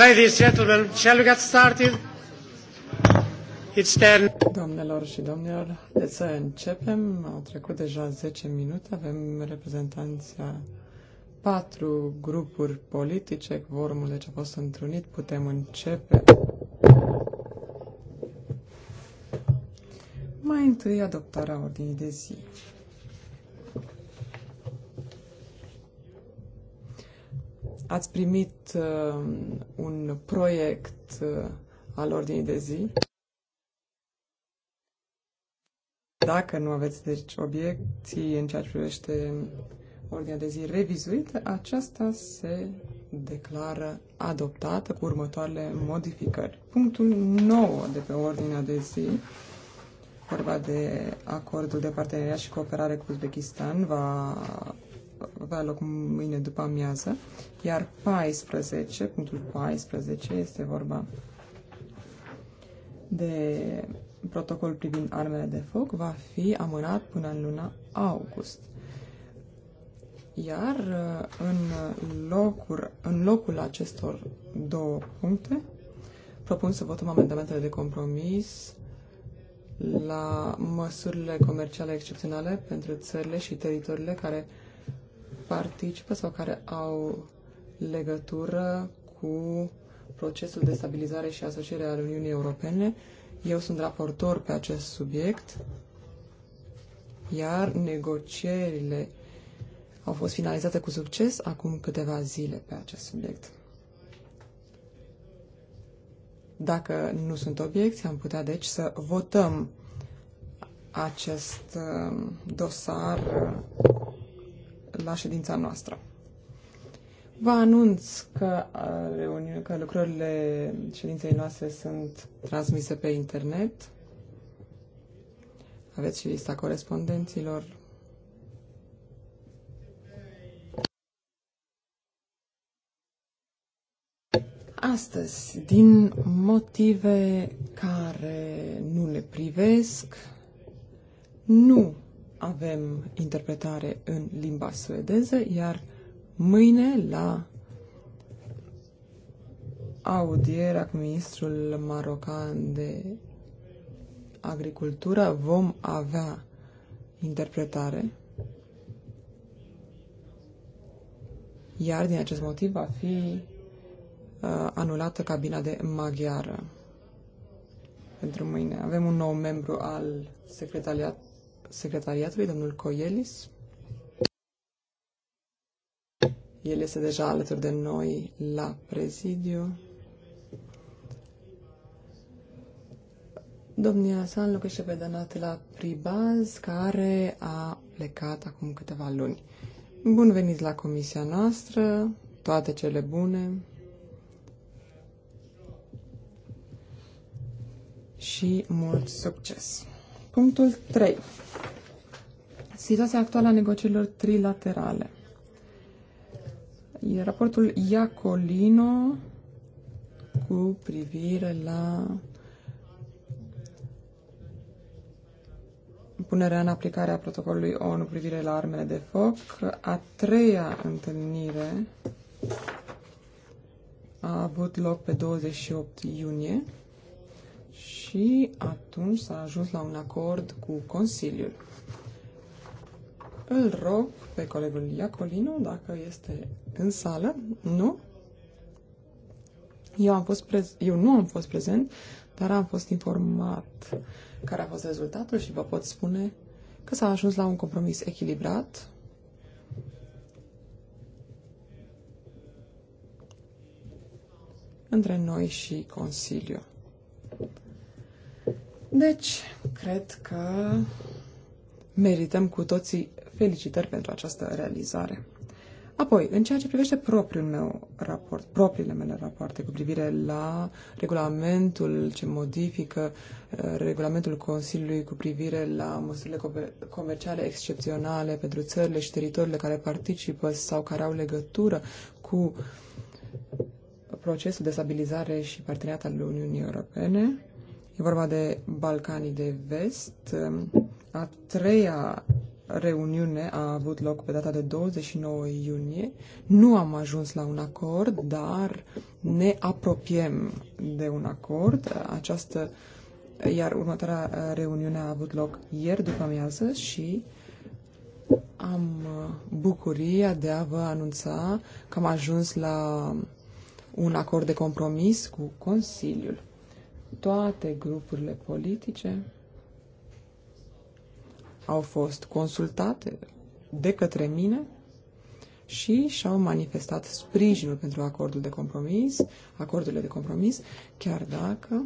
Ladies and gentlemen, shall we get started? It's ten. Doamnelor și domnilor, deci să începem. Au trecut deja 10 minute. Avem reprezentanția patru grupuri politice. de deci a fost întrunit. Putem începe. Mai întâi adoptarea ordinii de zi. ați primit uh, un proiect uh, al ordinii de zi. Dacă nu aveți deci obiecții în ceea ce privește ordinea de zi revizuită, aceasta se declară adoptată cu următoarele modificări. Punctul 9 de pe ordinea de zi, vorba de acordul de parteneriat și cooperare cu Uzbekistan, va avea loc mâine după amiază, iar 14, punctul 14, este vorba de protocol privind armele de foc, va fi amânat până în luna august. Iar uh, în locul, în locul acestor două puncte, propun să votăm amendamentele de compromis la măsurile comerciale excepționale pentru țările și teritoriile care participă sau care au legătură cu procesul de stabilizare și asociere al Uniunii Europene. Eu sunt raportor pe acest subiect, iar negocierile au fost finalizate cu succes acum câteva zile pe acest subiect. Dacă nu sunt obiecții, am putea deci să votăm acest uh, dosar la ședința noastră. Vă anunț că, reuniune, că lucrările ședinței noastre sunt transmise pe internet. Aveți și lista corespondenților. Astăzi, din motive care nu le privesc, nu avem interpretare în limba suedeză, iar mâine la audierea cu ministrul marocan de agricultură vom avea interpretare. Iar din acest motiv va fi uh, anulată cabina de maghiară pentru mâine. Avem un nou membru al secretariat, secretariatului, domnul Coielis. El este deja alături de noi la prezidiu. Domnia sa înlocuiește pe la Pribaz, care a plecat acum câteva luni. Bun venit la comisia noastră, toate cele bune. Și mult succes! Punctul 3. Situația actuală a negocierilor trilaterale. E raportul Iacolino cu privire la punerea în aplicare a protocolului ONU privire la armele de foc, a treia întâlnire a avut loc pe 28 iunie și atunci s-a ajuns la un acord cu Consiliul. Îl rog pe colegul Iacolino dacă este în sală. Nu? Eu, am fost prez- Eu nu am fost prezent, dar am fost informat care a fost rezultatul și vă pot spune că s-a ajuns la un compromis echilibrat. între noi și Consiliu. Deci, cred că merităm cu toții felicitări pentru această realizare. Apoi, în ceea ce privește propriul meu raport, propriile mele rapoarte cu privire la regulamentul ce modifică uh, regulamentul Consiliului cu privire la măsurile comerciale excepționale pentru țările și teritoriile care participă sau care au legătură cu procesul de stabilizare și parteneriat al Uniunii Europene, E vorba de Balcanii de Vest. Ehm, a treia reuniune a avut loc pe data de 29 iunie. Nu am ajuns la un acord, dar ne apropiem de un acord. Această, iar următoarea reuniune a avut loc ieri după amiază și am bucuria de a vă anunța că am ajuns la un acord de compromis cu Consiliul toate grupurile politice au fost consultate de către mine și și-au manifestat sprijinul pentru acordul de compromis, acordurile de compromis, chiar dacă,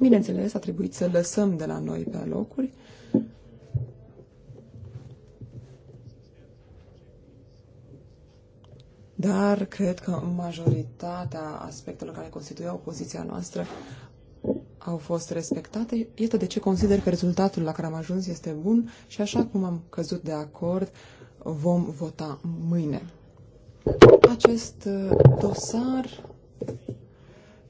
bineînțeles, a trebuit să lăsăm de la noi pe locuri dar cred că majoritatea aspectelor care constituiau poziția noastră au fost respectate. Iată de ce consider că rezultatul la care am ajuns este bun și așa cum am căzut de acord, vom vota mâine. Acest uh, dosar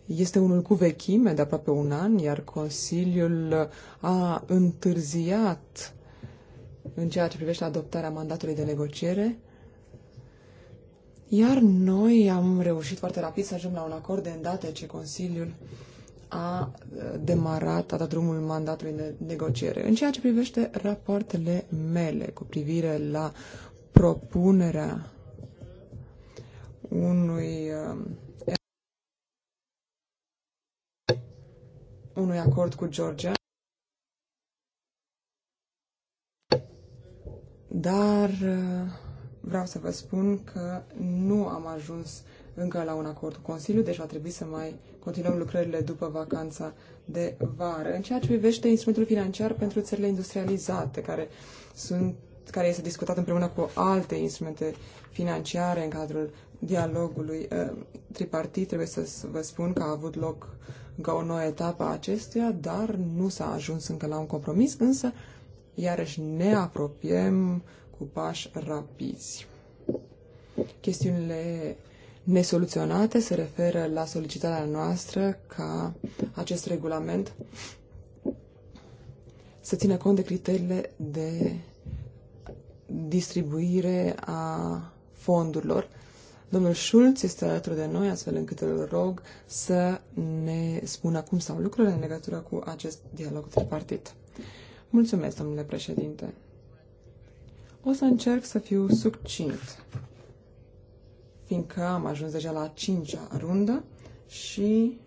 este unul cu vechime de aproape un an, iar Consiliul a întârziat în ceea ce privește adoptarea mandatului de negociere iar noi am reușit foarte rapid să ajungem la un acord de îndată ce Consiliul a uh, demarat, a dat drumul mandatului de negociere. În ceea ce privește rapoartele mele cu privire la propunerea unui uh, unui acord cu Georgia. Dar uh, vreau să vă spun că nu am ajuns încă la un acord cu Consiliul, deci va trebui să mai continuăm lucrările după vacanța de vară. În ceea ce privește instrumentul financiar pentru țările industrializate, care, sunt, care este discutat împreună cu alte instrumente financiare în cadrul dialogului uh, tripartit, trebuie să vă spun că a avut loc încă o nouă etapă a acestuia, dar nu s-a ajuns încă la un compromis, însă iarăși ne apropiem cu pași rapizi. Chestiunile nesoluționate se referă la solicitarea noastră ca acest regulament să țină cont de criteriile de distribuire a fondurilor. Domnul Schulz este alături de noi, astfel încât îl rog să ne spună cum stau lucrurile în legătură cu acest dialog tripartit. Mulțumesc, domnule președinte. O să încerc să fiu succint, fiindcă am ajuns deja la cincea rundă și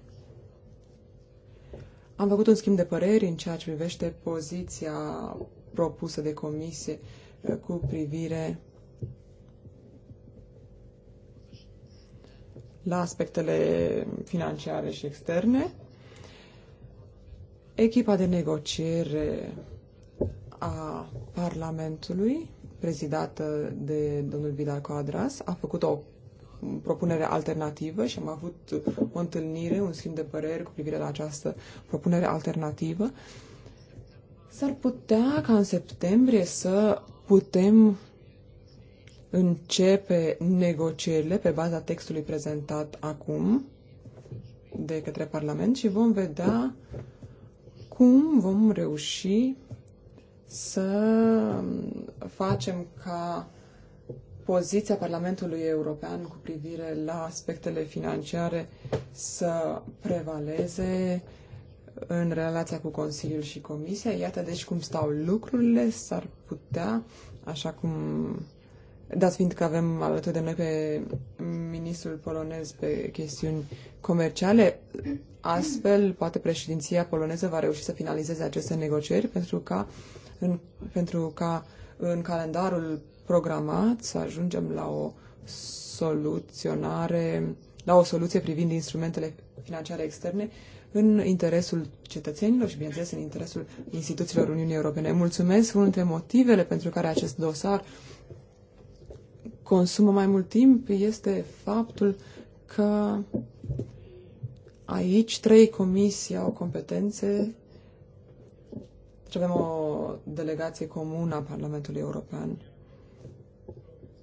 am făcut un schimb de păreri în ceea ce privește poziția propusă de comisie eh, cu privire la aspectele financiare și externe. Echipa de negociere a Parlamentului prezidată de domnul Vidal Coadras, a făcut o propunere alternativă și am avut o întâlnire, un schimb de păreri cu privire la această propunere alternativă. S-ar putea ca în septembrie să putem începe negocierile pe baza textului prezentat acum de către Parlament și vom vedea cum vom reuși să facem ca poziția Parlamentului European cu privire la aspectele financiare să prevaleze în relația cu Consiliul și Comisia. Iată deci cum stau lucrurile, s-ar putea, așa cum dați fiind că avem alături de noi pe ministrul polonez pe chestiuni comerciale, astfel poate președinția poloneză va reuși să finalizeze aceste negocieri pentru ca în, pentru ca în calendarul programat să ajungem la o soluționare, la o soluție privind instrumentele financiare externe în interesul cetățenilor și, bineînțeles, în interesul instituțiilor Uniunii Europene. Mulțumesc! Unul dintre motivele pentru care acest dosar consumă mai mult timp este faptul că aici trei comisii au competențe și deci avem o delegație comună a Parlamentului European.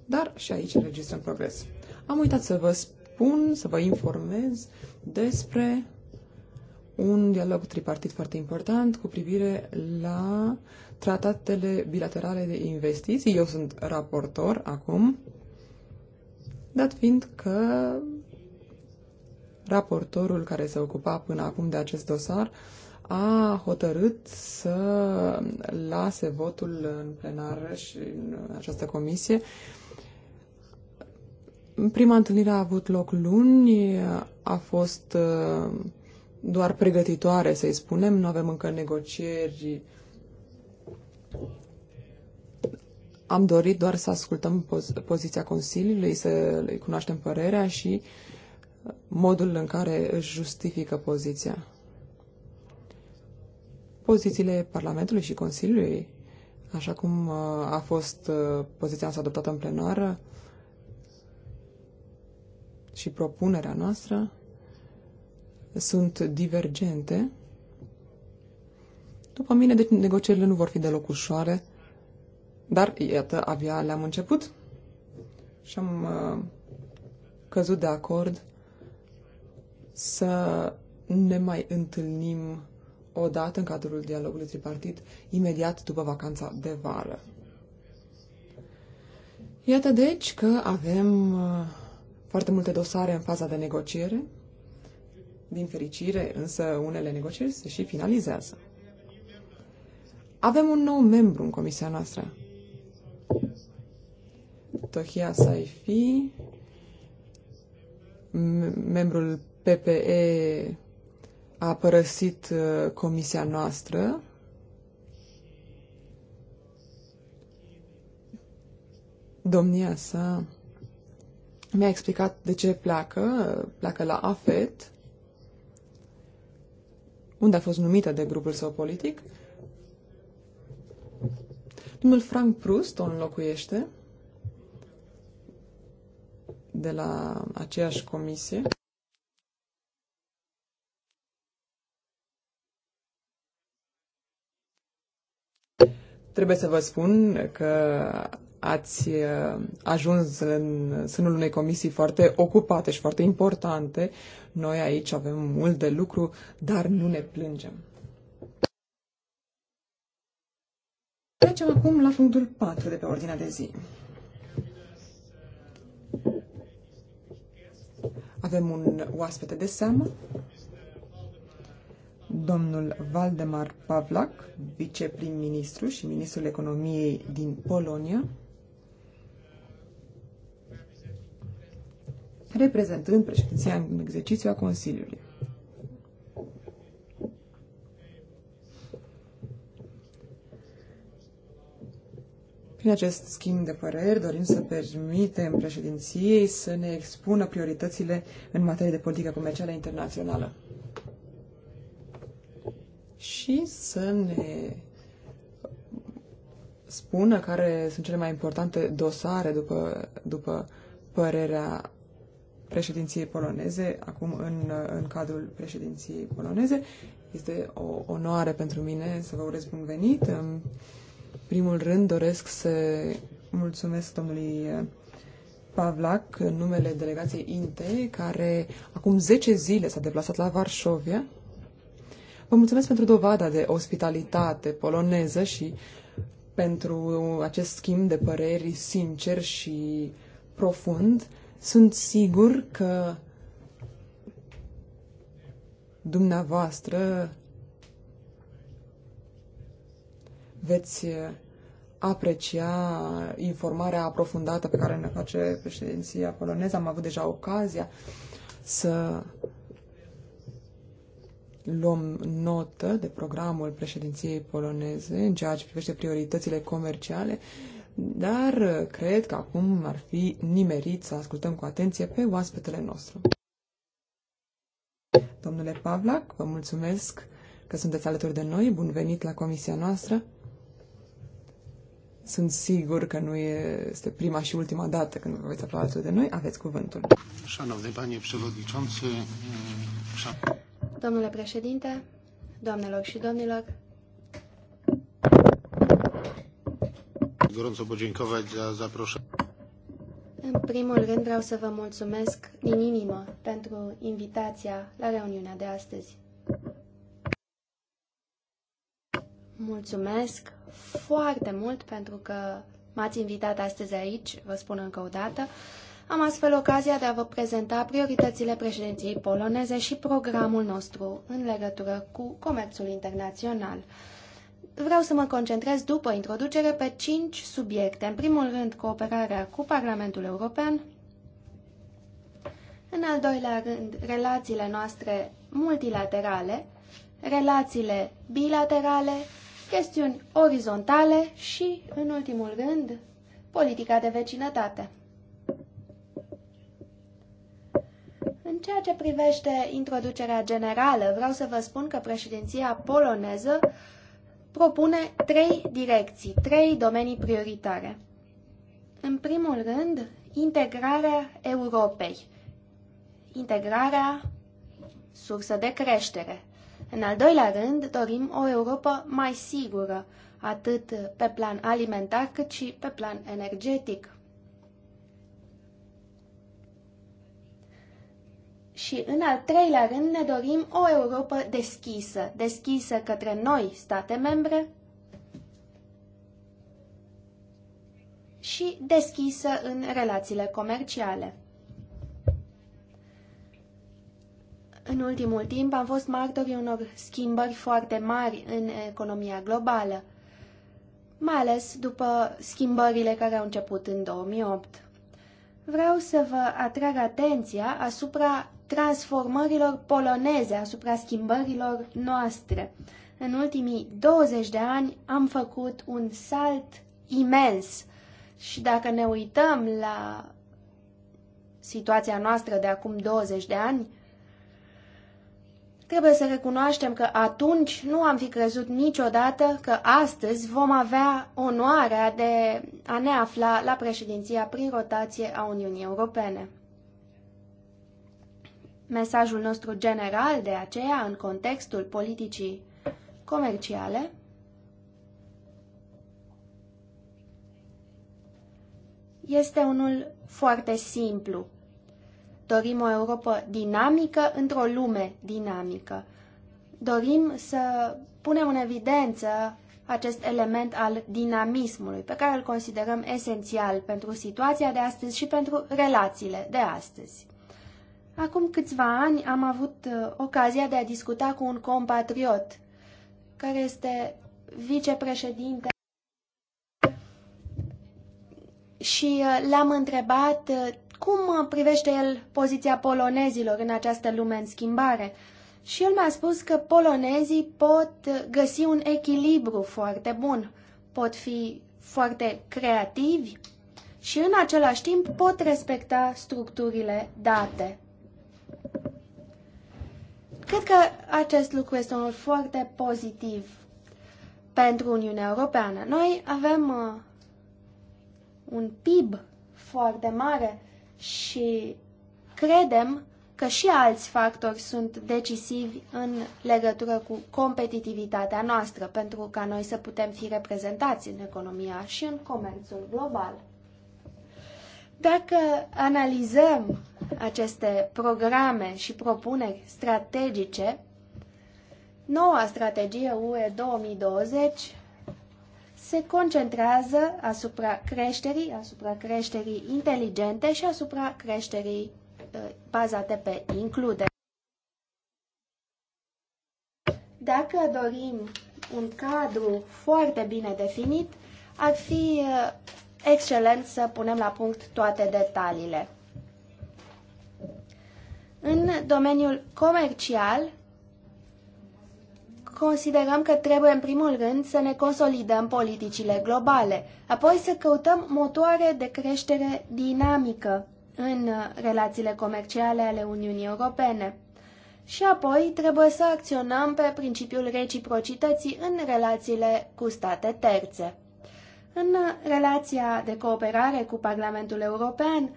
Dar și aici înregistrăm progres. Am uitat să vă spun, să vă informez despre un dialog tripartit foarte important cu privire la tratatele bilaterale de investiții. Eu sunt raportor acum, dat fiind că raportorul care se ocupa până acum de acest dosar uh, a hotărât să lase votul în plenară și în această comisie. Prima întâlnire a avut loc luni, a fost uh, doar pregătitoare, să-i spunem, nu avem încă negocieri. Am dorit doar să ascultăm poz- poziția Consiliului, să îi cunoaștem părerea și modul în care își justifică poziția pozițiile Parlamentului și Consiliului, așa cum uh, a fost uh, poziția noastră adoptată în plenară și propunerea noastră, sunt divergente. După mine, deci, negocierile nu vor fi deloc ușoare, dar, iată, abia le-am început și am uh, căzut de acord să ne mai întâlnim o dată în cadrul dialogului tripartit, imediat după vacanța de vară. Iată deci că avem uh, foarte multe dosare în faza de negociere. Din fericire, însă, unele negocieri se și finalizează. Avem un nou membru în comisia noastră. Tohia Saifi, membrul PPE a părăsit uh, comisia noastră. Domnia sa mi-a explicat de ce pleacă, pleacă la AFET, unde a fost numită de grupul său politic. Domnul Frank Proust o înlocuiește de la aceeași comisie. Trebuie să vă spun că ați uh, ajuns în sânul unei comisii foarte ocupate și foarte importante. Noi aici avem mult de lucru, dar nu ne plângem. Trecem acum la punctul 4 de pe ordinea de zi. Avem un oaspete de seamă domnul Valdemar Pavlak, viceprim-ministru și ministrul economiei din Polonia, reprezentând președinția în exercițiu a Consiliului. Prin acest schimb de păreri dorim să permitem președinției să ne expună prioritățile în materie de politică comercială internațională și să ne spună care sunt cele mai importante dosare după, după părerea președinției poloneze, acum în, în cadrul președinției poloneze. Este o onoare pentru mine să vă urez bun venit. În primul rând doresc să mulțumesc domnului Pavlac în numele delegației INTE, care acum 10 zile s-a deplasat la Varșovia Vă mulțumesc pentru dovada de ospitalitate poloneză și pentru acest schimb de păreri sincer și profund. Sunt sigur că dumneavoastră veți aprecia informarea aprofundată pe care ne face președinția poloneză. Am avut deja ocazia să luăm notă de programul președinției poloneze în ceea ce privește prioritățile comerciale, dar uh, cred că acum ar fi nimerit să ascultăm cu atenție pe oaspetele nostru. Domnule Pavlac, vă mulțumesc că sunteți alături de noi. Bun venit la comisia noastră. Sunt sigur că nu este prima și ultima dată când vă veți afla alături de noi. Aveți cuvântul. Szanowny panie przewodniczący, Domnule președinte, doamnelor și domnilor, gorąco În primul rând vreau să vă mulțumesc din inimă pentru invitația la reuniunea de astăzi. Mulțumesc foarte mult pentru că m-ați invitat astăzi aici, vă spun încă o dată. Am astfel ocazia de a vă prezenta prioritățile președinției poloneze și programul nostru în legătură cu comerțul internațional. Vreau să mă concentrez după introducere pe cinci subiecte. În primul rând, cooperarea cu Parlamentul European. În al doilea rând, relațiile noastre multilaterale, relațiile bilaterale, chestiuni orizontale și, în ultimul rând, politica de vecinătate. În ceea ce privește introducerea generală, vreau să vă spun că președinția poloneză propune trei direcții, trei domenii prioritare. În primul rând, integrarea Europei, integrarea sursă de creștere. În al doilea rând, dorim o Europa mai sigură, atât pe plan alimentar cât și pe plan energetic. Și în al treilea rând ne dorim o Europa deschisă, deschisă către noi, state membre, și deschisă în relațiile comerciale. În ultimul timp am fost martorii unor schimbări foarte mari în economia globală, mai ales după schimbările care au început în 2008. Vreau să vă atrag atenția asupra transformărilor poloneze, asupra schimbărilor noastre. În ultimii 20 de ani am făcut un salt imens și dacă ne uităm la situația noastră de acum 20 de ani, trebuie să recunoaștem că atunci nu am fi crezut niciodată că astăzi vom avea onoarea de a ne afla la președinția prin rotație a Uniunii Europene. Mesajul nostru general de aceea, în contextul politicii comerciale, este unul foarte simplu. Dorim o Europa dinamică într-o lume dinamică. Dorim să punem în evidență acest element al dinamismului, pe care îl considerăm esențial pentru situația de astăzi și pentru relațiile de astăzi. Acum câțiva ani am avut uh, ocazia de a discuta cu un compatriot care este vicepreședinte și uh, l-am întrebat uh, cum privește el poziția polonezilor în această lume în schimbare. Și el mi-a spus că polonezii pot găsi un echilibru foarte bun, pot fi foarte creativi și în același timp pot respecta structurile date. Cred că acest lucru este unul foarte pozitiv pentru Uniunea Europeană. Noi avem uh, un PIB foarte mare și credem că și alți factori sunt decisivi în legătură cu competitivitatea noastră pentru ca noi să putem fi reprezentați în economia și în comerțul global. Dacă analizăm aceste programe și propuneri strategice, noua strategie UE 2020 se concentrează asupra creșterii, asupra creșterii inteligente și asupra creșterii uh, bazate pe includere. Dacă dorim un cadru foarte bine definit, ar fi uh, excelent să punem la punct toate detaliile. În domeniul comercial, considerăm că trebuie în primul rând să ne consolidăm politicile globale, apoi să căutăm motoare de creștere dinamică în relațiile comerciale ale Uniunii Europene. Și apoi trebuie să acționăm pe principiul reciprocității în relațiile cu state terțe. În relația de cooperare cu Parlamentul European,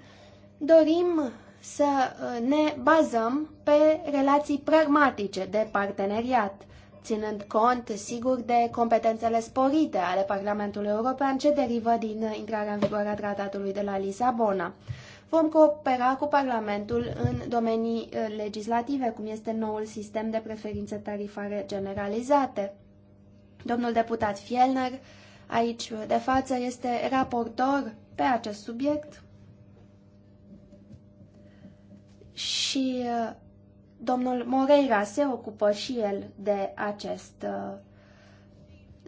dorim să uh, ne bazăm pe relații pragmatice de parteneriat, ținând cont, sigur, de competențele sporite ale Parlamentului European ce derivă din intrarea în vigoare a tratatului de la Lisabona. Vom coopera cu Parlamentul în domenii uh, legislative, cum este noul sistem de preferințe tarifare generalizate. Domnul deputat Fielner aici de față este raportor pe acest subiect și uh, domnul Moreira se ocupă și el de acest uh,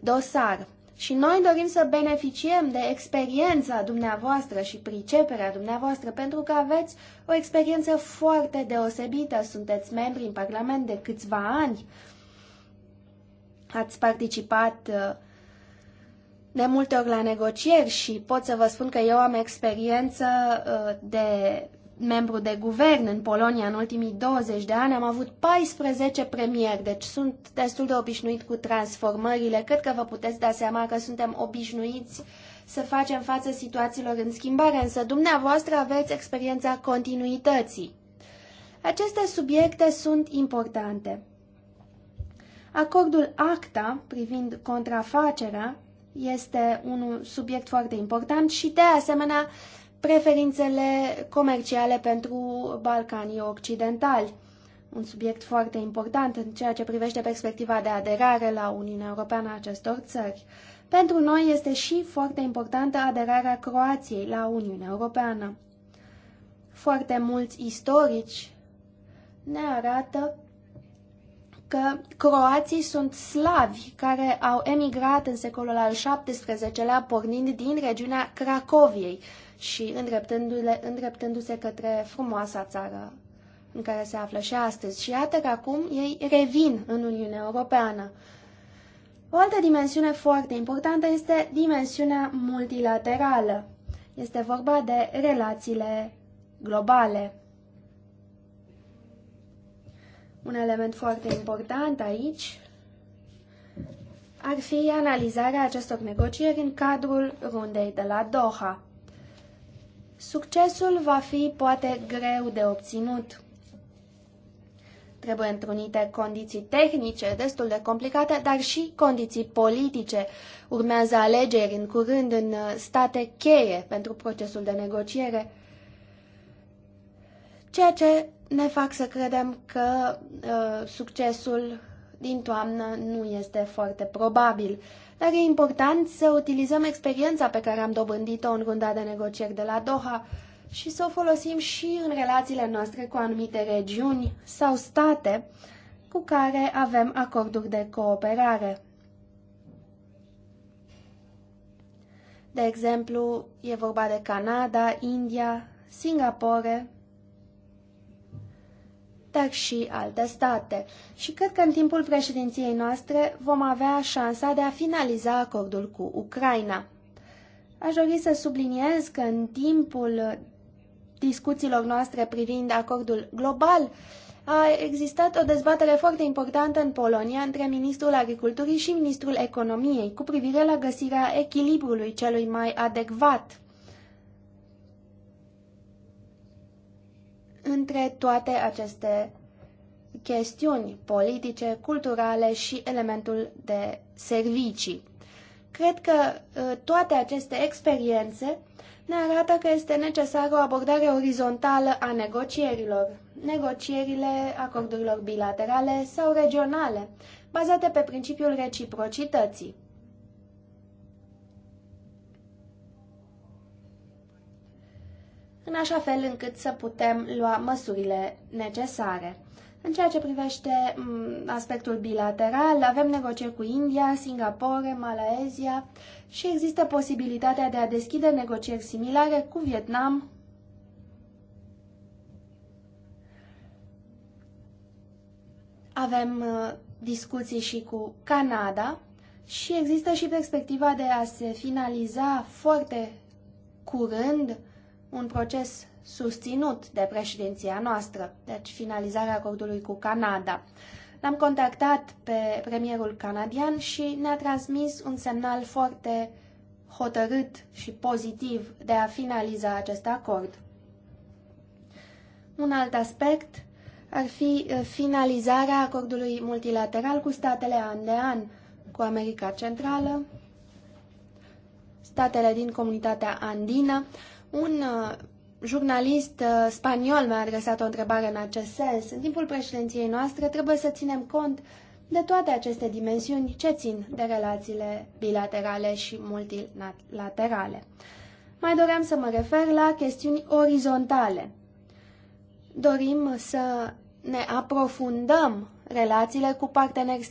dosar. Și noi dorim să beneficiem de experiența dumneavoastră și priceperea dumneavoastră, pentru că aveți o experiență foarte deosebită. Sunteți membri în Parlament de câțiva ani, ați participat uh, de multe ori la negocieri și pot să vă spun că eu am experiență uh, de membru de guvern în Polonia în ultimii 20 de ani, am avut 14 premieri, deci sunt destul de obișnuit cu transformările. Cred că vă puteți da seama că suntem obișnuiți să facem față situațiilor în schimbare, însă dumneavoastră aveți experiența continuității. Aceste subiecte sunt importante. Acordul ACTA privind contrafacerea este un subiect foarte important și, de asemenea, preferințele comerciale pentru Balcanii Occidentali, un subiect foarte important în ceea ce privește perspectiva de aderare la Uniunea Europeană a acestor țări. Pentru noi este și foarte importantă aderarea Croației la Uniunea Europeană. Foarte mulți istorici ne arată că croații sunt slavi care au emigrat în secolul al XVII-lea pornind din regiunea Cracoviei și îndreptându-se, îndreptându către frumoasa țară în care se află și astăzi. Și iată că acum ei revin în Uniunea Europeană. O altă dimensiune foarte importantă este dimensiunea multilaterală. Este vorba de relațiile globale. Un element foarte important aici ar fi analizarea acestor negocieri în cadrul rundei de la Doha. Succesul va fi poate greu de obținut. Trebuie întrunite condiții tehnice destul de complicate, dar și condiții politice. Urmează alegeri în curând în uh, state cheie pentru procesul de negociere, ceea ce ne fac să credem că uh, succesul din toamnă nu este foarte probabil. Dar e important să utilizăm experiența pe care am dobândit-o în runda de negocieri de la Doha și să o folosim și în relațiile noastre cu anumite regiuni sau state cu care avem acorduri de cooperare. De exemplu, e vorba de Canada, India, Singapore dar și alte state. Și cred că în timpul președinției noastre vom avea șansa de a finaliza acordul cu Ucraina. Aș dori să subliniez că în timpul discuțiilor noastre privind acordul global, a existat o dezbatere foarte importantă în Polonia între ministrul agriculturii și ministrul economiei cu privire la găsirea echilibrului celui mai adecvat între toate aceste chestiuni politice, culturale și elementul de servicii. Cred că uh, toate aceste experiențe ne arată că este necesară o abordare orizontală a negocierilor, negocierile acordurilor bilaterale sau regionale, bazate pe principiul reciprocității. în așa fel încât să putem lua măsurile necesare. În ceea ce privește mm, aspectul bilateral, avem negocieri cu India, Singapore, Malaezia și există posibilitatea de a deschide negocieri similare cu Vietnam, avem uh, discuții și cu Canada și există și perspectiva de a se finaliza foarte curând un proces susținut de președinția noastră, deci finalizarea acordului cu Canada. L-am contactat pe premierul canadian și ne-a transmis un semnal foarte hotărât și pozitiv de a finaliza acest acord. Un alt aspect ar fi uh, finalizarea acordului multilateral cu statele Andean, cu America Centrală, statele din comunitatea andină un uh, jurnalist uh, spaniol mi-a adresat o întrebare în acest sens. În timpul președinției noastre trebuie să ținem cont de toate aceste dimensiuni ce țin de relațiile bilaterale și multilaterale. Mai doream să mă refer la chestiuni orizontale. Dorim să ne aprofundăm relațiile cu parteneri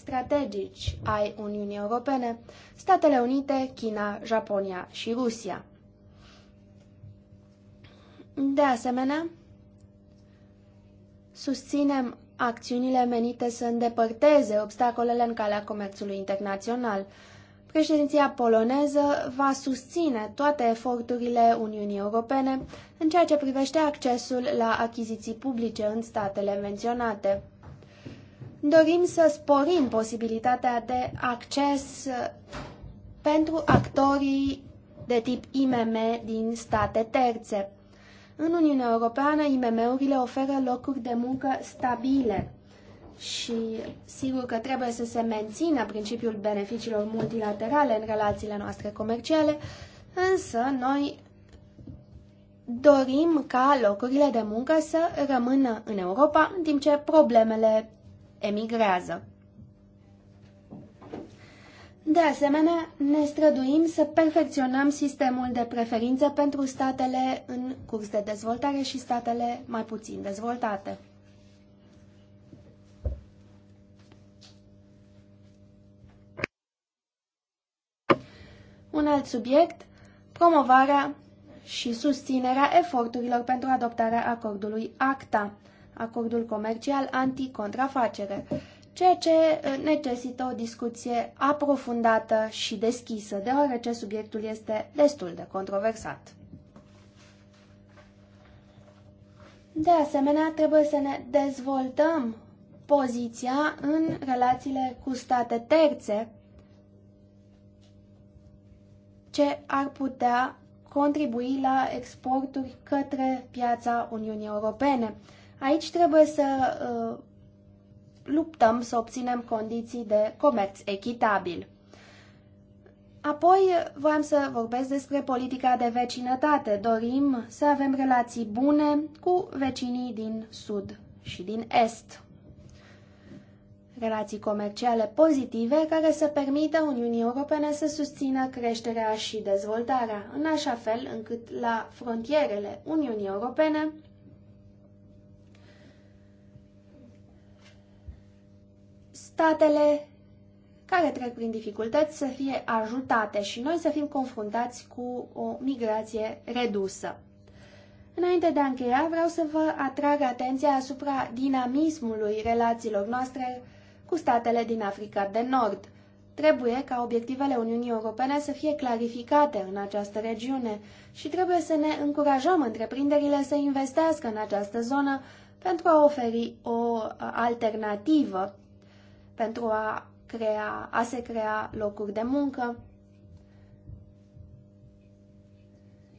strategici ai Uniunii Europene, Statele Unite, China, Japonia și Rusia. De asemenea, susținem acțiunile menite să îndepărteze obstacolele în calea comerțului internațional. Președinția poloneză va susține toate eforturile Uniunii Europene în ceea ce privește accesul la achiziții publice în statele menționate. Dorim să sporim posibilitatea de acces pentru actorii de tip IMM din state terțe. În Uniunea Europeană, IMM-urile oferă locuri de muncă stabile și sigur că trebuie să se mențină principiul beneficiilor multilaterale în relațiile noastre comerciale, însă noi dorim ca locurile de muncă să rămână în Europa, în timp ce problemele emigrează. De asemenea, ne străduim să perfecționăm sistemul de preferințe pentru statele în curs de dezvoltare și statele mai puțin dezvoltate. Un alt subiect, promovarea și susținerea eforturilor pentru adoptarea acordului ACTA, acordul comercial anticontrafacere. contrafacere ceea ce uh, necesită o discuție aprofundată și deschisă, deoarece subiectul este destul de controversat. De asemenea, trebuie să ne dezvoltăm poziția în relațiile cu state terțe ce ar putea contribui la exporturi către piața Uniunii Europene. Aici trebuie să uh, luptăm să obținem condiții de comerț echitabil. Apoi voiam să vorbesc despre politica de vecinătate. Dorim să avem relații bune cu vecinii din Sud și din Est. Relații comerciale pozitive care să permită Uniunii Europene să susțină creșterea și dezvoltarea, în așa fel încât la frontierele Uniunii Europene statele care trec prin dificultăți să fie ajutate și noi să fim confruntați cu o migrație redusă. Înainte de a încheia, vreau să vă atrag atenția asupra dinamismului relațiilor noastre cu statele din Africa de Nord. Trebuie ca obiectivele Uniunii Europene să fie clarificate în această regiune și trebuie să ne încurajăm întreprinderile să investească în această zonă pentru a oferi o alternativă pentru a, crea, a se crea locuri de muncă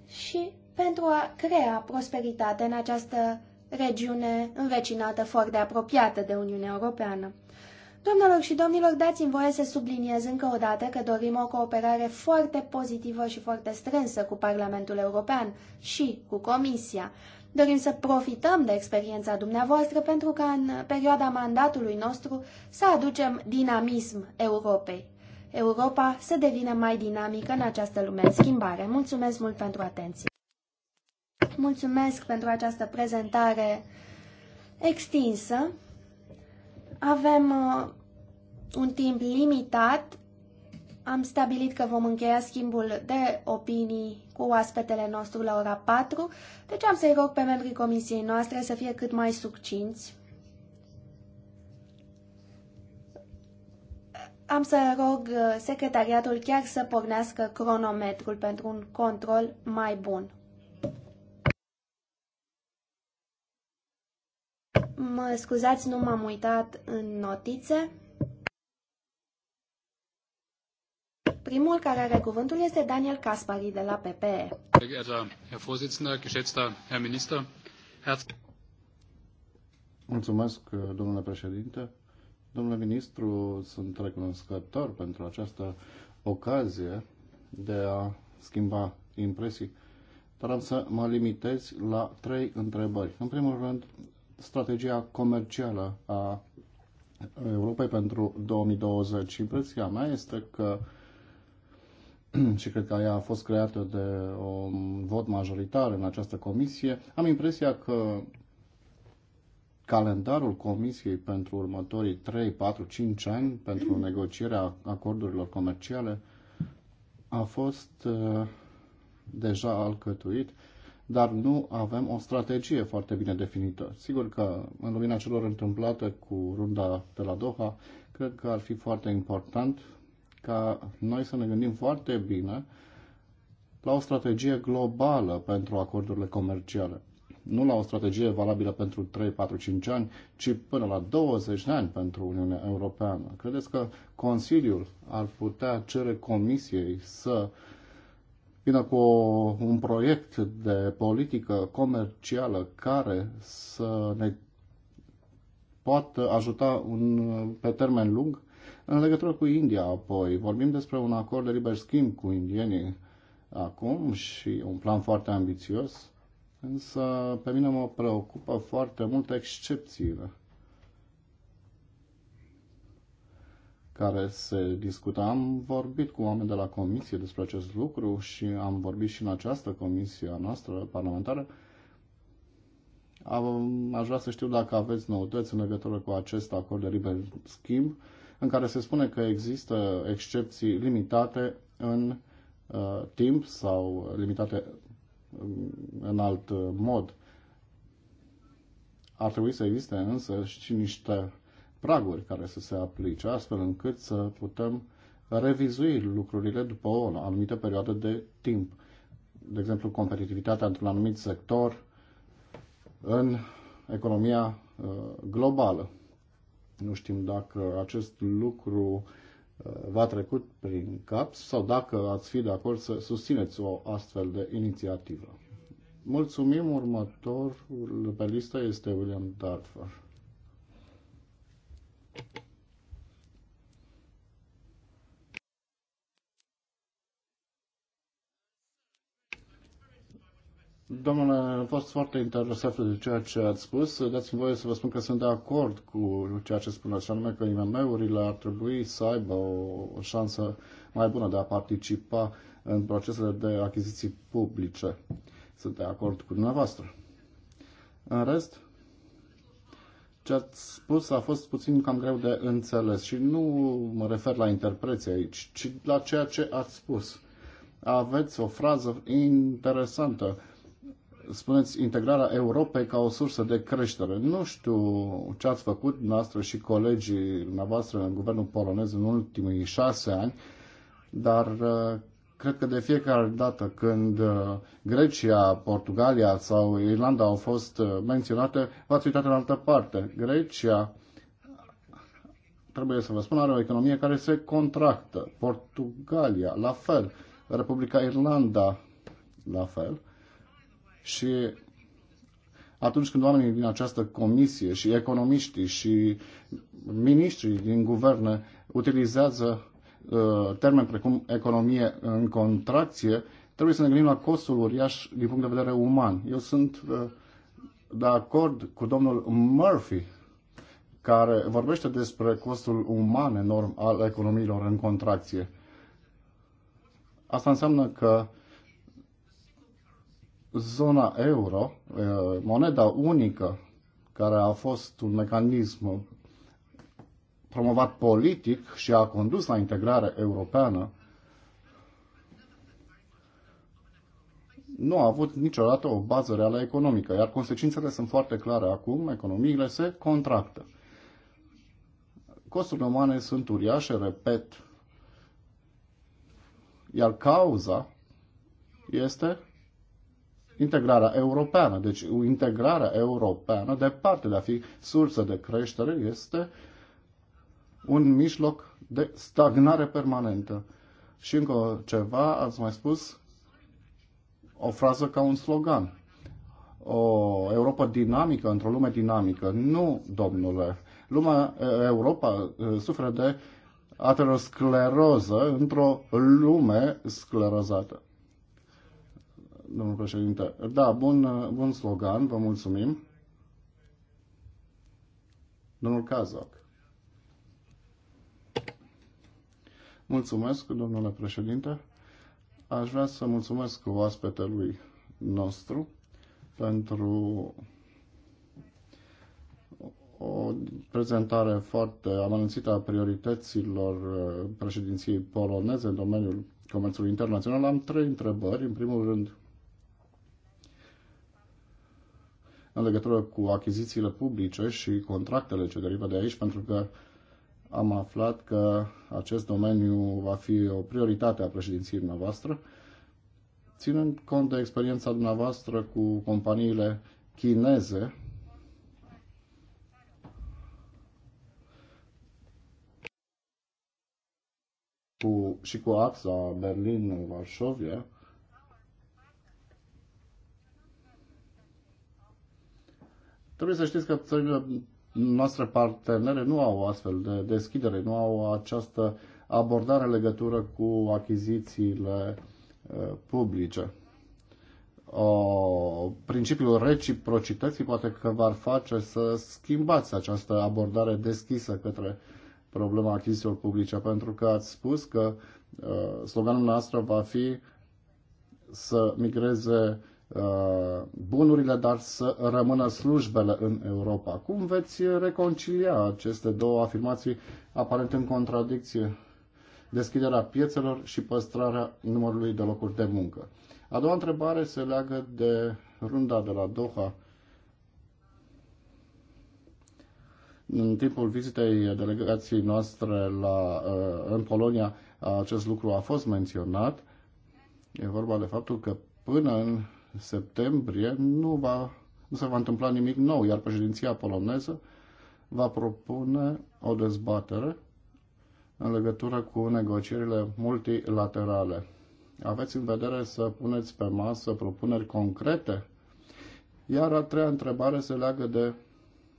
și pentru a crea prosperitate în această regiune învecinată foarte apropiată de Uniunea Europeană. Doamnelor și domnilor, dați-mi voie să subliniez încă o dată că dorim o cooperare foarte pozitivă și foarte strânsă cu Parlamentul European și cu Comisia. Dorim să profităm de experiența dumneavoastră pentru ca în perioada mandatului nostru să aducem dinamism Europei. Europa să devină mai dinamică în această lume în schimbare. Mulțumesc mult pentru atenție! Mulțumesc pentru această prezentare extinsă. Avem uh, un timp limitat. Am stabilit că vom încheia schimbul de opinii cu oaspetele nostru la ora 4, deci am să-i rog pe membrii comisiei noastre să fie cât mai succinți. Am să rog uh, secretariatul chiar să pornească cronometrul pentru un control mai bun. Mă scuzați, nu m-am uitat în notițe. Primul care are cuvântul este Daniel Caspari de la PPE. Mulțumesc, domnule președinte. Domnule ministru, sunt recunoscător pentru această ocazie de a schimba impresii, dar am să mă limitez la trei întrebări. În primul rând, strategia comercială a Europei pentru 2020 impresia mea este că și cred că ea a fost creată de un vot majoritar în această comisie, am impresia că calendarul comisiei pentru următorii 3, 4, 5 ani pentru negocierea acordurilor comerciale a fost uh, deja alcătuit dar nu avem o strategie foarte bine definită. Sigur că în lumina celor întâmplate cu runda de la Doha, cred că ar fi foarte important ca noi să ne gândim foarte bine la o strategie globală pentru acordurile comerciale. Nu la o strategie valabilă pentru 3, 4, 5 ani, ci până la 20 de ani pentru Uniunea Europeană. Credeți că Consiliul ar putea cere Comisiei să uh, vină cu un proiect de politică comercială care să ne poată ajuta un, pe termen lung în legătură cu India apoi. Vorbim despre un acord de liber schimb cu indienii acum și un plan foarte ambițios, însă pe mine mă preocupă foarte mult excepțiile. care se discută. Am vorbit cu oameni de la comisie despre acest lucru și am vorbit și în această comisie a noastră parlamentară. Aș vrea să știu dacă aveți noutăți în legătură cu acest acord de liber schimb, în care se spune că există excepții limitate în uh, timp sau limitate um, în alt mod. Ar trebui să existe însă și niște praguri care să se aplice, astfel încât să putem revizui lucrurile după o anumită perioadă de timp. De exemplu, competitivitatea într-un anumit sector în economia uh, globală. Nu știm dacă acest lucru uh, v-a trecut prin cap sau dacă ați fi de acord să susțineți o astfel de inițiativă. Mulțumim, următorul pe listă este William Dartford. Domnule, a fost foarte interesat de ceea ce ați spus. Dați-mi voie să vă spun că sunt de acord cu ceea ce spuneți, anume că IMM-urile ar trebui să aibă o, o șansă mai bună de a participa în procesele de achiziții publice. Sunt de acord cu dumneavoastră. În rest, ce ați spus a fost puțin cam greu de înțeles și nu mă refer la interpreție aici, ci la ceea ce ați spus. Aveți o frază interesantă spuneți integrarea Europei ca o sursă de creștere. Nu știu ce ați făcut noastră și colegii dumneavoastră în guvernul polonez în ultimii șase ani, dar uh, cred că de fiecare dată când uh, Grecia, Portugalia sau Irlanda au fost uh, menționate, v-ați uitat în altă parte. Grecia, trebuie să vă spun, are o economie care se contractă. Portugalia, la fel. Republica Irlanda, la fel și atunci când oamenii din această comisie și economiștii și miniștrii din guvernă utilizează uh, termeni precum economie în contracție, trebuie să ne gândim la costul uriaș din punct de vedere uman. Eu sunt uh, de acord cu domnul Murphy, care vorbește despre costul uman enorm al economiilor în contracție. Asta înseamnă că uh, zona euro, moneda unică, care a fost un mecanism promovat politic și a condus la integrare europeană, nu a avut niciodată o bază reală economică, iar consecințele sunt foarte clare acum, economiile se contractă. Costurile umane sunt uriașe, repet, iar cauza este integrarea europeană. Deci integrarea europeană, departe de a fi sursă de creștere, este un mijloc de stagnare permanentă. Și încă ceva, ați mai spus o frază ca un slogan. O Europa dinamică într-o lume dinamică. Nu, domnule. Lumea, Europa suferă de ateroscleroză într-o lume sclerozată domnul președinte. Da, bun, bun slogan, vă mulțumim. Domnul Cazac. Mulțumesc, domnule președinte. Aș vrea să mulțumesc oaspetelui nostru pentru o prezentare foarte amănânțită a priorităților uh, președinției poloneze în domeniul comerțului internațional. Am trei întrebări. În primul rând, în legătură cu achizițiile publice și contractele ce derivă de aici, pentru că am aflat că acest domeniu va fi o prioritate a președinției dumneavoastră, ținând cont de experiența dumneavoastră cu companiile chineze, cu, și cu AXA berlin varsovia Trebuie să știți că țările noastre partenere nu au astfel de deschidere, nu au această abordare legătură cu achizițiile publice. O, principiul reciprocității poate că v-ar face să schimbați această abordare deschisă către problema achizițiilor publice, pentru că ați spus că uh, sloganul nostru va fi să migreze Uh, bunurile, dar să rămână slujbele în Europa. Cum veți reconcilia aceste două afirmații aparent în contradicție? Deschiderea piețelor și păstrarea numărului de locuri de muncă. A doua întrebare se leagă de runda de la Doha. În timpul vizitei delegației noastre la, uh, în Polonia, acest lucru a fost menționat. E vorba de faptul că până în septembrie nu, va, nu se va întâmpla nimic nou, iar președinția poloneză va propune o dezbatere în legătură cu negocierile multilaterale. Aveți în vedere să puneți pe masă propuneri concrete? Iar a treia întrebare se leagă de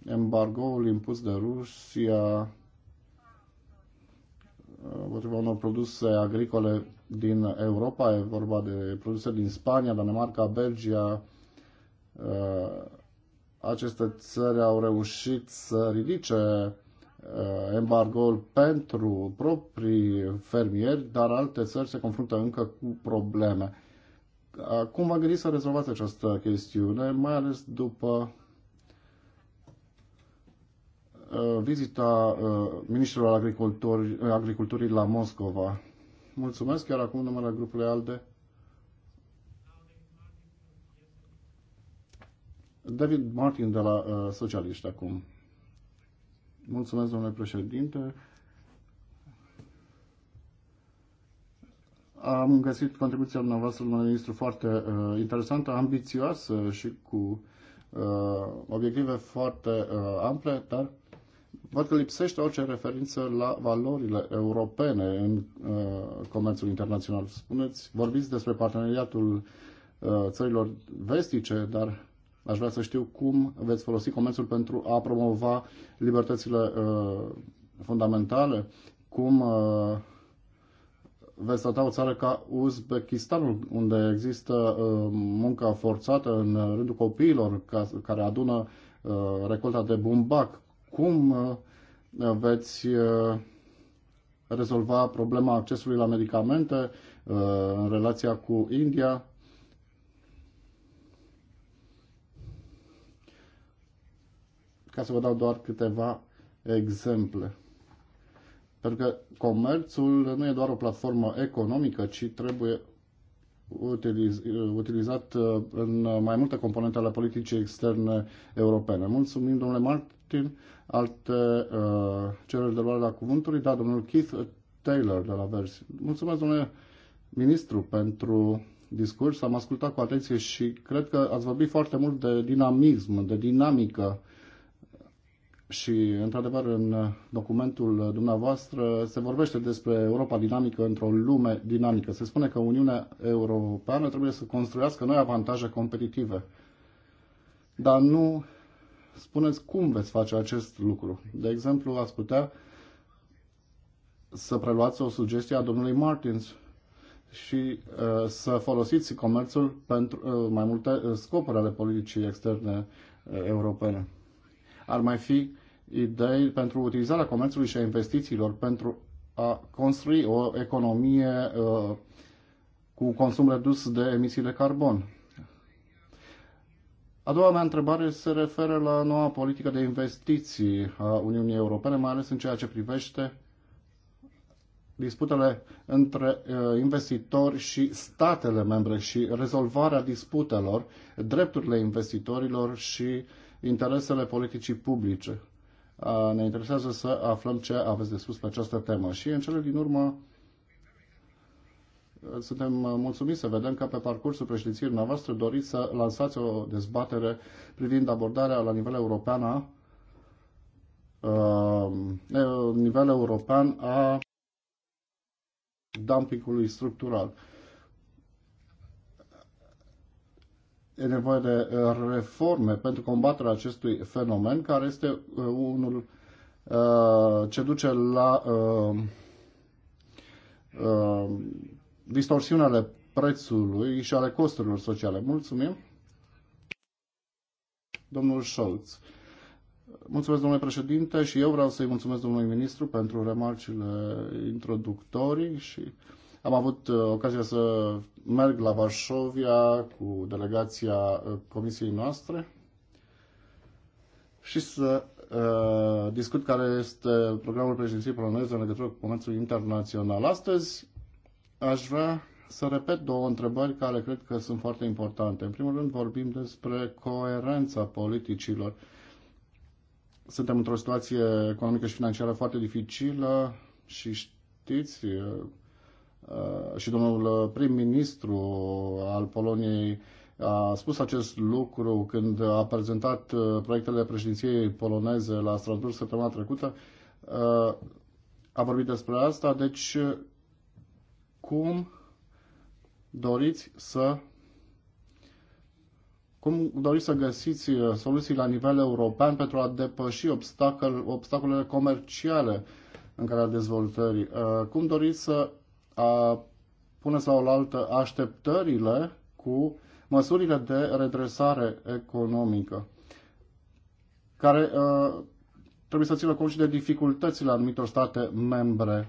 embargoul impus de Rusia uh, împotriva unor produse agricole din Europa, e vorba de produse din Spania, Danemarca, Belgia. Uh, aceste țări au reușit să ridice uh, embargoul pentru proprii fermieri, dar alte țări se confruntă încă cu probleme. Cum v-am gândit să rezolvați această chestiune, mai ales după uh, vizita ministrului agriculturii la Moscova? Mulțumesc chiar acum numele grupului ALDE. David Martin de la uh, Socialiști acum. Mulțumesc, domnule președinte. Am găsit contribuția dumneavoastră, domnule ministru, foarte uh, interesantă, ambițioasă și cu uh, obiective foarte uh, ample, dar văd că lipsește orice referință la valorile europene în uh, comerțul internațional. Spuneți, vorbiți despre parteneriatul uh, țărilor vestice, dar aș vrea să știu cum veți folosi comerțul pentru a promova libertățile uh, fundamentale, cum uh, veți trata o țară ca Uzbekistanul, unde există uh, munca forțată în rândul copiilor ca, care adună uh, recolta de bumbac, cum uh, uh, veți uh, rezolva problema accesului la medicamente în relația cu India. Ca să vă dau doar câteva exemple. Pentru că comerțul nu e doar o platformă economică, ci trebuie utiliz, utilizat în mai multe componente ale politicii externe europene. Mulțumim, domnule Mart, Martin. Alte uh, cereri de luare la cuvântului? Da, domnul Keith Taylor de la Versi. Mulțumesc, domnule ministru, pentru discurs. Am ascultat cu atenție și cred că ați vorbit foarte mult de dinamism, de dinamică și, într-adevăr, în documentul dumneavoastră se vorbește despre Europa dinamică într-o lume dinamică. Se spune că Uniunea Europeană trebuie să construiască noi avantaje competitive, dar nu spuneți cum veți face acest lucru. De exemplu, ați putea să preluați o sugestie a domnului Martins și uh, să folosiți comerțul pentru uh, mai multe uh, scopuri ale politicii externe uh, europene. Ar mai fi idei pentru utilizarea comerțului și a investițiilor pentru a construi o economie uh, cu consum redus de emisii de carbon. A doua mea întrebare se referă la noua politică de investiții a Uniunii Europene, mai ales în ceea ce privește disputele între uh, investitori și statele membre și rezolvarea disputelor, drepturile investitorilor și interesele politicii publice. Uh, ne interesează să aflăm ce aveți de spus pe această temă. Și în cele din urmă suntem uh, mulțumiți să vedem că pe parcursul președinției noastre doriți să lansați o dezbatere privind abordarea la nivel european a uh, nivel european a dumpingului structural. E nevoie de uh, reforme pentru combaterea acestui fenomen, care este uh, unul ce duce la distorsiunile prețului și ale costurilor sociale. Mulțumim. Domnul Scholz. Mulțumesc, domnule președinte, și eu vreau să-i mulțumesc domnului ministru pentru remarcile introductorii și am avut uh, ocazia să merg la Varșovia cu delegația uh, comisiei noastre și să uh, discut care este programul președinției poloneze în legătură cu comerțul internațional. Astăzi Aș vrea să repet două întrebări care cred că sunt foarte importante. În primul rând vorbim despre coerența politicilor. Suntem într-o situație economică și financiară foarte dificilă și știți, uh, uh, și domnul uh, prim-ministru al Poloniei a spus acest lucru când a prezentat proiectele președinției poloneze la Strasburg săptămâna trecută. A vorbit despre asta, deci cum doriți să cum doriți să găsiți uh, soluții la nivel european pentru a depăși obstacol, obstacolele comerciale în calea dezvoltării? Uh, cum doriți să a, puneți la oaltă așteptările cu măsurile de redresare economică, care a, uh, trebuie să țină cont și de dificultățile anumitor state membre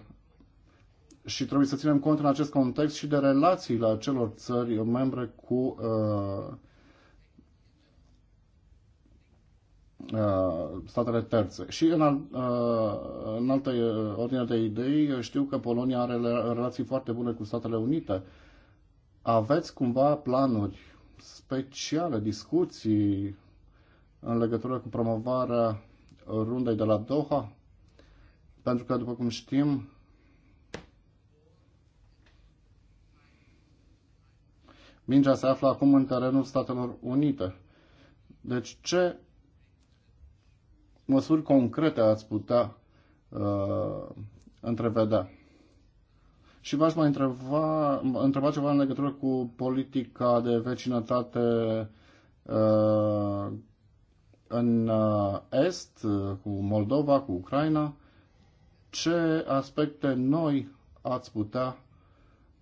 și trebuie să ținem cont în acest context și de relațiile acelor țări membre cu uh, uh, statele terțe. Și în, al, uh, în altă uh, ordine de idei, știu că Polonia are relații foarte bune cu Statele Unite. Aveți cumva planuri speciale, discuții în legătură cu promovarea rundei de la Doha? Pentru că, după cum știm, Mingea se află acum în terenul Statelor Unite. Deci ce măsuri concrete ați putea uh, întrevedea? Și v-aș mai întreba, întreba ceva în legătură cu politica de vecinătate uh, în uh, Est, cu Moldova, cu Ucraina. Ce aspecte noi ați putea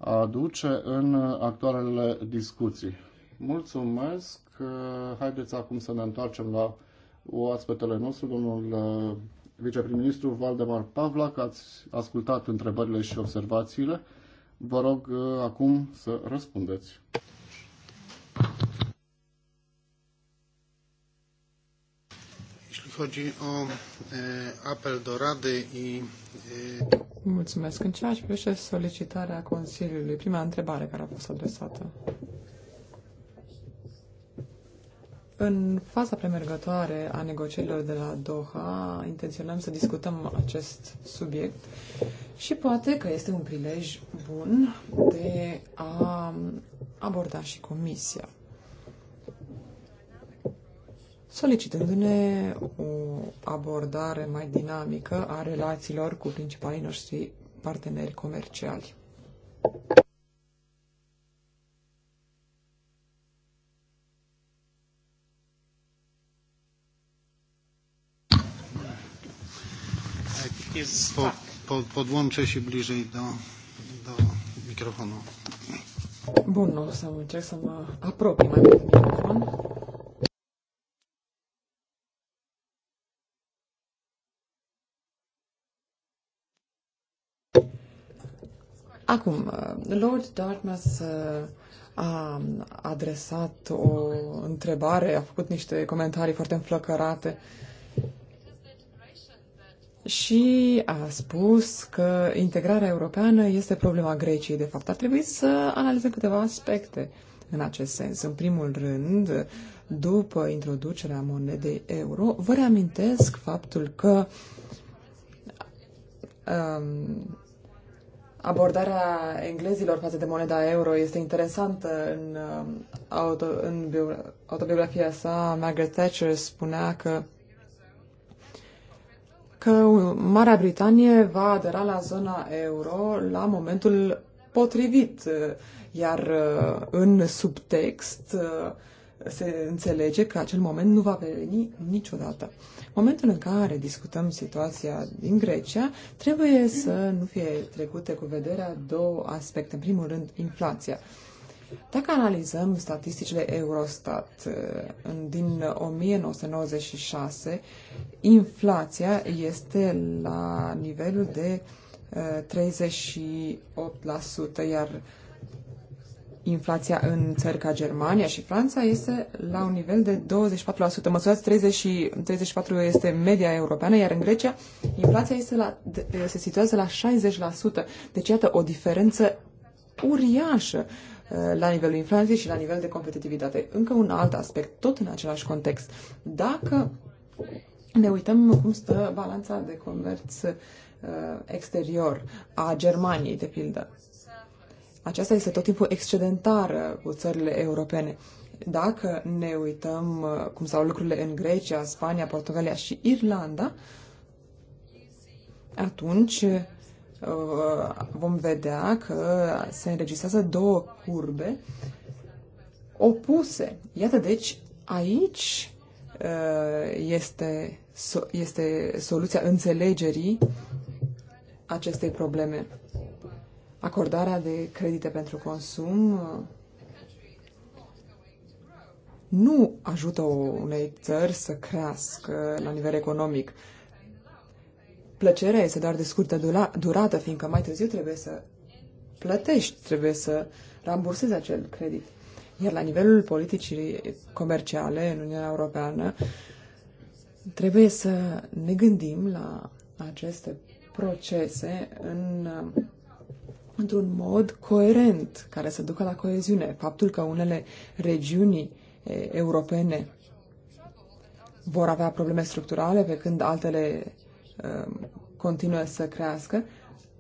aduce în actualele discuții. Mulțumesc! Haideți acum să ne întoarcem la oaspetele nostru, domnul uh, viceprim-ministru Valdemar Pavla, că ați ascultat întrebările și observațiile. Vă rog uh, acum să răspundeți. chodzi o apel do Rady i... Mulțumesc. În ceea ce privește solicitarea Consiliului, prima întrebare care a fost adresată. În faza premergătoare a negocierilor de la Doha, intenționăm să discutăm acest subiect și poate că este un prilej bun de a aborda și Comisia solicitându-ne o abordare mai dinamică a relațiilor cu principalii noștri parteneri comerciali. Po, po, podłączę się bliżej do, do mikrofonu. Bun, o să încerc să mă apropii mai mult de microfon. Acum, uh, Lord Dartmouth uh, a adresat o întrebare, a făcut niște comentarii foarte înflăcărate și a spus că integrarea europeană este problema Greciei. De fapt, ar trebui să analizăm câteva aspecte în acest sens. În primul rând, după introducerea monedei euro, vă reamintesc faptul că um, abordarea englezilor față de moneda euro este interesantă. În, um, auto, în autobiografia sa, Margaret Thatcher spunea că că Marea Britanie va adera la zona euro la momentul potrivit, iar uh, în subtext uh, se înțelege că acel moment nu va veni niciodată momentul în care discutăm situația din Grecia, trebuie să nu fie trecute cu vederea două aspecte. În primul rând, inflația. Dacă analizăm statisticile Eurostat eh, din 1996, inflația este la nivelul de 38%, eh, iar inflația în țări ca Germania și Franța este la un nivel de 24%. Măsurați 30, 34 este media europeană, iar în Grecia inflația este la, se situează la 60%. Deci, iată, o diferență uriașă uh, la nivelul inflației și la nivel de competitivitate. Încă un alt aspect, tot în același context. Dacă ne uităm cum stă balanța de comerț uh, exterior a Germaniei, de pildă, aceasta este tot timpul excedentară cu țările europene. Dacă ne uităm uh, cum stau lucrurile în Grecia, Spania, Portugalia și Irlanda, atunci uh, vom vedea că se înregistrează două curbe opuse. Iată, deci, aici uh, este, este soluția înțelegerii acestei probleme acordarea de credite pentru consum nu ajută unei țări să crească la nivel economic. Plăcerea este doar de scurtă durată, fiindcă mai târziu trebuie să plătești, trebuie să rambursezi acel credit. Iar la nivelul politicii comerciale în Uniunea Europeană, trebuie să ne gândim la aceste procese în într-un mod coerent, care să ducă la coeziune. Faptul că unele regiuni europene vor avea probleme structurale, pe când altele continuă să crească,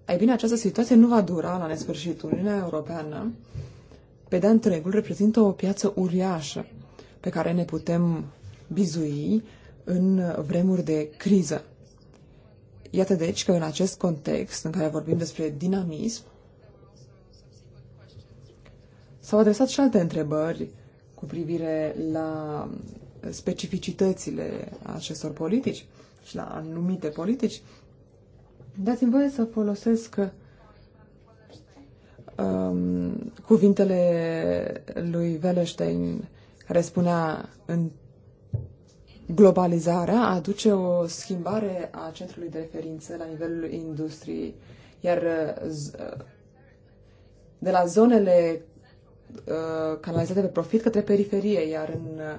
ei bine, această situație nu va dura la nesfârșit. Uniunea Europeană, pe de întregul, reprezintă o piață uriașă pe care ne putem bizui în vremuri de criză. Iată deci că în acest context în care vorbim despre dinamism, S-au adresat și alte întrebări cu privire la specificitățile acestor politici și la anumite politici. Dați-mi voie să folosesc um, cuvintele lui Wellenstein, care spunea în globalizarea aduce o schimbare a centrului de referință la nivelul industriei, iar de la zonele Uh, canalizate pe profit către periferie, iar în uh,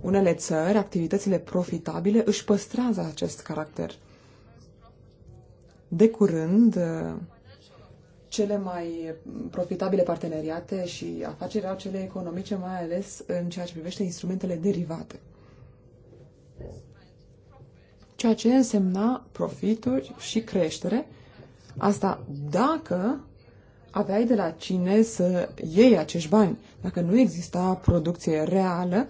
unele țări, activitățile profitabile își păstrează acest caracter. De curând, uh, cele mai profitabile parteneriate și afaceri au cele economice, mai ales în ceea ce privește instrumentele derivate. Ceea ce însemna profituri și creștere, asta dacă aveai de la cine să iei acești bani. Dacă nu exista producție reală,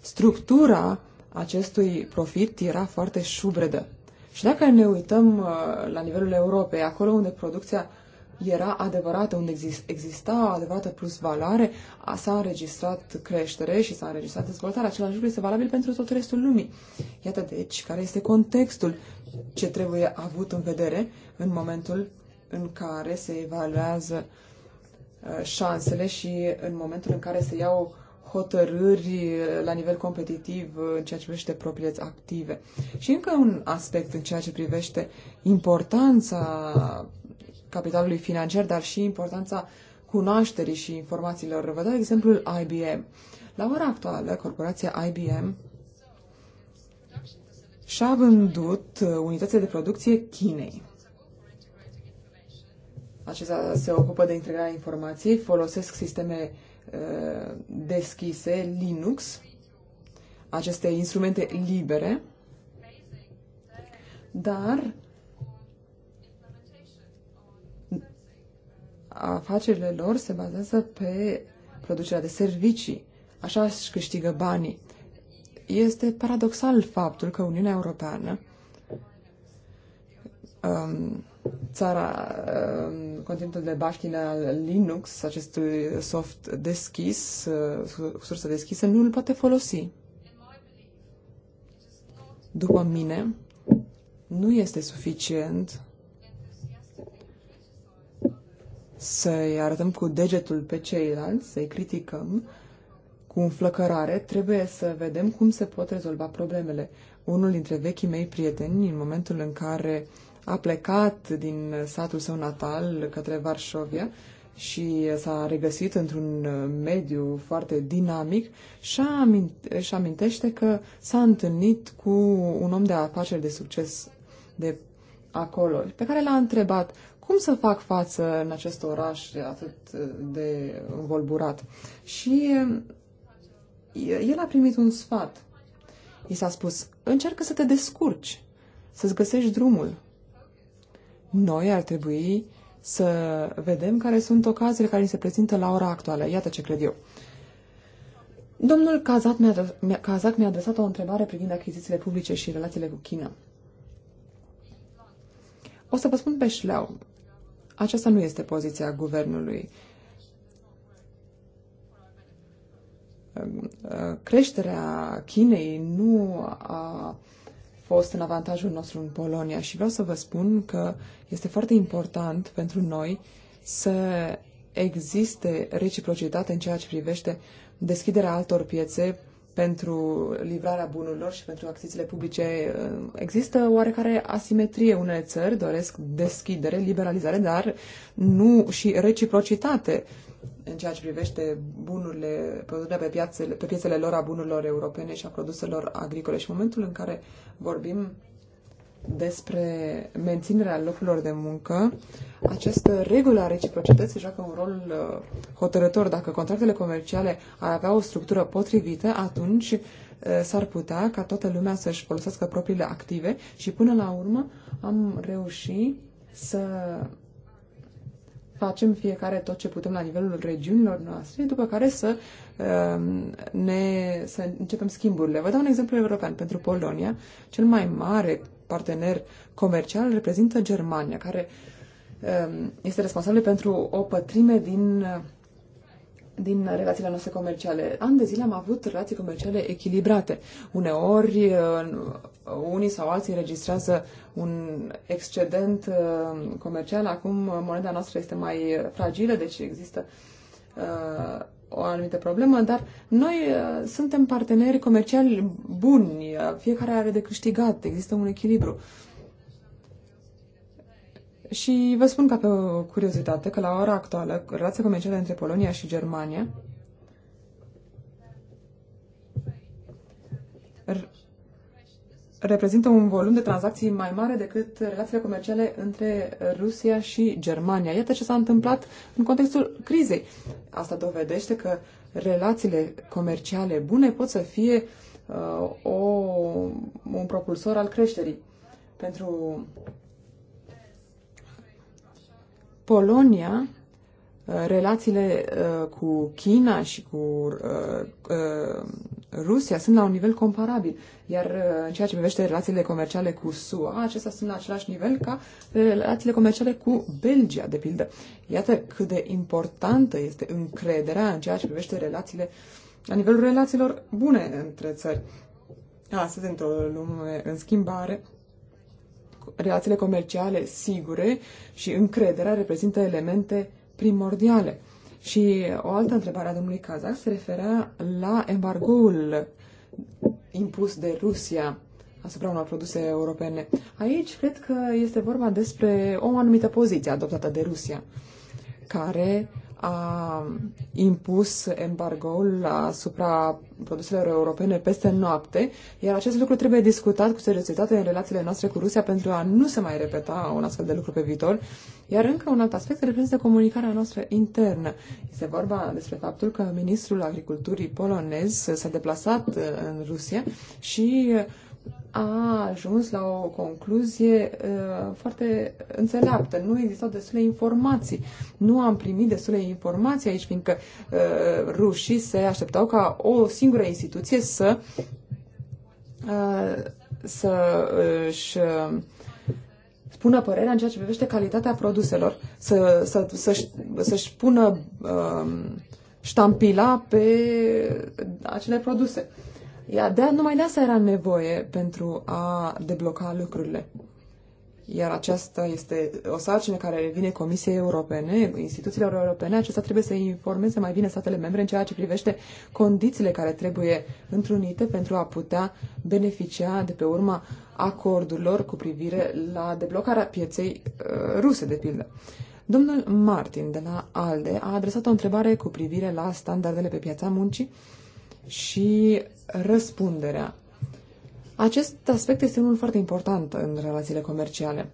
structura acestui profit era foarte șubredă. Și dacă ne uităm uh, la nivelul Europei, acolo unde producția era adevărată, unde exista o adevărată plus valoare, s-a înregistrat creștere și s-a înregistrat dezvoltare. Același lucru este valabil pentru tot restul lumii. Iată deci care este contextul ce trebuie avut în vedere în momentul în care se evaluează uh, șansele și în momentul în care se iau hotărâri uh, la nivel competitiv uh, în ceea ce privește proprietăți active. Și încă un aspect în ceea ce privește importanța capitalului financiar, dar și importanța cunoașterii și informațiilor. Vă dau exemplul IBM. La ora actuală, corporația IBM și-a vândut unitățile de producție Chinei. Acesta se ocupă de integrarea informației, folosesc sisteme uh, deschise, Linux, aceste instrumente libere, dar afacerile lor se bazează pe producerea de servicii. Așa își câștigă banii. Este paradoxal faptul că Uniunea Europeană um, țara, um, conținutul de baștină al Linux, acestui soft deschis, uh, sursă deschisă, nu îl poate folosi. După mine, nu este suficient să-i arătăm cu degetul pe ceilalți, să-i criticăm cu înflăcărare, trebuie să vedem cum se pot rezolva problemele. Unul dintre vechii mei prieteni, în momentul în care a plecat din satul său natal către Varșovia și s-a regăsit într-un uh, mediu foarte dinamic și aminte, își amintește că s-a întâlnit cu un om de afaceri de succes de acolo, pe care l-a întrebat cum să fac față în acest oraș atât de învolburat. Și uh, el a primit un sfat. I s-a spus, încearcă să te descurci, să-ți găsești drumul. Noi ar trebui să vedem care sunt ocaziile care ni se prezintă la ora actuală. Iată ce cred eu. Domnul Kazak mi-a, adresat, mi-a adresat o întrebare privind achizițiile publice și relațiile cu China. O să vă spun pe șleau. Aceasta nu este poziția guvernului. Ehm, ehm, creșterea Chinei nu a fost în avantajul nostru în Polonia și vreau să vă spun că este foarte important pentru noi să existe reciprocitate în ceea ce privește deschiderea altor piețe pentru livrarea bunurilor și pentru achizițiile publice. Există oarecare asimetrie. Unele țări doresc deschidere, liberalizare, dar nu și reciprocitate în ceea ce privește bunurile, produsele pe, piațele, pe piețele lor a bunurilor europene și a produselor agricole. Și în momentul în care vorbim despre menținerea locurilor de muncă, această regulă a reciprocității joacă un rol uh, hotărător. Dacă contractele comerciale ar avea o structură potrivită, atunci uh, s-ar putea ca toată lumea să-și folosească propriile active și până la urmă am reușit să facem fiecare tot ce putem la nivelul regiunilor noastre, după care să, ehm, ne, să începem schimburile. Vă dau un exemplu european. Pentru Polonia, cel mai mare partener comercial reprezintă Germania, care ehm, este responsabil pentru o pătrime din din relațiile noastre comerciale. An de zile am avut relații comerciale echilibrate. Uneori, uh, unii sau alții înregistrează un excedent uh, comercial. Acum, uh, moneda noastră este mai fragilă, deci există o anumită problemă, dar noi suntem parteneri comerciali buni, fiecare are de câștigat, există un echilibru. Uh, și vă spun ca pe o curiozitate că la ora actuală relația comercială între Polonia și Germania reprezintă un volum de tranzacții mai mare decât relațiile comerciale între Rusia și Germania. Iată ce s-a întâmplat în contextul crizei. Asta dovedește că relațiile comerciale bune pot să fie uh, o, un propulsor al creșterii. Pentru Polonia, uh, relațiile uh, cu China și cu uh, Rusia sunt la un nivel comparabil, iar în ceea ce privește relațiile comerciale cu SUA, acestea sunt la același nivel ca relațiile comerciale cu Belgia, de pildă. Iată cât de importantă este încrederea în ceea ce privește relațiile, la nivelul relațiilor bune între țări. Astăzi, într-o lume în schimbare, relațiile comerciale sigure și încrederea reprezintă elemente primordiale. Și o altă întrebare a domnului Kazak se referea la embargoul impus de Rusia asupra unor produse europene. Aici cred că este vorba despre o anumită poziție adoptată de Rusia, care a impus embargoul asupra produselor europene peste noapte, iar acest lucru trebuie discutat cu seriozitate în relațiile noastre cu Rusia pentru a nu se mai repeta un astfel de lucru pe viitor. Iar încă un alt aspect reprezintă comunicarea noastră internă. Este vorba despre faptul că ministrul agriculturii polonez s-a deplasat uh, în Rusia și uh, a ajuns la o concluzie uh, foarte înțeleaptă. Nu existau destule informații. Nu am primit destule informații aici, fiindcă uh, rușii se așteptau ca o singură instituție să uh, să își uh, spună părerea în ceea ce privește calitatea produselor, să, să, să să-și pună uh, ștampila pe acele produse. Uh, iar de, numai de asta era nevoie pentru a debloca lucrurile. Iar aceasta este o sarcină care vine Comisiei Europene, instituțiilor europene. Acesta trebuie să informeze mai bine statele membre în ceea ce privește condițiile care trebuie întrunite pentru a putea beneficia de pe urma acordurilor cu privire la deblocarea pieței uh, ruse, de pildă. Domnul Martin de la ALDE a adresat o întrebare cu privire la standardele pe piața muncii și răspunderea. Acest aspect este unul foarte important în relațiile comerciale.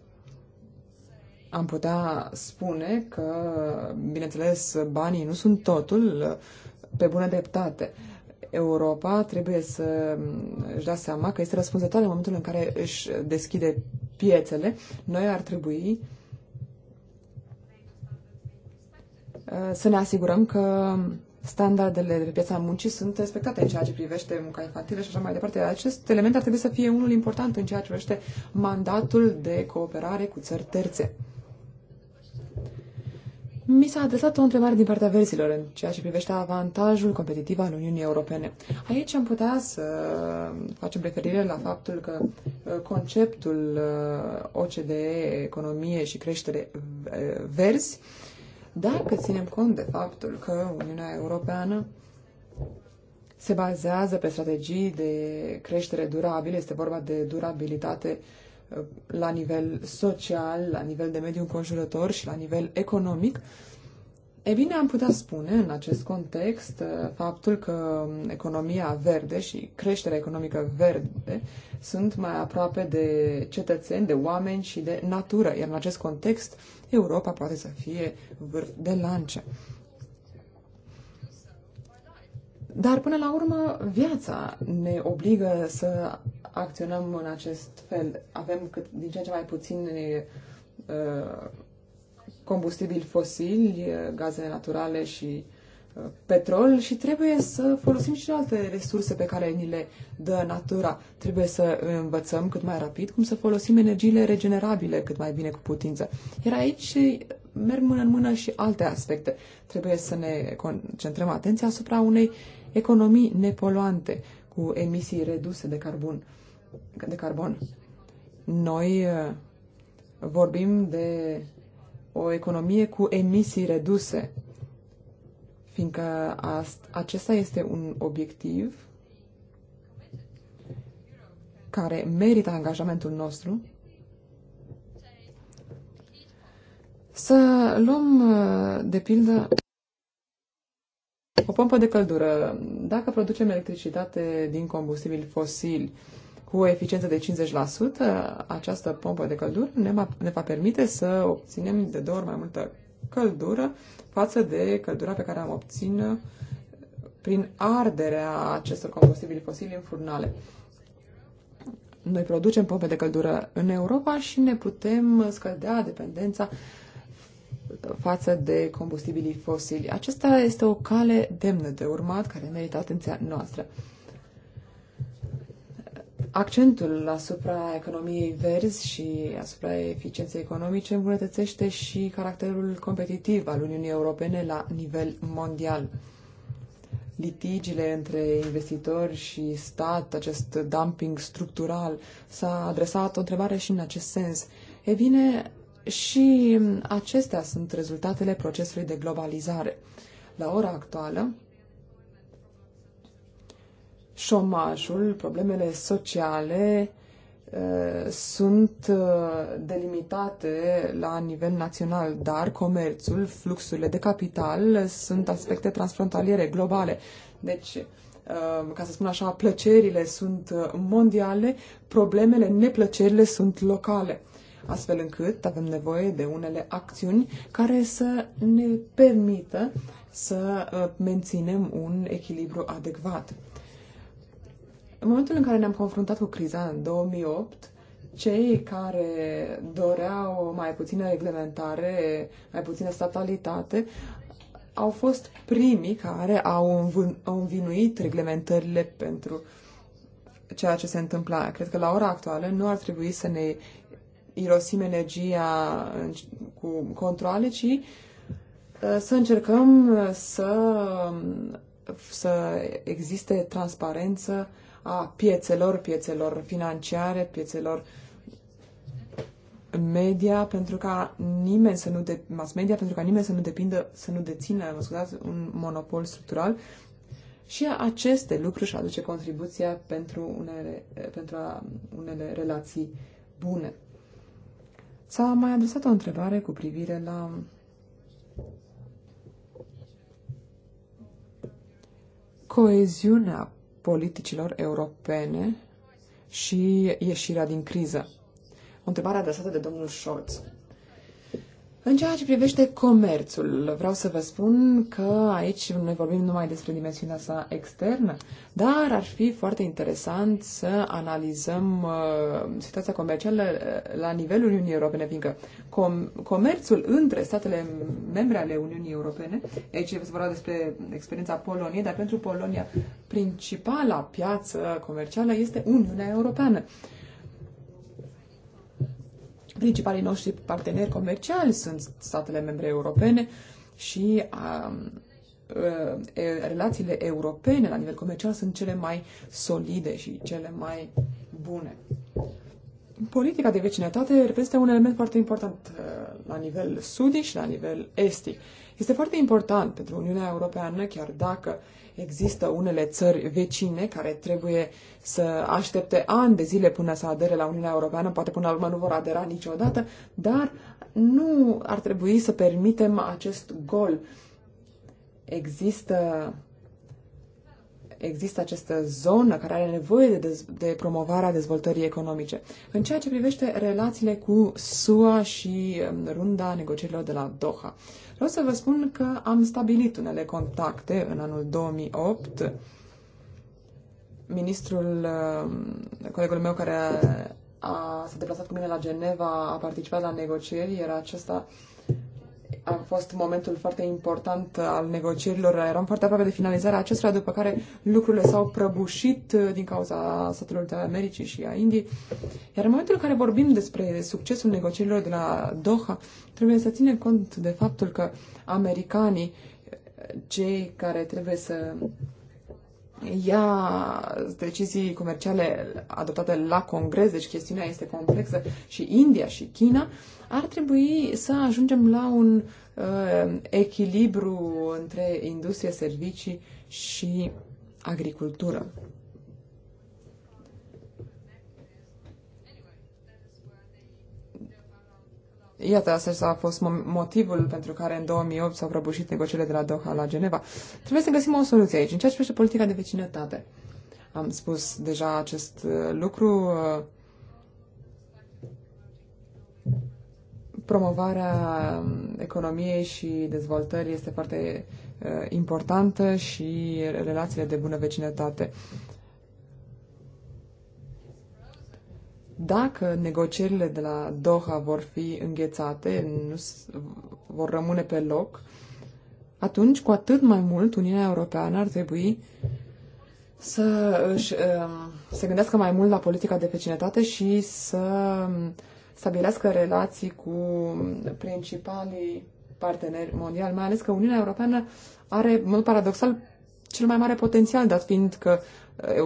Am putea spune că, bineînțeles, banii nu sunt totul, pe bună dreptate. Europa trebuie să își dea seama că este răspunzătoare în momentul în care își deschide piețele. Noi ar trebui uh, să ne asigurăm că standardele de pe piața muncii sunt respectate în ceea ce privește munca infantilă și așa mai departe. Acest element ar trebui să fie unul important în ceea ce privește mandatul de cooperare cu țări terțe. Mi s-a adresat o întrebare din partea versilor în ceea ce privește avantajul competitiv al Uniunii Europene. Aici am putea să facem referire la faptul că uh, conceptul uh, OCDE, economie și creștere uh, verzi, dacă ținem cont de faptul că Uniunea Europeană se bazează pe strategii de creștere durabilă, este vorba de durabilitate uh, la nivel social, la nivel de mediu înconjurător și la nivel economic, E bine, am putea spune în acest context uh, faptul că um, economia verde și creșterea economică verde sunt mai aproape de cetățeni, de oameni și de natură. Iar în acest context, Europa poate să fie vârf de lance. Dar până la urmă, viața ne obligă să acționăm în acest fel. Avem cât, din ce în ce mai puțin uh, combustibili fosili, uh, gaze naturale și uh, petrol și trebuie să folosim și alte resurse pe care ni le dă natura. Trebuie să învățăm cât mai rapid cum să folosim energiile regenerabile cât mai bine cu putință. Iar aici merg mână în mână și alte aspecte. Trebuie să ne concentrăm atenția asupra unei economii nepoluante cu emisii reduse de carbon. De carbon. Noi uh, vorbim de o economie cu emisii reduse fiindcă acesta este un obiectiv care merită angajamentul nostru, să luăm, uh, de pildă, o pompă de căldură. Dacă producem electricitate din combustibili fosili cu o eficiență de 50%, această pompă de căldură ne ne va permite să obținem de două ori mai multă căldură față de căldura pe care am obțină uh, prin arderea acestor combustibili fosili în furnale. Noi producem pompe de căldură în Europa și ne putem scădea dependența față de combustibilii fosili. Acesta este o cale demnă de urmat care merită atenția noastră accentul asupra economiei verzi și asupra eficienței economice îmbunătățește și caracterul competitiv al Uniunii Europene la nivel mondial. Litigiile între investitori și stat, acest dumping structural, s-a adresat o întrebare și în acest sens. E bine, și acestea sunt rezultatele procesului de globalizare. La ora actuală, șomajul, problemele sociale uh, sunt uh, delimitate la nivel național, dar comerțul, fluxurile de capital sunt aspecte transfrontaliere, globale. Deci, uh, ca să spun așa, plăcerile sunt mondiale, problemele, neplăcerile sunt locale. Astfel încât avem nevoie de unele acțiuni care să ne permită să menținem un echilibru adecvat. În momentul în care ne-am confruntat cu criza în 2008, cei care doreau mai puțină reglementare, mai puțină statalitate, au fost primii care au învinuit reglementările pentru ceea ce se întâmpla. Cred că la ora actuală nu ar trebui să ne irosim energia cu controle, ci uh, să încercăm să, să existe transparență a piețelor, piețelor financiare, piețelor media, pentru ca nimeni să nu de, mass media, pentru ca nimeni să nu depindă, să nu dețină, mă scuzați, un monopol structural. Și aceste lucruri își aduce contribuția pentru unele, pentru a, unele relații bune. S-a mai adresat o întrebare cu privire la coeziunea politicilor europene și ieșirea din criză. O întrebare adresată de domnul Scholz. În ceea ce privește comerțul, vreau să vă spun că aici noi vorbim numai despre dimensiunea sa externă, dar ar fi foarte interesant să analizăm uh, situația comercială uh, la nivelul Uniunii Europene, fiindcă com- comerțul între statele membre ale Uniunii Europene, aici vorba despre experiența Poloniei, dar pentru Polonia principala piață comercială este Uniunea Europeană. Uh, Principalii noștri parteneri comerciali sunt statele membre europene și a, ă, relațiile europene la nivel comercial sunt cele mai solide și cele mai bune politica de vecinătate reprezintă un element foarte important uh, la nivel sudic și la nivel estic. Este foarte important pentru Uniunea Europeană, chiar dacă există unele țări vecine care trebuie să aștepte ani de zile până să adere la Uniunea Europeană, poate până la urmă nu vor adera niciodată, dar nu ar trebui să permitem acest gol. Există există această zonă care are nevoie de, de promovarea dezvoltării economice. În ceea ce privește relațiile cu SUA și um, runda negocierilor de la Doha, vreau să vă spun că am stabilit unele contacte în anul 2008. Ministrul, um, colegul meu care a, s-a deplasat cu mine la Geneva, a participat la negocieri, era acesta uh, a fost momentul foarte important al negocierilor. Eram foarte aproape de finalizarea acestora, după care lucrurile s-au prăbușit uh, din cauza Statelor de Americii și a Indiei. Iar în momentul în care vorbim despre succesul negocierilor de la Doha, trebuie să ținem cont de faptul că americanii, cei care trebuie să ia decizii comerciale adoptate la Congres, deci chestiunea este complexă, și India și China, ar trebui să ajungem la un uh, echilibru între industrie, servicii și agricultură. Iată, asta a fost motivul pentru care în 2008 s-au prăbușit negocierile de la Doha la Geneva. Trebuie să găsim o soluție aici, în ceea ce privește politica de vecinătate. Am spus deja acest uh, lucru. Uh, promovarea um, economiei și dezvoltării este foarte uh, importantă și relațiile de bună vecinătate. Dacă negocierile de la Doha vor fi înghețate, nu vor rămâne pe loc, atunci, cu atât mai mult, Uniunea Europeană ar trebui să își, um, se gândească mai mult la politica de vecinătate și să stabilească relații cu principalii parteneri mondiali, mai ales că Uniunea Europeană are, mult paradoxal, cel mai mare potențial, dat fiind că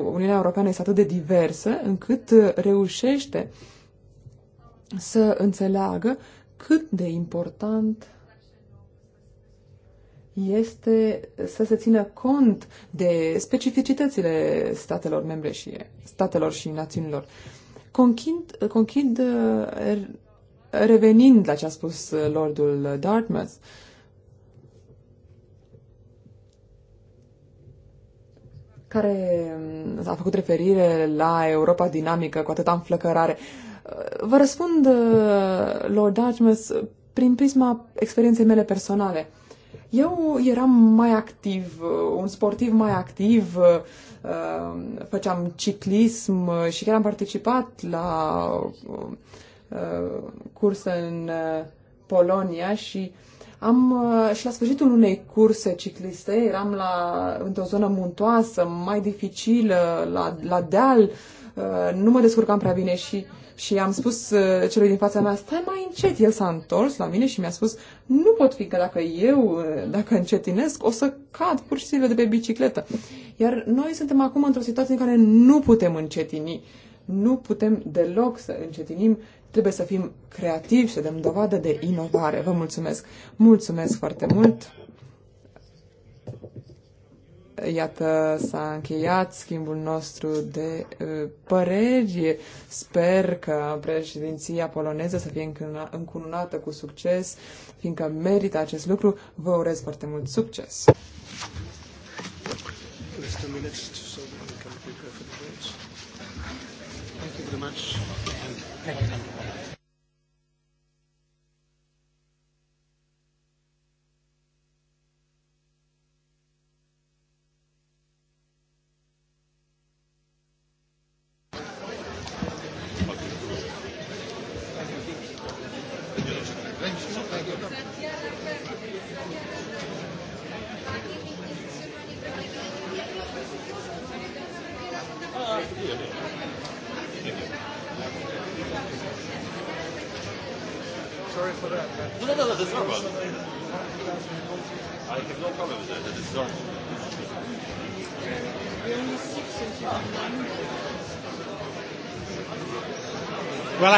Uniunea Europeană este atât de diversă încât reușește să înțeleagă cât de important este să se țină cont de specificitățile statelor membre și statelor și națiunilor. Conchid, conchid eh, revenind la ce a spus eh, Lordul Dartmouth, care mm, a făcut referire la Europa dinamică cu atâta înflăcărare. Uh, vă răspund, uh, Lord Dartmouth, prin prisma experienței mele personale. Eu eram mai activ, uh, un sportiv mai activ, făceam ciclism și chiar am participat la curse în Polonia și uh, am, uh, și la sfârșitul unei curse cicliste, eram la, într-o zonă muntoasă, mai dificilă, la, la deal, uh, nu mă descurcam prea bine și, și am spus uh, celui din fața mea, stai mai încet. El s-a întors la mine și mi-a spus, nu pot fi că dacă eu, dacă încetinesc, o să cad pur și simplu de pe bicicletă. Iar noi suntem acum într-o situație în care nu putem încetini. Nu putem deloc să încetinim Trebuie să fim creativi să dăm dovadă de inovare. Vă mulțumesc! Mulțumesc foarte mult! Iată, s-a încheiat schimbul nostru de uh, păreri. Sper că președinția poloneză să fie încununată cu succes, fiindcă merită acest lucru. Vă urez foarte mult succes! Thank you very much.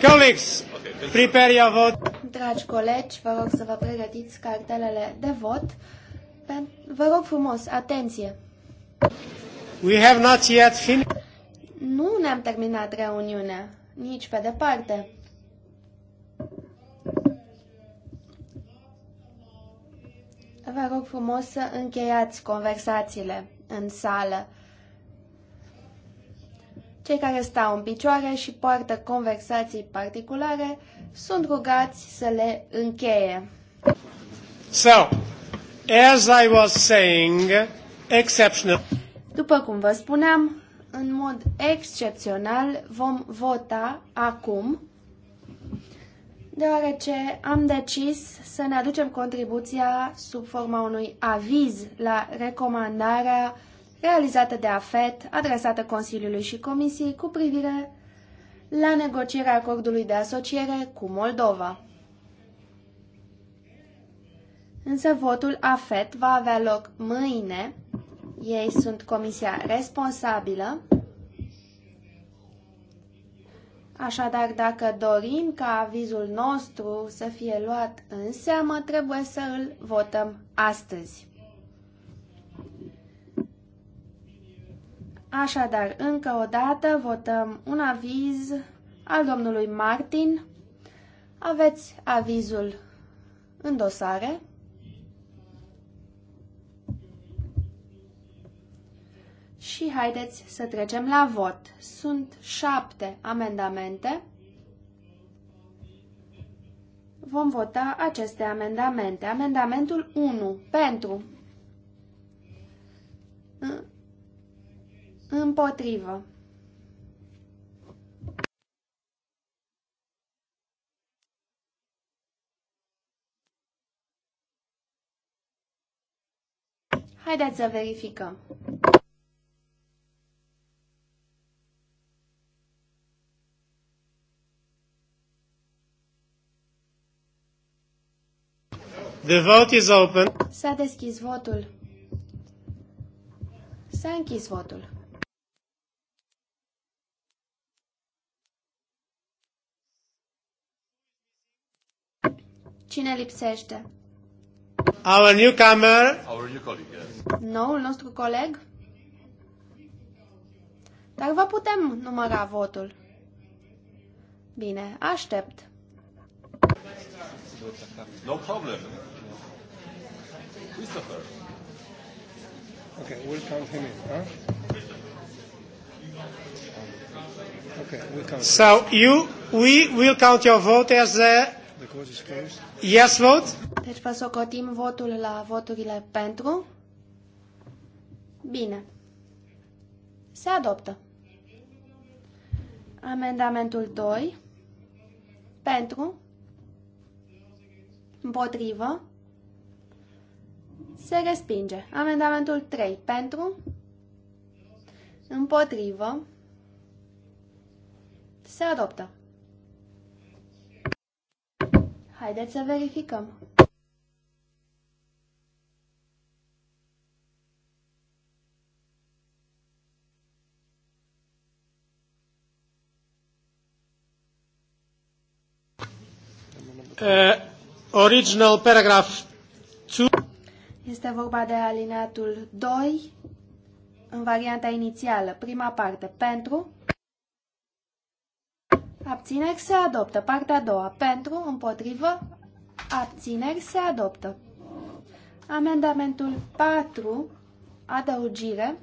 Colleagues, prepare your vote. Dragi colegi, vă rog să vă pregătiți cartelele de vot. Vă rog frumos, atenție. We have not yet finished. Nu ne-am terminat reuniunea, nici pe departe. Vă rog frumos să încheiați conversațiile în sală. Cei care stau în picioare și poartă conversații particulare sunt rugați să le încheie. So, as I was saying, exceptional. După cum vă spuneam, în mod excepțional vom vota acum, deoarece am decis să ne aducem contribuția sub forma unui aviz la recomandarea uh, realizată de AFET, adresată Consiliului și Comisiei cu privire la negocierea acordului de asociere cu Moldova. Însă votul AFET va avea loc mâine. Ei sunt comisia responsabilă. Așadar, dacă dorim ca avizul nostru să fie luat în seamă, trebuie să îl votăm astăzi. Așadar, încă o dată votăm un aviz al domnului Martin. Aveți avizul în dosare. Și haideți să trecem la vot. Sunt șapte amendamente. Vom vota aceste amendamente. Amendamentul 1. Pentru. Împotrivă. Haideți să verificăm. The vote is open. S-a deschis votul. S-a închis votul. Cine lipsește? Our newcomer. Our new colleague, yes. Noul nostru coleg. Dar vă putem număra votul. Bine, aștept. No problem. Christopher. Okay, we'll count him in, huh? Okay, we'll count. So you, we will count your vote as a Yes, vote. Deci vă socotim votul la voturile pentru. Bine. Se adoptă. Amendamentul 2. Pentru. Împotrivă. Se respinge. Amendamentul 3. Pentru. Împotrivă. Se adoptă. Haideți să verificăm. Uh, original paragraph 2. Este vorba de alineatul 2 în varianta inițială, prima parte, pentru, abțineri se adoptă. Partea a doua, pentru, împotrivă, abțineri se adoptă. Amendamentul 4, adăugire,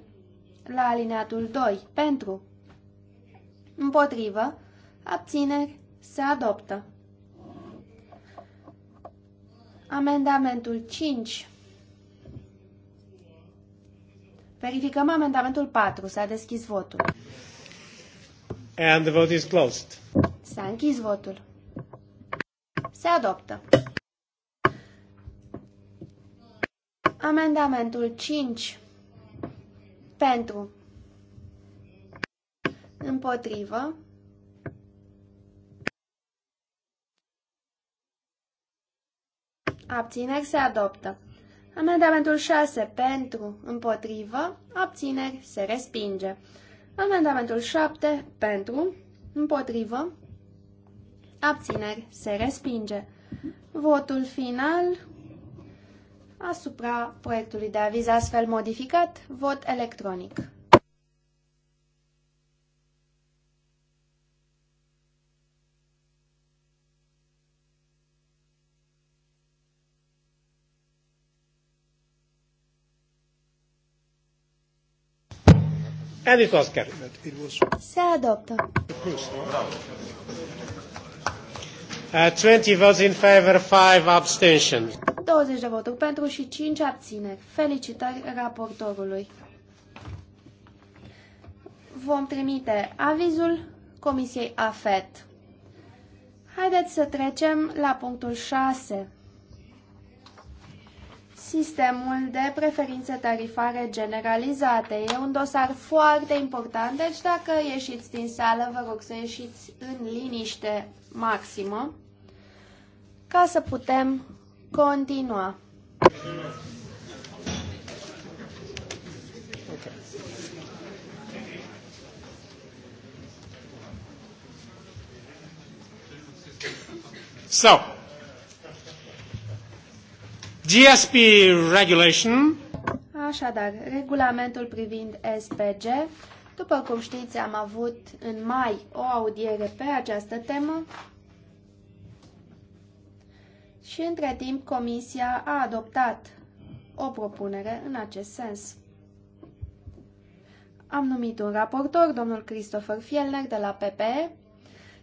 la alineatul 2, pentru, împotrivă, abțineri se adoptă. Amendamentul 5. Verificăm amendamentul 4. S-a deschis votul. And the vote is closed. S-a închis votul. Se adoptă. Amendamentul 5 pentru împotrivă abțineri se adoptă. Amendamentul 6 pentru împotrivă abțineri se respinge. Amendamentul 7 pentru, împotrivă, abțineri, se respinge. Votul final asupra proiectului de aviz astfel modificat, vot electronic. And it was carried. Se adoptă. Uh, 20 votes in favor, 5 abstentions. 20 de voturi pentru și 5 abțineri. Felicitări raportorului. Vom trimite avizul Comisiei AFET. Haideți să trecem la punctul 6 sistemul de preferințe tarifare generalizate. E un dosar foarte important, deci dacă ieșiți din sală, vă rog să ieșiți în liniște maximă ca să putem continua. So, GSP regulation. Așadar, regulamentul privind SPG. După cum știți, am avut în mai o audiere pe această temă și între timp Comisia a adoptat o propunere în acest sens. Am numit un raportor, domnul Christopher Fielner de la PPE,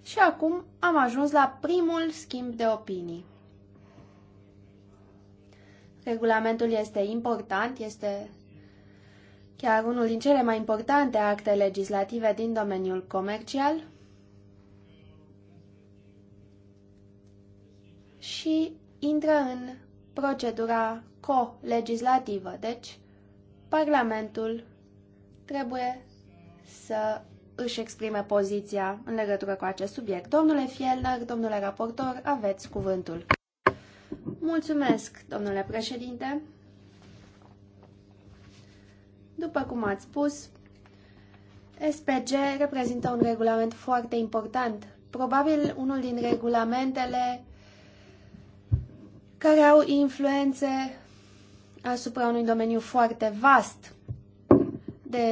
și acum am ajuns la primul schimb de opinii. Regulamentul este important, este chiar unul din cele mai importante acte legislative din domeniul comercial și intră în procedura co-legislativă, deci Parlamentul trebuie să își exprime poziția în legătură cu acest subiect. Domnule Fielner, domnule raportor, aveți cuvântul. Mulțumesc, domnule președinte. După cum ați spus, SPG reprezintă un regulament foarte important, probabil unul din regulamentele care au influențe asupra unui domeniu foarte vast. De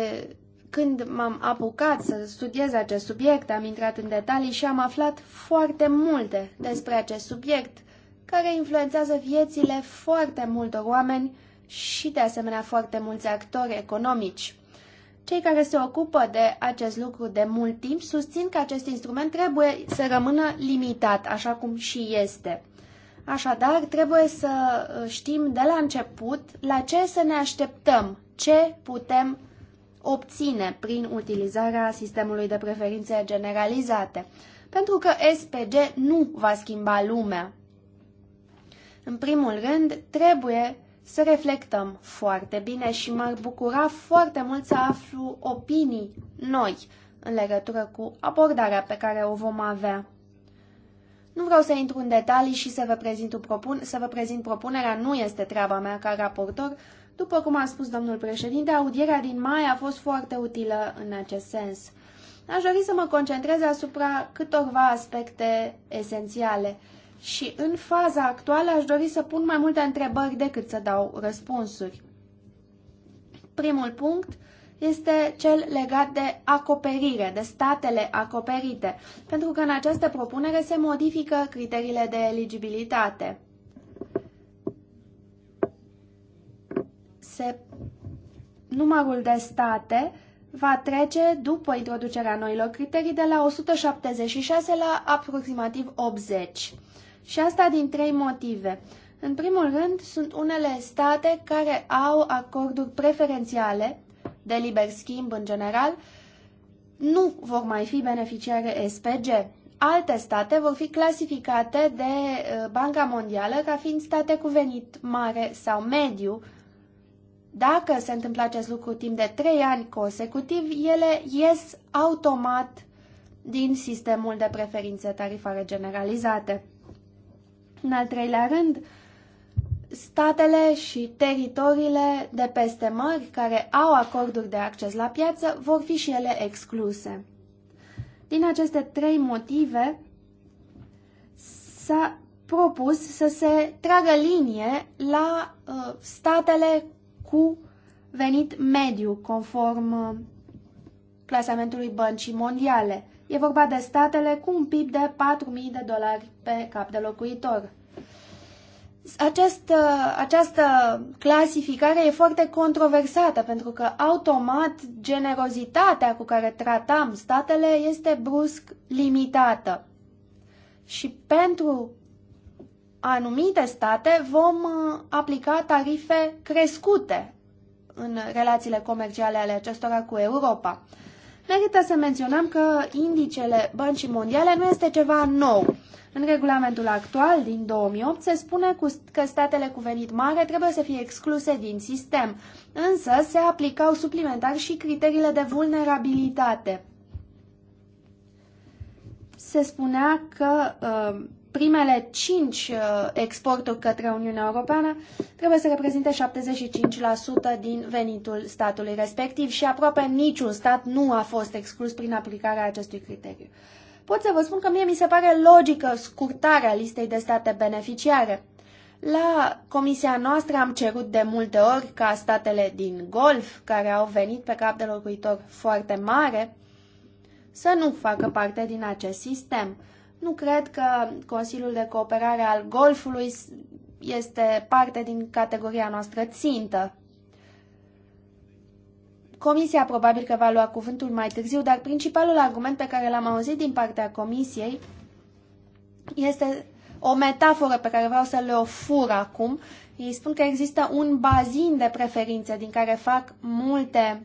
când m-am apucat să studiez acest subiect, am intrat în detalii și am aflat foarte multe despre acest subiect care influențează viețile foarte multor oameni și, de asemenea, foarte mulți actori economici. Cei care se ocupă de acest lucru de mult timp susțin că acest instrument trebuie să rămână limitat, așa cum și este. Așadar, trebuie să uh, știm de la început la ce să ne așteptăm, ce putem obține prin utilizarea sistemului de preferințe generalizate. Pentru că SPG nu va schimba lumea. În primul rând, trebuie să reflectăm foarte bine și m-ar bucura foarte mult să aflu opinii noi în legătură cu abordarea pe care o vom avea. Nu vreau să intru în detalii și să vă prezint, propun- să vă prezint propunerea, nu este treaba mea ca raportor. După cum a spus domnul președinte, audierea din mai a fost foarte utilă în acest sens. Aș dori să mă concentrez asupra câtorva aspecte esențiale și în faza actuală aș dori să pun mai multe întrebări decât să dau răspunsuri. Primul punct este cel legat de acoperire, de statele acoperite, pentru că în această propunere se modifică criteriile de eligibilitate. Se, numărul de state va trece, după introducerea noilor criterii, de la 176 la aproximativ 80. Și asta din trei motive. În primul rând, sunt unele state care au acorduri preferențiale de liber schimb în general, nu vor mai fi beneficiare SPG. Alte state vor fi clasificate de uh, Banca Mondială ca fiind state cu venit mare sau mediu. Dacă se întâmplă acest lucru timp de trei ani consecutiv, ele ies automat din sistemul de preferințe tarifare generalizate. În al treilea rând, statele și teritoriile de peste mări care au acorduri de acces la piață vor fi și ele excluse. Din aceste trei motive, s-a propus să se tragă linie la uh, statele cu venit mediu, conform uh, clasamentului băncii mondiale. E vorba de statele cu un PIB de 4.000 de dolari pe cap de locuitor. Această, uh, această clasificare e foarte controversată pentru că automat generozitatea cu care tratam statele este brusc limitată. Și pentru anumite state vom uh, aplica tarife crescute în relațiile comerciale ale acestora cu Europa. Merită să menționăm că indicele băncii mondiale nu este ceva nou. În regulamentul actual din 2008 se spune că statele cu venit mare trebuie să fie excluse din sistem, însă se aplicau suplimentar și criteriile de vulnerabilitate. Se spunea că uh, primele cinci uh, exporturi către Uniunea Europeană trebuie să reprezinte 75% din venitul statului respectiv și aproape niciun stat nu a fost exclus prin aplicarea acestui criteriu. Pot să vă spun că mie mi se pare logică scurtarea listei de state beneficiare. La comisia noastră am cerut de multe ori ca statele din Golf, care au venit pe cap de locuitor foarte mare, să nu facă parte din acest sistem nu cred că Consiliul de Cooperare al Golfului este parte din categoria noastră țintă. Comisia probabil că va lua cuvântul mai târziu, dar principalul argument pe care l-am auzit din partea Comisiei este o metaforă pe care vreau să le ofur acum. Ei spun că există un bazin de preferințe din care fac multe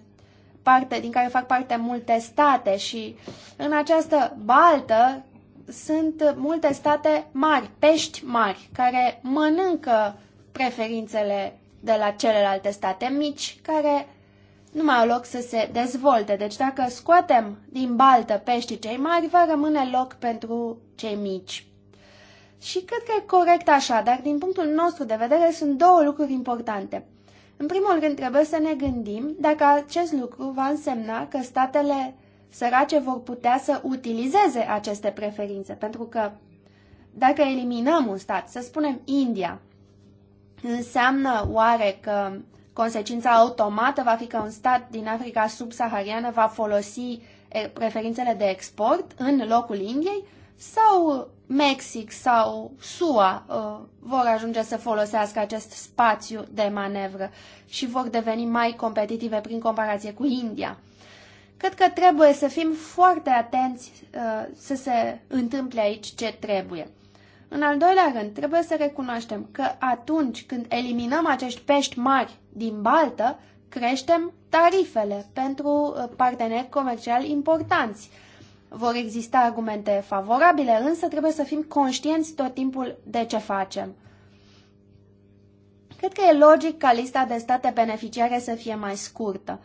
parte, din care fac parte multe state și în această baltă sunt multe state mari, pești mari, care mănâncă preferințele de la celelalte state mici, care nu mai au loc să se dezvolte. Deci dacă scoatem din baltă peștii cei mari, va rămâne loc pentru cei mici. Și cred că e corect așa, dar din punctul nostru de vedere sunt două lucruri importante. În primul rând, trebuie să ne gândim dacă acest lucru va însemna că statele sărace vor putea să utilizeze aceste preferințe, pentru că dacă eliminăm un stat, să spunem India, înseamnă oare că consecința automată va fi că un stat din Africa subsahariană va folosi preferințele de export în locul Indiei sau Mexic sau SUA uh, vor ajunge să folosească acest spațiu de manevră și vor deveni mai competitive prin comparație cu India. Cred că trebuie să fim foarte atenți uh, să se întâmple aici ce trebuie. În al doilea rând, trebuie să recunoaștem că atunci când eliminăm acești pești mari din baltă, creștem tarifele pentru uh, parteneri comerciali importanți. Vor exista argumente favorabile, însă trebuie să fim conștienți tot timpul de ce facem. Cred că e logic ca lista de state beneficiare să fie mai scurtă.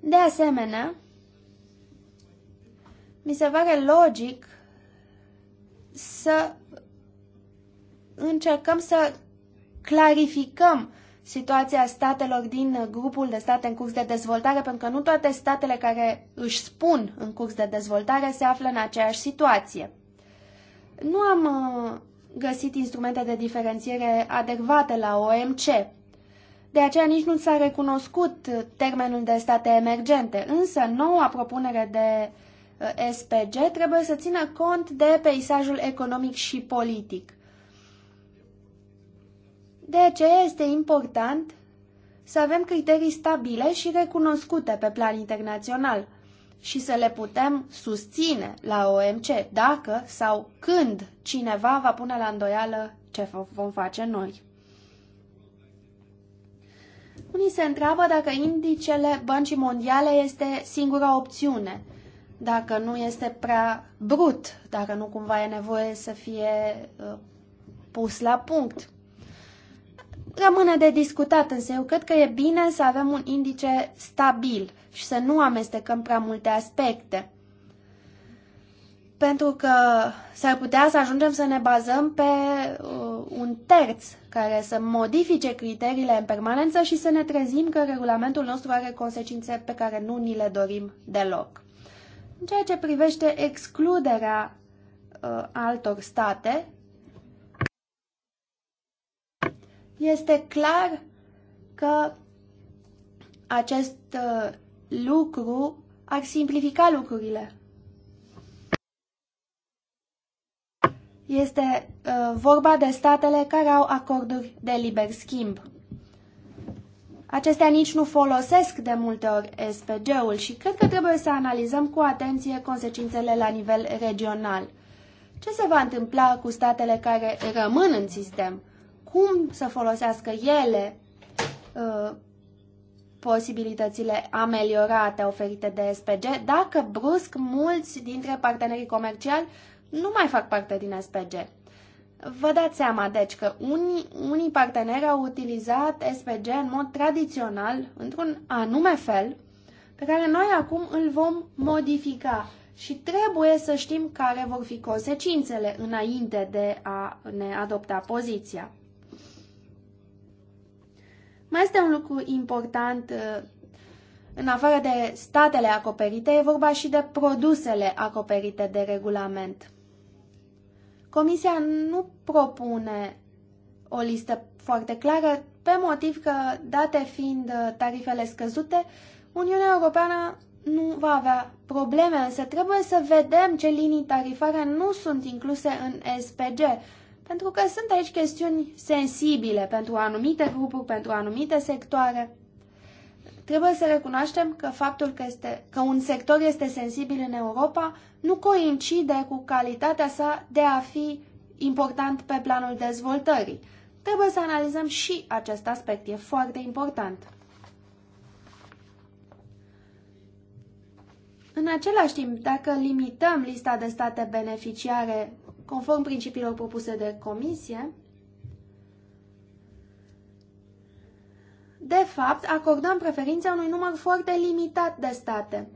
De asemenea, mi se pare logic să încercăm să clarificăm situația statelor din grupul de state în curs de dezvoltare, pentru că nu toate statele care își spun în curs de dezvoltare se află în aceeași situație. Nu am uh, găsit instrumente de diferențiere adecvate la OMC. De aceea nici nu s-a recunoscut termenul de state emergente, însă noua propunere de uh, Uh, SPG trebuie să țină cont de peisajul economic și politic. De aceea este important să avem criterii stabile și recunoscute pe plan internațional și să le putem susține la OMC dacă sau când cineva va pune la îndoială ce vom face noi. Unii se întreabă dacă indicele băncii mondiale este singura opțiune – dacă nu este prea brut, dacă nu cumva e nevoie să fie uh, pus la punct. Rămâne de discutat, însă eu cred că e bine să avem un indice stabil și să nu amestecăm prea multe aspecte. Pentru că s-ar putea să ajungem să ne bazăm pe uh, un terț care să modifice criteriile în permanență și să ne trezim că regulamentul nostru are consecințe pe care nu ni le dorim deloc. În ceea ce privește excluderea uh, altor state, este clar că acest uh, lucru ar simplifica lucrurile. Este uh, vorba de statele care au acorduri de liber schimb. Acestea nici nu folosesc de multe ori SPG-ul și cred că trebuie să analizăm cu atenție consecințele la nivel regional. Ce se va întâmpla cu statele care rămân în sistem? Cum să folosească ele uh, posibilitățile ameliorate oferite de SPG dacă brusc mulți dintre partenerii comerciali nu mai fac parte din SPG? Vă dați seama, deci, că unii, unii parteneri au utilizat SPG în mod tradițional, într-un anume fel, pe care noi acum îl vom modifica și trebuie să știm care vor fi consecințele înainte de a ne adopta poziția. Mai este un lucru important, uh, în afară de statele acoperite, e vorba și de produsele acoperite de regulament. Comisia nu propune o listă foarte clară, pe motiv că, date fiind uh, tarifele scăzute, Uniunea Europeană nu va avea probleme, însă trebuie să vedem ce linii tarifare nu sunt incluse în SPG, pentru că sunt aici chestiuni sensibile pentru anumite grupuri, pentru anumite sectoare. Trebuie să recunoaștem că faptul că, este, că un sector este sensibil în Europa nu coincide cu calitatea sa de a fi important pe planul dezvoltării. Trebuie să analizăm și acest aspect, e foarte important. În același timp, dacă limităm lista de state beneficiare conform principiilor propuse de comisie, De fapt, acordăm preferința unui număr foarte limitat de state.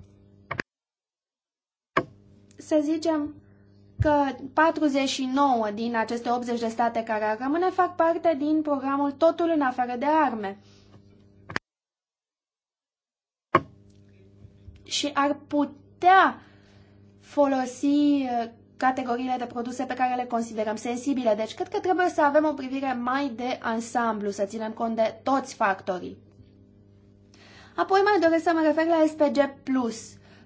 Să zicem că 49 din aceste 80 de state care ar rămâne fac parte din programul Totul în afară de arme. Și ar putea folosi categoriile de produse pe care le considerăm sensibile. Deci, cred că trebuie să avem o privire mai de ansamblu, să ținem cont de toți factorii. Apoi mai doresc să mă refer la SPG+.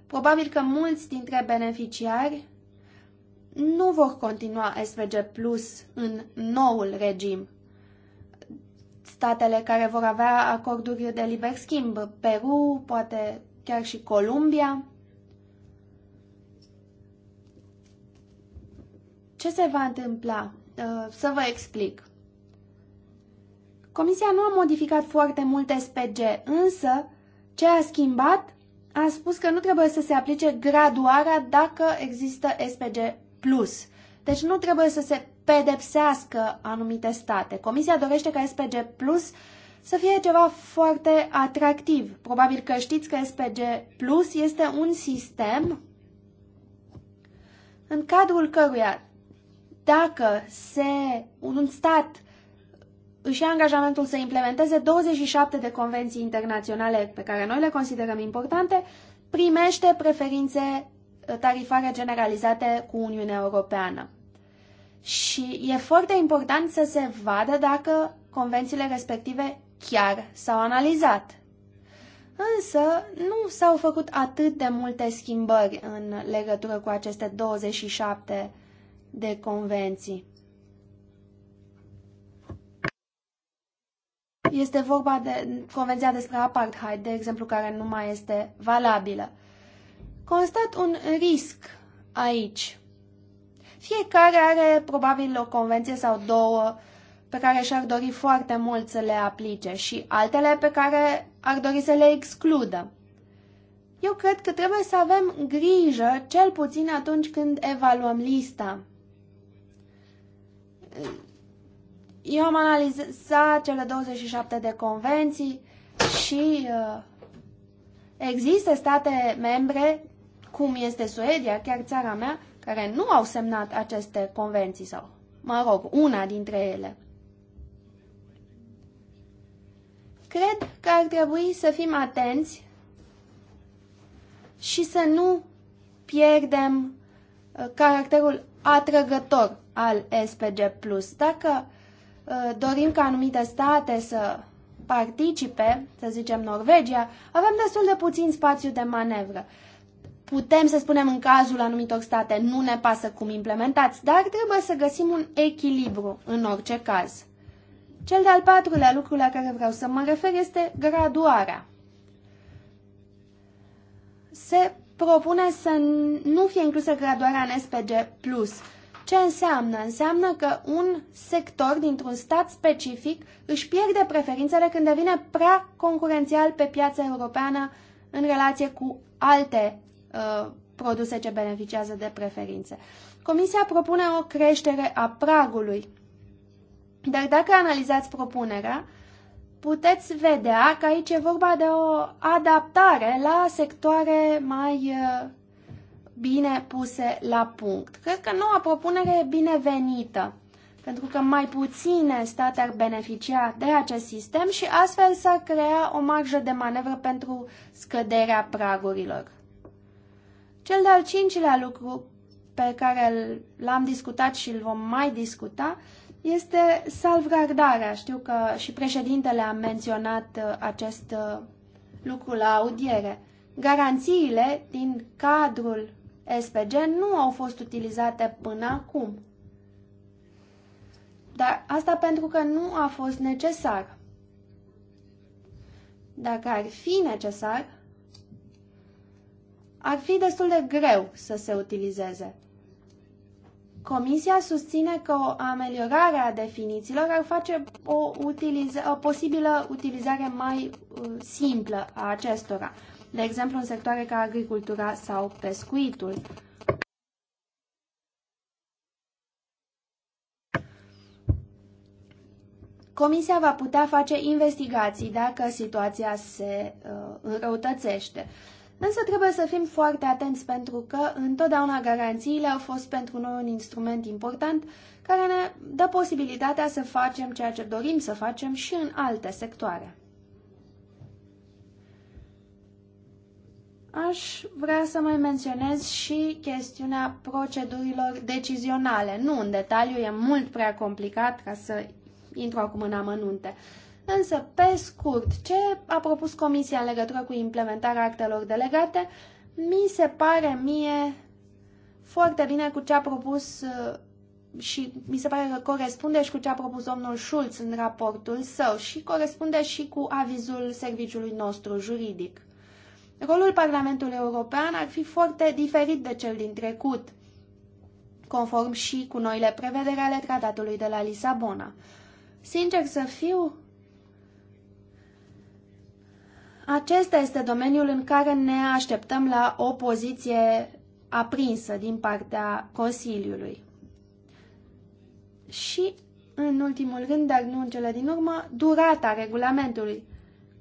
Probabil că mulți dintre beneficiari nu vor continua SPG Plus în noul regim. Statele care vor avea acorduri de liber schimb, Peru, poate chiar și Columbia, Ce se va întâmpla? Uh, să vă explic. Comisia nu a modificat foarte multe SPG, însă ce a schimbat a spus că nu trebuie să se aplice graduarea dacă există SPG+. plus, Deci nu trebuie să se pedepsească anumite state. Comisia dorește ca SPG Plus să fie ceva foarte atractiv. Probabil că știți că SPG Plus este un sistem în cadrul căruia dacă se, un stat își ia angajamentul să implementeze 27 de convenții internaționale pe care noi le considerăm importante, primește preferințe ă, tarifare generalizate cu Uniunea Europeană. Și e foarte important să se vadă dacă convențiile respective chiar s-au analizat. Însă, nu s-au făcut atât de multe schimbări în legătură cu aceste 27 de convenții. Este vorba de convenția despre apartheid, de exemplu, care nu mai este valabilă. Constat un risc aici. Fiecare are probabil o convenție sau două pe care și-ar dori foarte mult să le aplice și altele pe care ar dori să le excludă. Eu cred că trebuie să avem grijă, cel puțin atunci când evaluăm lista eu am analizat cele 27 de convenții și uh, există state membre, cum este Suedia, chiar țara mea, care nu au semnat aceste convenții sau, mă rog, una dintre ele. Cred că ar trebui să fim atenți și să nu pierdem uh, caracterul atrăgător al SPG+. Dacă uh, dorim ca anumite state să participe, să zicem Norvegia, avem destul de puțin spațiu de manevră. Putem să spunem în cazul anumitor state, nu ne pasă cum implementați, dar trebuie să găsim un echilibru în orice caz. Cel de-al patrulea lucru la care vreau să mă refer este graduarea. Se propune să nu fie inclusă graduarea în SPG+. Ce înseamnă? Înseamnă că un sector dintr-un stat specific își pierde preferințele când devine prea concurențial pe piața europeană în relație cu alte uh, produse ce beneficiază de preferințe. Comisia propune o creștere a pragului. Dar dacă analizați propunerea, puteți vedea că aici e vorba de o adaptare la sectoare mai uh, bine puse la punct. Cred că noua propunere e binevenită, pentru că mai puține state ar beneficia de acest sistem și astfel s-ar crea o marjă de manevră pentru scăderea pragurilor. Cel de-al cincilea lucru pe care l-am discutat și îl vom mai discuta este salvgardarea. Știu că și președintele a menționat uh, acest uh, lucru la audiere. Garanțiile din cadrul SPG nu au fost utilizate până acum. Dar asta pentru că nu a fost necesar. Dacă ar fi necesar, ar fi destul de greu să se utilizeze. Comisia susține că o ameliorare a definițiilor ar face o, utiliza- o posibilă utilizare mai uh, simplă a acestora, de exemplu în sectoare ca agricultura sau pescuitul. Comisia va putea face investigații dacă situația se uh, înrăutățește. Uh, Însă trebuie să fim foarte atenți pentru că întotdeauna garanțiile au fost pentru noi un instrument important care ne dă posibilitatea să facem ceea ce dorim să facem și în alte sectoare. Aș vrea să mai menționez și chestiunea procedurilor decizionale. Nu în detaliu, e mult prea complicat ca să intru acum în amănunte. Uh, Însă, pe scurt, ce a propus Comisia în legătură cu implementarea actelor delegate, mi se pare mie foarte bine cu ce a propus uh, și mi se pare că corespunde și cu ce a propus domnul Schulz în raportul său și corespunde și cu avizul serviciului nostru juridic. Rolul Parlamentului European ar fi foarte diferit de cel din trecut, conform și cu noile prevedere ale tratatului de la Lisabona. Sincer să fiu, acesta este domeniul în care ne așteptăm la o poziție aprinsă din partea Consiliului. Și, în ultimul rând, dar nu în cele din urmă, durata regulamentului.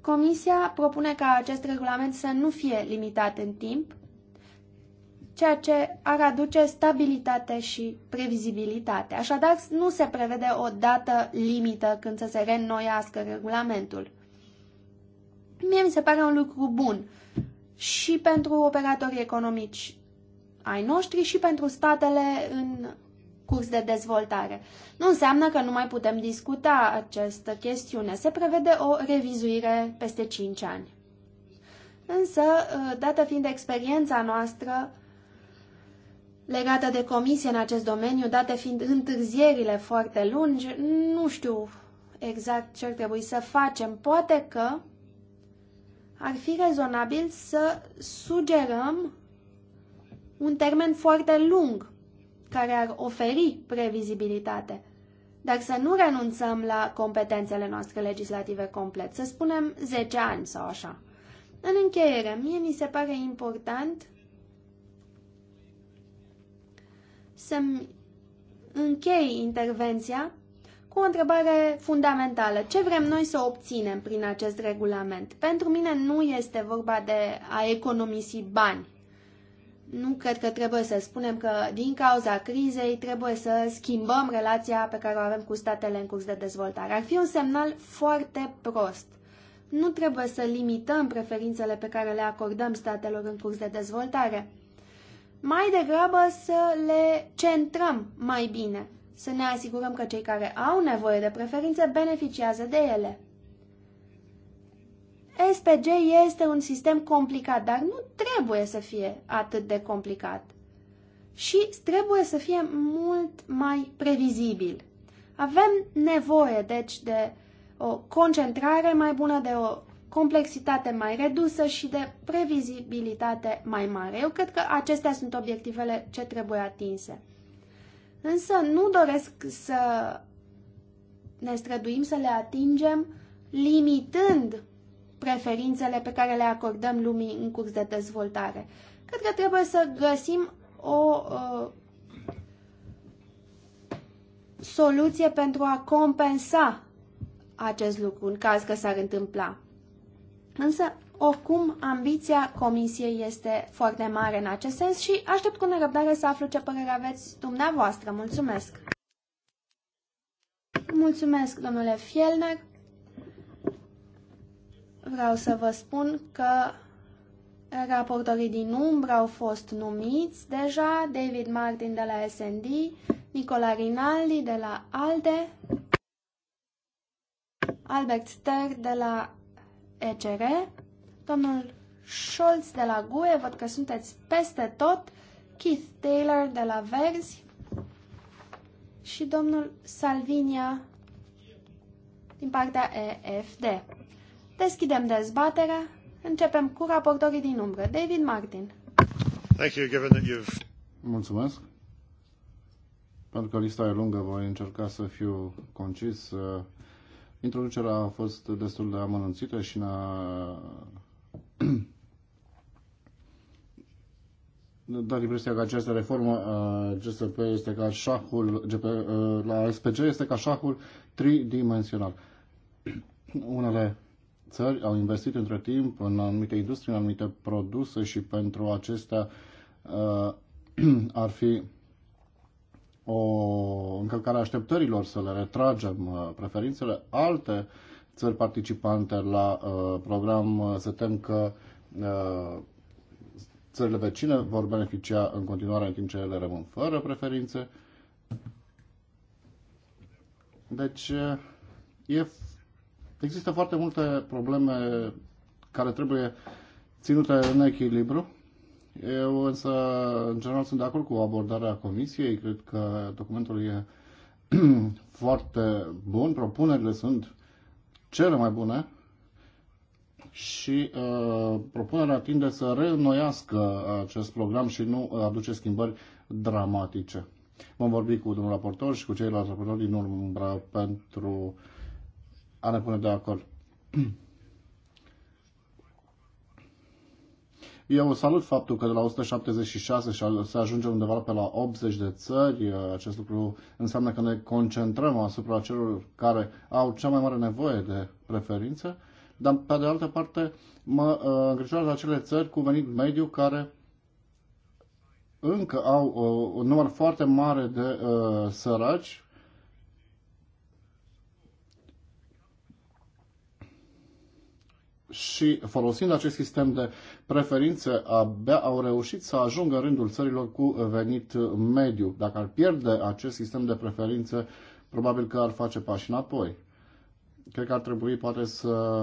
Comisia propune ca acest regulament să nu fie limitat în timp, ceea ce ar aduce stabilitate și previzibilitate. Așadar, nu se prevede o dată limită când să se reînnoiască regulamentul. Mie mi se pare un lucru bun și pentru operatorii economici ai noștri și pentru statele în curs de dezvoltare. Nu înseamnă că nu mai putem discuta această chestiune. Se prevede o revizuire peste 5 ani. Însă, dată fiind experiența noastră legată de comisie în acest domeniu, date fiind întârzierile foarte lungi, nu știu exact ce ar trebui să facem. Poate că ar fi rezonabil să sugerăm un termen foarte lung care ar oferi previzibilitate, dar să nu renunțăm la competențele noastre legislative complet, să spunem 10 ani sau așa. În încheiere, mie mi se pare important să-mi închei intervenția cu o întrebare fundamentală. Ce vrem noi să obținem prin acest regulament? Pentru mine nu este vorba de a economisi bani. Nu cred că trebuie să spunem că din cauza crizei trebuie să schimbăm relația pe care o avem cu statele în curs de dezvoltare. Ar fi un semnal foarte prost. Nu trebuie să limităm preferințele pe care le acordăm statelor în curs de dezvoltare mai degrabă să le centrăm mai bine să ne asigurăm că cei care au nevoie de preferințe beneficiază de ele. SPG este un sistem complicat, dar nu trebuie să fie atât de complicat. Și trebuie să fie mult mai previzibil. Avem nevoie, deci, de o concentrare mai bună, de o complexitate mai redusă și de previzibilitate mai mare. Eu cred că acestea sunt obiectivele ce trebuie atinse însă nu doresc să ne străduim să le atingem limitând preferințele pe care le acordăm lumii în curs de dezvoltare. Cred că trebuie să găsim o uh, soluție pentru a compensa acest lucru în caz că s-ar întâmpla. Însă oricum, ambiția Comisiei este foarte mare în acest sens și aștept cu nerăbdare să aflu ce părere aveți dumneavoastră. Mulțumesc! Mulțumesc, domnule Fielner! Vreau să vă spun că raportorii din umbră au fost numiți deja, David Martin de la S&D, Nicola Rinaldi de la ALDE, Albert Ster de la ECR, domnul Scholz de la GUE, văd că sunteți peste tot, Keith Taylor de la Verzi și domnul Salvinia din partea EFD. Deschidem dezbaterea. Începem cu raportorii din umbră. David Martin. Thank you, given that you've... Mulțumesc. Pentru că lista e lungă, voi încerca să fiu concis. Introducerea a fost destul de amănunțită și n-a dar impresia că această reformă a GSP este ca șahul, GP, la SPG este ca șahul tridimensional. Unele țări au investit între timp în anumite industrie, în anumite produse și pentru acestea ar fi o încălcare a așteptărilor să le retragem preferințele. Alte țări participante la uh, program, uh, se tem că uh, țările vecine vor beneficia în continuare în timp ce ele rămân fără preferințe. Deci, uh, e, există foarte multe probleme care trebuie ținute în echilibru. Eu însă, în general, sunt de acord cu abordarea comisiei. Cred că documentul e foarte bun, propunerile sunt cele mai bune și uh, propunerea tinde să reînnoiască acest program și nu aduce schimbări dramatice. Vom vorbi cu domnul raportor și cu ceilalți raportori din urmă pentru a ne pune de acord. Eu salut faptul că de la 176 se ajunge undeva pe la 80 de țări. Acest lucru înseamnă că ne concentrăm asupra celor care au cea mai mare nevoie de preferințe, dar pe de altă parte mă uh, îngrijorează acele țări cu venit mediu care încă au uh, un număr foarte mare de uh, săraci și folosind acest sistem de preferințe, abia au reușit să ajungă în rândul țărilor cu venit mediu. Dacă ar pierde acest sistem de preferințe, probabil că ar face pași înapoi. Cred că ar trebui poate să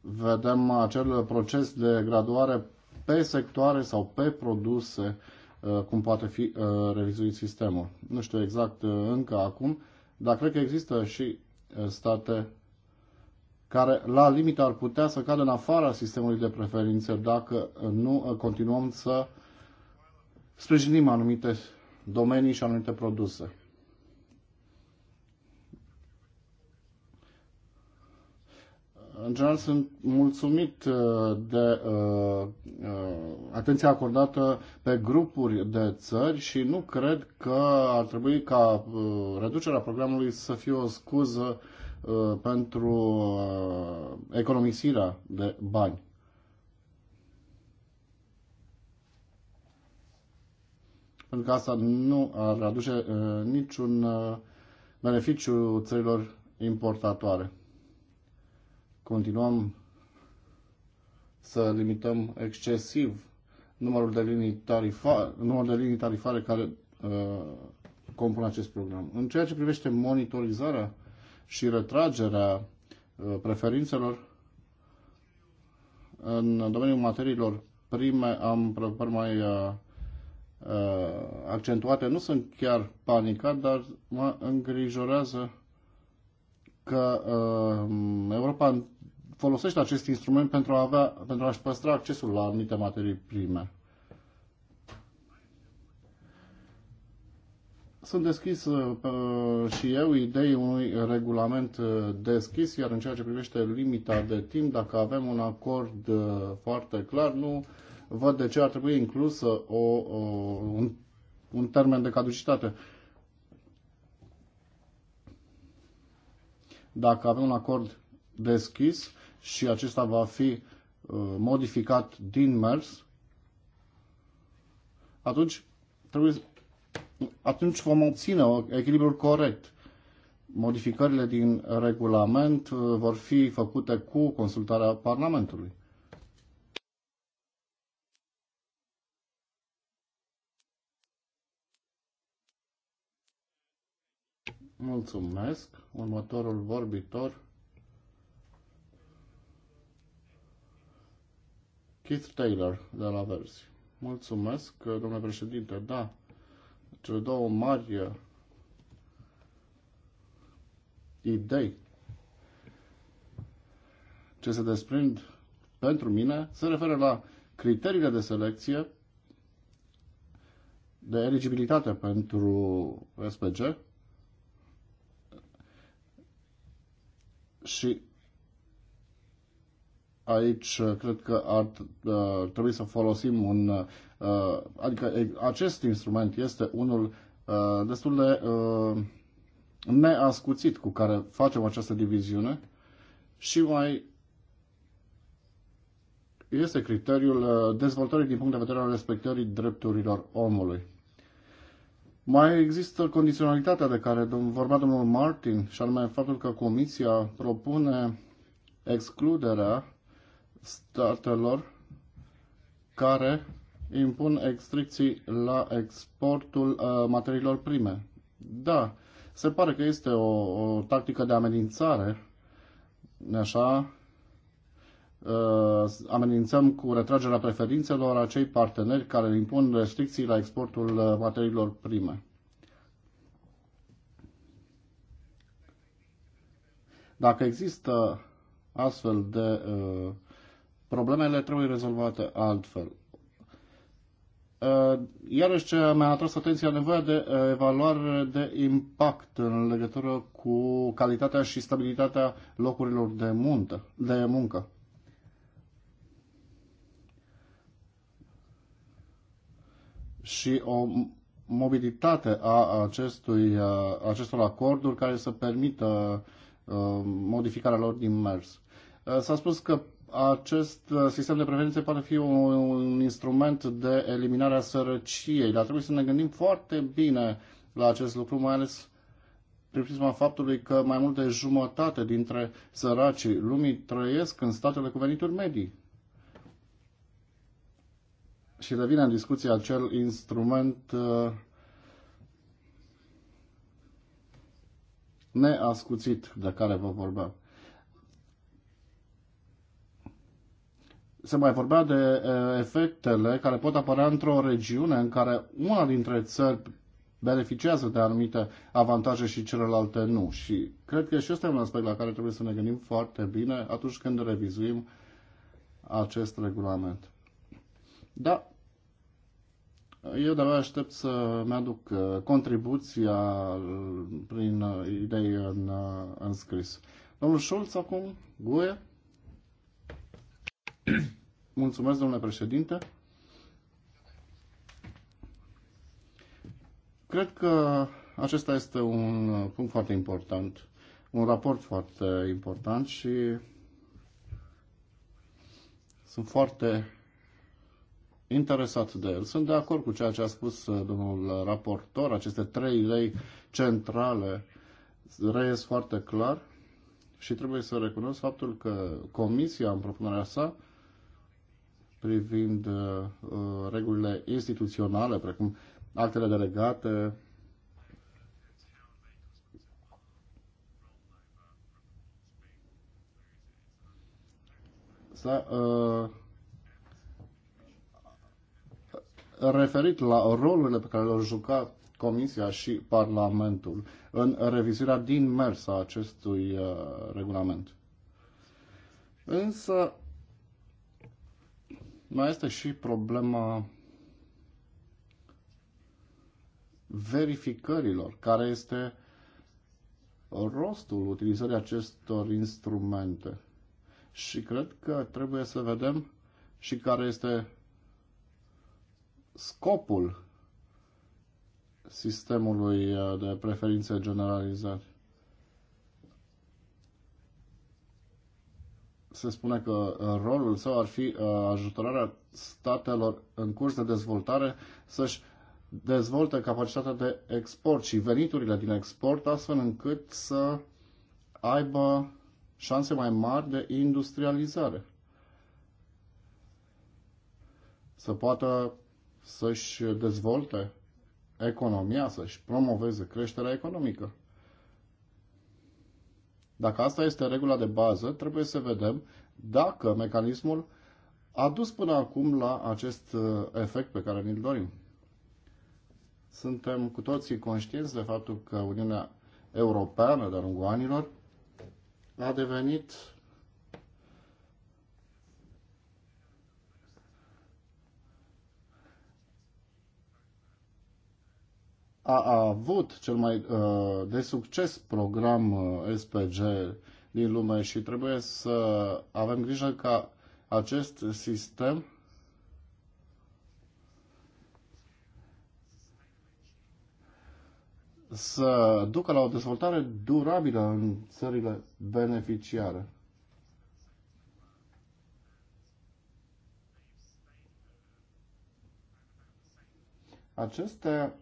vedem acel proces de graduare pe sectoare sau pe produse, uh, cum poate fi uh, revizuit sistemul. Nu știu exact uh, încă acum, dar cred că există și state care la limită ar putea să cadă în afara sistemului de preferințe dacă nu uh, continuăm să sprijinim anumite domenii și anumite produse. În general sunt mulțumit uh, de uh, atenția acordată pe grupuri de țări și nu cred că ar trebui ca reducerea programului să fie o scuză Uh, pentru uh, economisirea de bani. Pentru că asta nu ar aduce uh, niciun beneficiu țărilor importatoare. Continuăm să limităm excesiv numărul de linii tarifare, numărul de linii tarifare care uh, compun acest program. În ceea ce privește monitorizarea și retragerea uh, preferințelor în domeniul materiilor prime am preocupări mai uh, uh, accentuate. Nu sunt chiar panicat, dar mă îngrijorează că Europa folosește acest instrument pentru, a avea, pentru a-și păstra accesul la anumite materii prime. Sunt deschis uh, și eu idei unui regulament uh, deschis, iar în ceea ce privește limita de timp, dacă avem un acord uh, foarte clar, nu văd de ce ar trebui inclusă o, o, un, un termen de caducitate. Dacă avem un acord deschis și acesta va fi uh, modificat din mers, atunci trebuie atunci vom obține echilibrul corect. Modificările din regulament uh, vor fi făcute cu consultarea Parlamentului. Mulțumesc. Următorul vorbitor. Keith Taylor, de la Versi. Mulțumesc, uh, domnule președinte. Da, pentru două mari uh, idei ce se desprind pentru mine se referă la criteriile de selecție de eligibilitate pentru SPG și aici uh, cred că uh, ar, trebui să folosim un. Uh, adică acest instrument este unul destul de neascuțit cu care facem această diviziune și mai este criteriul dezvoltării din punct de vedere al respectării drepturilor omului. Mai există condiționalitatea de care vorbea domnul Martin, și anume faptul că Comisia propune excluderea statelor care impun restricții la exportul uh, materiilor prime. Da, se pare că este o, o tactică de amenințare, așa, uh, amenințăm cu retragerea preferințelor acei parteneri care impun restricții la exportul uh, materiilor prime. Dacă există astfel de uh, problemele trebuie rezolvate altfel. Uh, iarăși ce mi-a atras atenția nevoia de uh, evaluare de impact în legătură cu calitatea și stabilitatea locurilor de, muntă, de muncă. Și o mobilitate a acestui, uh, acestor acorduri care să permită modificarea lor din mers. S-a spus că acest uh, sistem de prevenție poate fi un instrument de eliminare a sărăciei, dar trebuie să ne gândim foarte bine la acest lucru, mai ales prin prisma faptului că mai mult de jumătate dintre săracii lumii trăiesc în statele cu venituri medii. Și revine în discuție acel instrument uh, neascuțit de care vă vorbeam. se mai vorbea de eh, efectele care pot apărea într-o regiune în care una dintre țări beneficiază de anumite avantaje și celelalte nu. Și cred că și ăsta e un aspect la care trebuie să ne gândim foarte bine atunci când revizuim acest regulament. Da, eu de aștept să-mi aduc eh, contribuția eh, prin idei în, în scris. Domnul Schulz acum, Guie? Mulțumesc, domnule președinte. Cred că acesta este un punct foarte important, un raport foarte important și sunt foarte interesat de el. Sunt de acord cu ceea ce a spus uh, domnul raportor, aceste trei lei centrale reies foarte clar și trebuie să recunosc faptul că comisia în propunerea sa privind uh, uh, regulile instituționale, precum actele delegate, s-a uh, referit la rolurile pe care le-au jucat Comisia și Parlamentul în revizuirea din mers a acestui uh, regulament. Însă, mai este și problema verificărilor, care este rostul utilizării acestor instrumente. Și cred că trebuie să vedem și care este scopul sistemului de preferințe generalizate. se spune că uh, rolul său ar fi uh, ajutorarea statelor în curs de dezvoltare să-și dezvolte capacitatea de export și veniturile din export, astfel încât să aibă șanse mai mari de industrializare. Să poată să-și dezvolte economia, să-și promoveze creșterea economică. Dacă asta este regula de bază, trebuie să vedem dacă mecanismul a dus până acum la acest uh, efect pe care ne-l dorim. Suntem cu toții conștienți de faptul că Uniunea Europeană de-a lungul anilor a devenit a avut cel mai uh, de succes program uh, SPG din lume și trebuie să avem grijă ca acest sistem să ducă la o dezvoltare durabilă în țările beneficiare. Aceste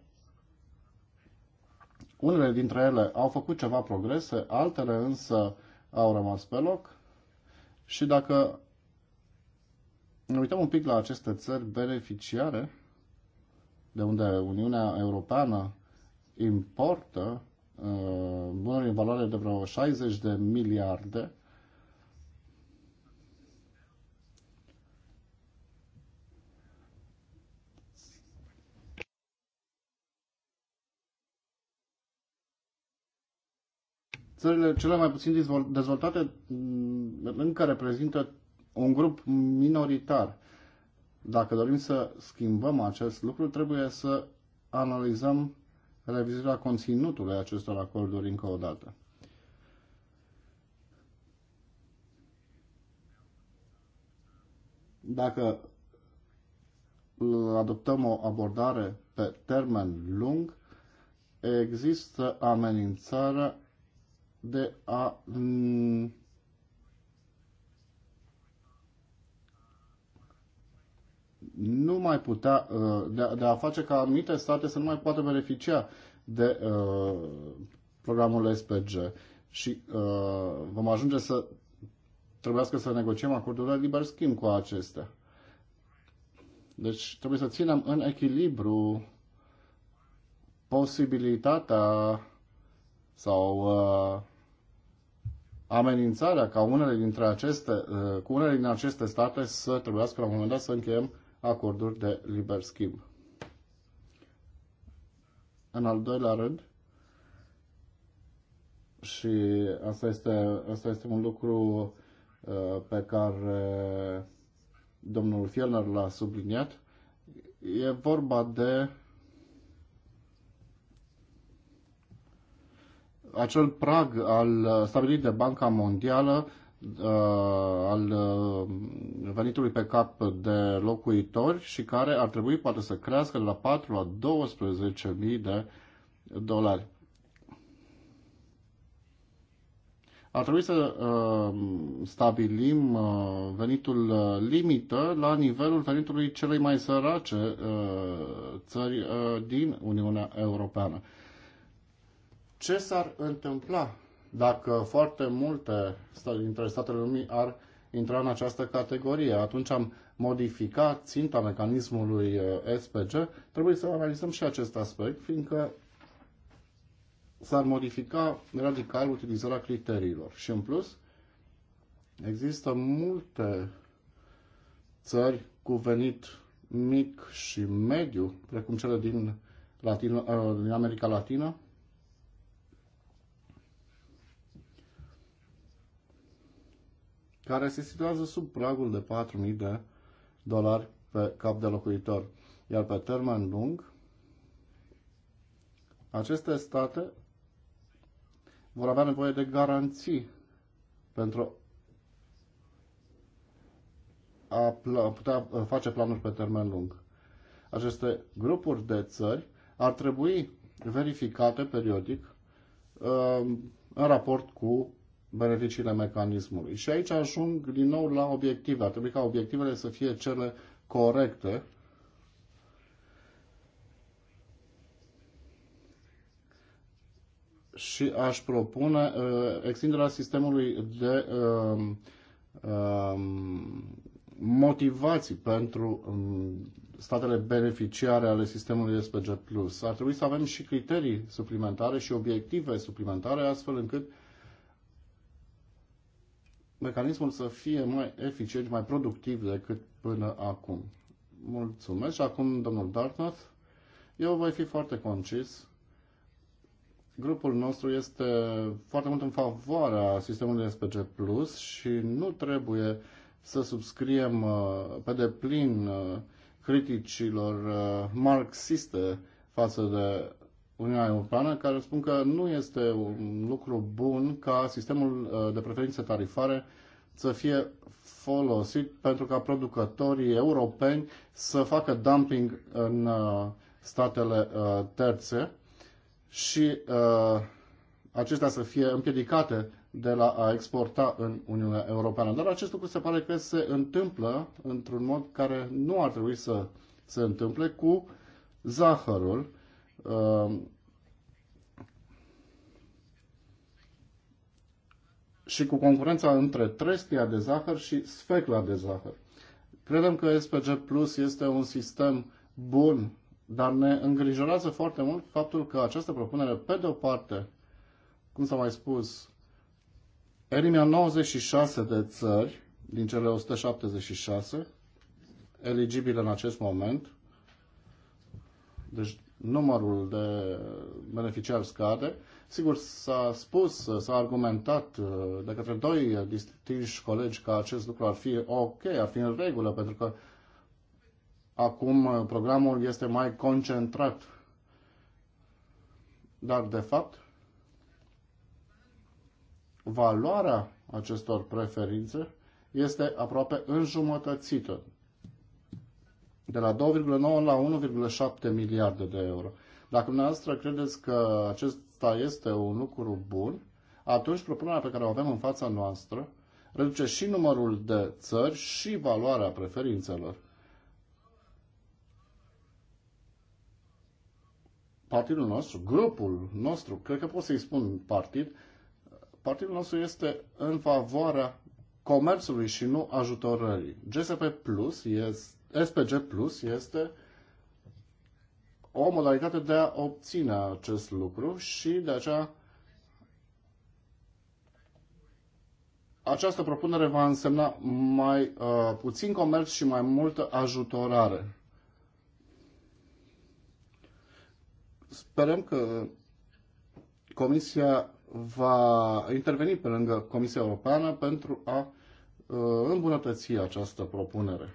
unele dintre ele au făcut ceva progrese, altele însă au rămas pe loc. Și dacă ne uităm un pic la aceste țări beneficiare, de unde Uniunea Europeană importă uh, bunuri în valoare de vreo 60 de miliarde, țările cele mai puțin dezvoltate mm, încă reprezintă un grup minoritar. Dacă dorim să schimbăm acest lucru, trebuie să analizăm revizuirea conținutului acestor acorduri încă o dată. Dacă adoptăm o abordare pe termen lung, există amenințarea de a mm, nu mai putea, uh, de a, de a face ca anumite state să nu mai poată beneficia de uh, programul SPG și uh, vom ajunge să trebuiască să negociem acordul de liber schimb cu acestea. Deci trebuie să ținem în echilibru posibilitatea sau uh, amenințarea ca unele dintre aceste, uh, cu unele din aceste state să trebuiască la un moment dat să încheiem acorduri de liber schimb. În al doilea rând, și asta este, asta este un lucru uh, pe care domnul Fielner l-a subliniat, e vorba de acel prag al uh, stabilit de Banca Mondială uh, al uh, venitului pe cap de locuitori și care ar trebui poate să crească de la 4 la 12.000 de dolari. Ar trebui să stabilim venitul limită la nivelul venitului celei mai sărace țări din Uniunea Europeană ce s-ar întâmpla dacă foarte multe dintre statele lumii ar intra în această categorie. Atunci am modificat ținta mecanismului uh, SPG. Trebuie să analizăm și acest aspect, fiindcă s-ar modifica radical utilizarea criteriilor. Și în plus, există multe țări cu venit mic și mediu, precum cele din, Latin, uh, din America Latină, care se situează sub pragul de 4.000 de dolari pe cap de locuitor. Iar pe termen lung, aceste state vor avea nevoie de garanții pentru a putea face planuri pe termen lung. Aceste grupuri de țări ar trebui verificate periodic uh, în raport cu beneficiile mecanismului. Și aici ajung din nou la obiective. Ar trebui ca obiectivele să fie cele corecte. Și aș propune uh, extinderea sistemului de uh, uh, motivații pentru um, statele beneficiare ale sistemului SPG+. Ar trebui să avem și criterii suplimentare și obiective suplimentare, astfel încât uh, mecanismul să fie mai eficient, mai productiv decât până acum. Mulțumesc. Și acum, domnul Dartmouth, eu voi fi foarte concis. Grupul nostru este foarte mult în favoarea sistemului SPG Plus și nu trebuie să subscriem uh, pe deplin uh, criticilor uh, marxiste față de Uniunea Europeană, care spun că nu este un lucru bun ca sistemul uh, de preferințe tarifare să fie folosit pentru ca producătorii europeni să facă dumping în uh, statele uh, terțe și acestea să fie împiedicate de la a exporta în Uniunea Europeană. Dar acest lucru se pare că se întâmplă într-un mod care nu ar trebui să se întâmple cu zahărul, Um, și cu concurența între trestia de zahăr și sfecla de zahăr. Credem că SPG Plus este un sistem bun, dar ne îngrijorează foarte mult faptul că această propunere, pe de o parte, cum s-a mai spus, elimina 96 de țări din cele 176 eligibile în acest moment, deci numărul de beneficiari scade. Sigur, s-a spus, s-a argumentat uh, de către doi distinși colegi că acest lucru ar fi ok, ar fi în regulă, pentru că acum uh, programul este mai concentrat. Dar, de fapt, valoarea acestor preferințe este aproape înjumătățită de la 2,9 la 1,7 miliarde de euro. Dacă dumneavoastră credeți că acesta este un lucru bun, atunci propunerea pe care o avem în fața noastră reduce și numărul de țări și valoarea preferințelor. Partidul nostru, grupul nostru, cred că pot să-i spun partid, partidul nostru este în favoarea comerțului și nu ajutorării. GSP Plus este SPG Plus este o modalitate de a obține acest lucru și de aceea această propunere va însemna mai uh, puțin comerț și mai multă ajutorare. Sperăm că Comisia va interveni pe lângă Comisia Europeană pentru a uh, îmbunătăți această propunere.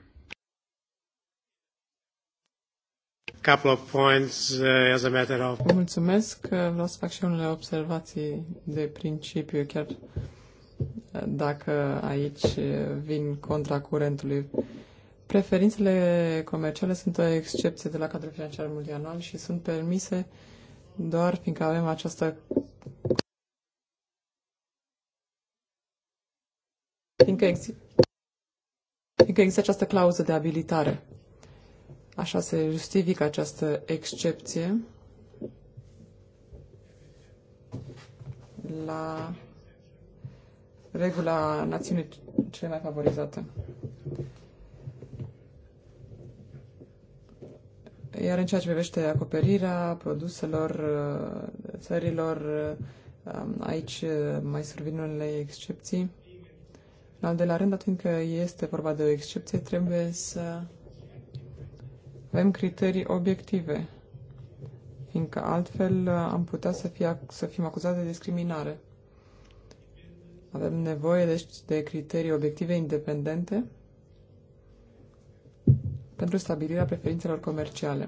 couple of points uh, as a matter of... Vă mulțumesc. Vreau să fac și unele observații de principiu, chiar uh, dacă aici uh, vin contra curentului. Preferințele comerciale sunt o excepție de la cadrul financiar multianual și sunt permise doar fiindcă avem această fiindcă există această clauză de abilitare. Așa se justifică această excepție la regula națiunii cele mai favorizate. Iar în ceea ce privește acoperirea produselor uh, țărilor, uh, aici uh, mai survin unele excepții. În al doilea rând, atunci că este vorba de o excepție, trebuie să avem criterii obiective, fiindcă altfel uh, am putea să, fie, să fim acuzați de discriminare. Avem nevoie, deci, de criterii obiective independente pentru stabilirea preferințelor comerciale.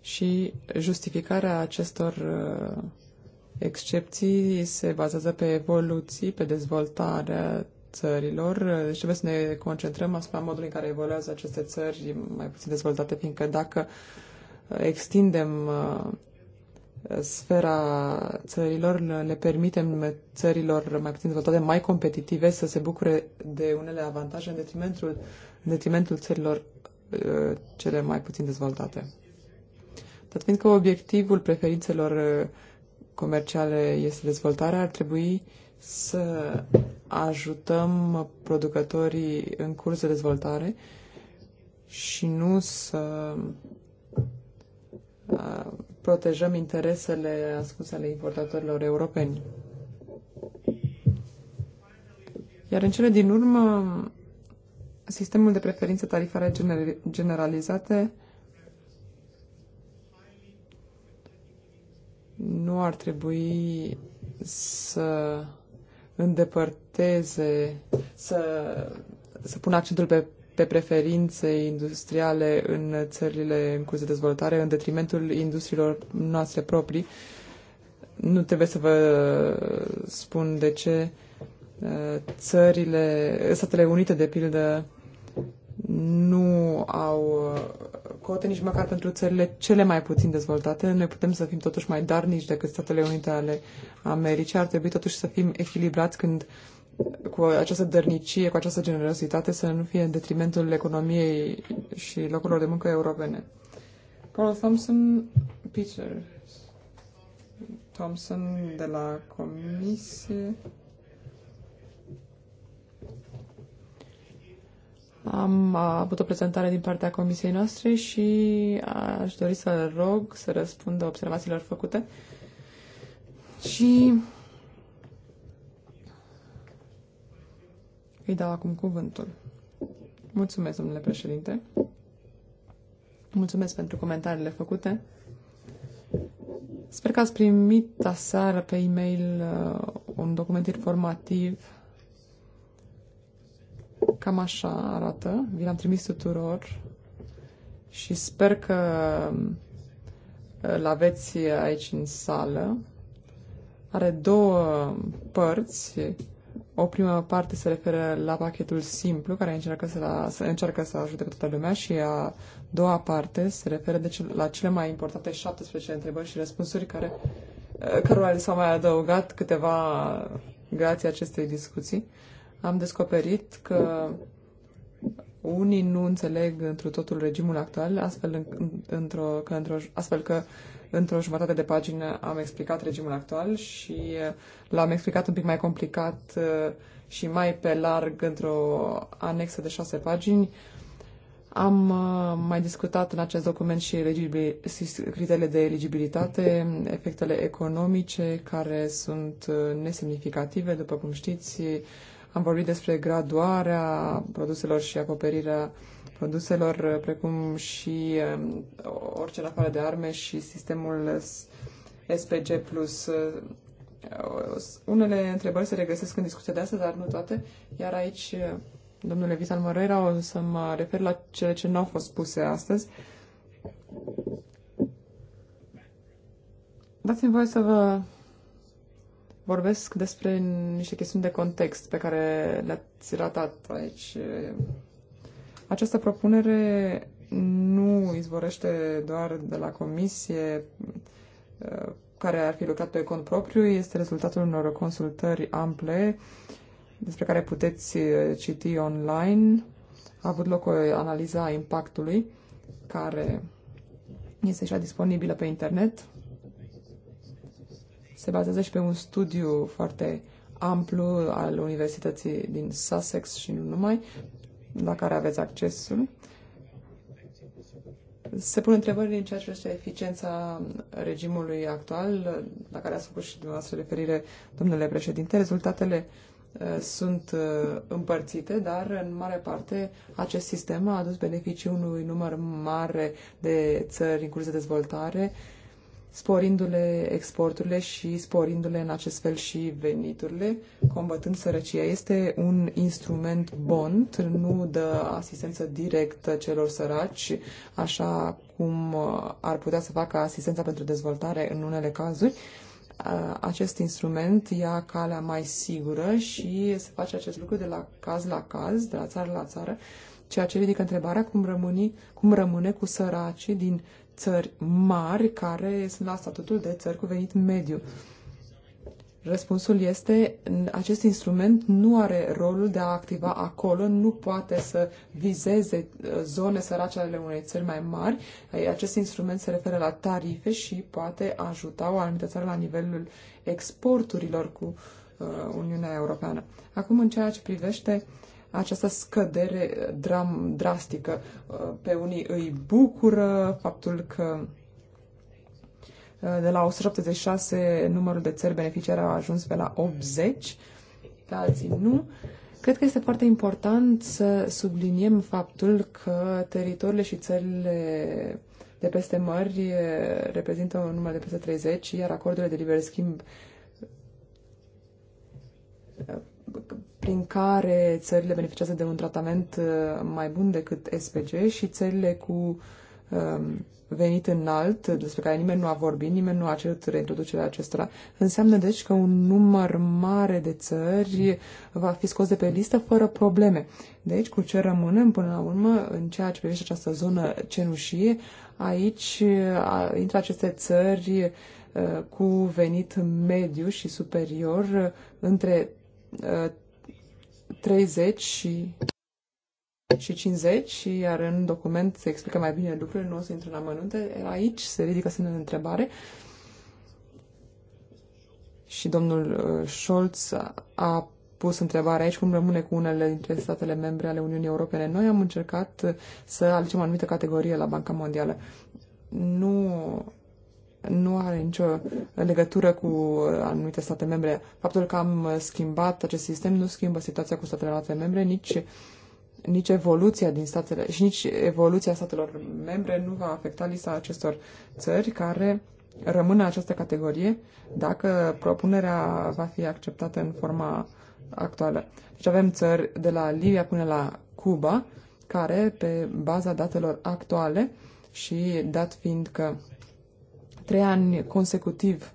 Și justificarea acestor uh, Excepții se bazează pe evoluții, pe dezvoltarea țărilor. Deci trebuie să ne concentrăm asupra modului în care evoluează aceste țări mai puțin dezvoltate, fiindcă dacă extindem uh, sfera țărilor, le permitem țărilor mai puțin dezvoltate, mai competitive, să se bucure de unele avantaje în detrimentul, în detrimentul țărilor uh, cele mai puțin dezvoltate. Dar fiindcă obiectivul preferințelor uh, comerciale este dezvoltarea, ar trebui să ajutăm producătorii în curs de dezvoltare și nu să uh, protejăm interesele ascunse ale importatorilor europeni. Iar în cele din urmă, sistemul de preferințe tarifare generalizate nu ar trebui să îndepărteze, să, să pună accentul pe, pe preferințe industriale în țările în curs de dezvoltare, în detrimentul industriilor noastre proprii. Nu trebuie să vă spun de ce uh, țările, Statele Unite, de pildă, nu au uh, cote nici măcar pentru țările cele mai puțin dezvoltate. Noi putem să fim totuși mai darnici decât Statele Unite ale Americii. Ar trebui totuși să fim echilibrați când cu această dărnicie, cu această generozitate să nu fie în detrimentul economiei și locurilor de muncă europene. Carl Thompson, Peter Thompson de la Comisie. Am avut o prezentare din partea comisiei noastre și aș dori să rog să răspundă observațiilor făcute. Și îi dau acum cuvântul. Mulțumesc, domnule președinte. Mulțumesc pentru comentariile făcute. Sper că ați primit aseară pe e-mail uh, un document informativ Cam așa arată. Vi l-am trimis tuturor și sper că îl aveți aici în sală. Are două părți. O prima parte se referă la pachetul simplu, care încearcă să, la, să, încearcă să ajute pe toată lumea și a doua parte se referă ce, deci, la cele mai importante 17 întrebări și răspunsuri care, cărora s-au mai adăugat câteva grație acestei discuții am descoperit că unii nu înțeleg întru totul regimul actual, astfel, în, într-o, că, într-o, astfel că într-o jumătate de pagină am explicat regimul actual și l-am explicat un pic mai complicat uh, și mai pe larg într-o anexă de șase pagini. Am uh, mai discutat în acest document și criteriile de eligibilitate, efectele economice care sunt uh, nesemnificative, după cum știți, am vorbit despre graduarea produselor și acoperirea produselor, precum și um, orice în afară de arme și sistemul SPG+. Uh, uh, unele întrebări se regăsesc în discuția de astăzi, dar nu toate, iar aici, uh, domnule Vital Moreira, o să mă refer la cele ce nu au fost spuse astăzi. Dați-mi voie să vă vorbesc despre niște chestiuni de context pe care le-ați ratat aici. Această propunere nu izvorește doar de la comisie uh, care ar fi lucrat pe cont propriu, este rezultatul unor consultări ample despre care puteți uh, citi online. A avut loc o analiză a impactului care este deja disponibilă pe internet se bazează și pe un studiu foarte amplu al Universității din Sussex și nu numai, la care aveți accesul. Se pun întrebări în ceea ce privește eficiența regimului actual, la care ați făcut și dumneavoastră referire, domnule președinte. Rezultatele uh, sunt uh, împărțite, dar în mare parte acest sistem a adus beneficii unui număr mare de țări în curs de dezvoltare sporindu-le exporturile și sporindu-le în acest fel și veniturile, combătând sărăcia. Este un instrument bun, nu dă asistență directă celor săraci, așa cum uh, ar putea să facă asistența pentru dezvoltare în unele cazuri. Uh, acest instrument ia calea mai sigură și se face acest lucru de la caz la caz, de la țară la țară, ceea ce ridică întrebarea cum, rămâni, cum rămâne cu săracii din țări mari care sunt la statutul de țări cu venit mediu. Răspunsul este, acest instrument nu are rolul de a activa acolo, nu poate să vizeze uh, zone sărace ale unei țări mai mari. Acest instrument se referă la tarife și poate ajuta o anumită țară la nivelul exporturilor cu uh, Uniunea Europeană. Acum, în ceea ce privește uh, această scădere dram, drastică. Uh, pe unii îi bucură faptul că uh, de la 176 numărul de țări beneficiare a ajuns pe la 80, pe alții nu. Cred că este foarte important să subliniem faptul că teritoriile și țările de peste mări uh, reprezintă un număr de peste 30, iar acordurile de liber schimb prin care țările beneficiază de un tratament uh, mai bun decât SPG și țările cu um, venit înalt, uh, despre care nimeni nu a vorbit, nimeni nu a cerut reintroducerea acestora. Înseamnă deci că un număr mare de țări va fi scos de pe listă fără probleme. Deci, cu ce rămânem până la urmă în ceea ce privește această zonă cenușie, aici uh, intră aceste țări cu venit mediu și superior între 30 și, și 50, și iar în document se explică mai bine lucrurile, nu o să intru în amănunte. Aici se ridică semnul de întrebare. Și domnul uh, Scholz a pus întrebarea aici cum rămâne cu unele dintre statele membre ale Uniunii Europene. Noi am încercat uh, să alegem o anumită categorie la Banca Mondială. Nu nu are nicio legătură cu anumite state membre. Faptul că am schimbat acest sistem nu schimbă situația cu statele membre, nici, nici evoluția din statele și nici evoluția statelor membre nu va afecta lista acestor țări care rămân în această categorie dacă propunerea va fi acceptată în forma actuală. Deci avem țări de la Libia până la Cuba care, pe baza datelor actuale și dat fiind că trei ani consecutiv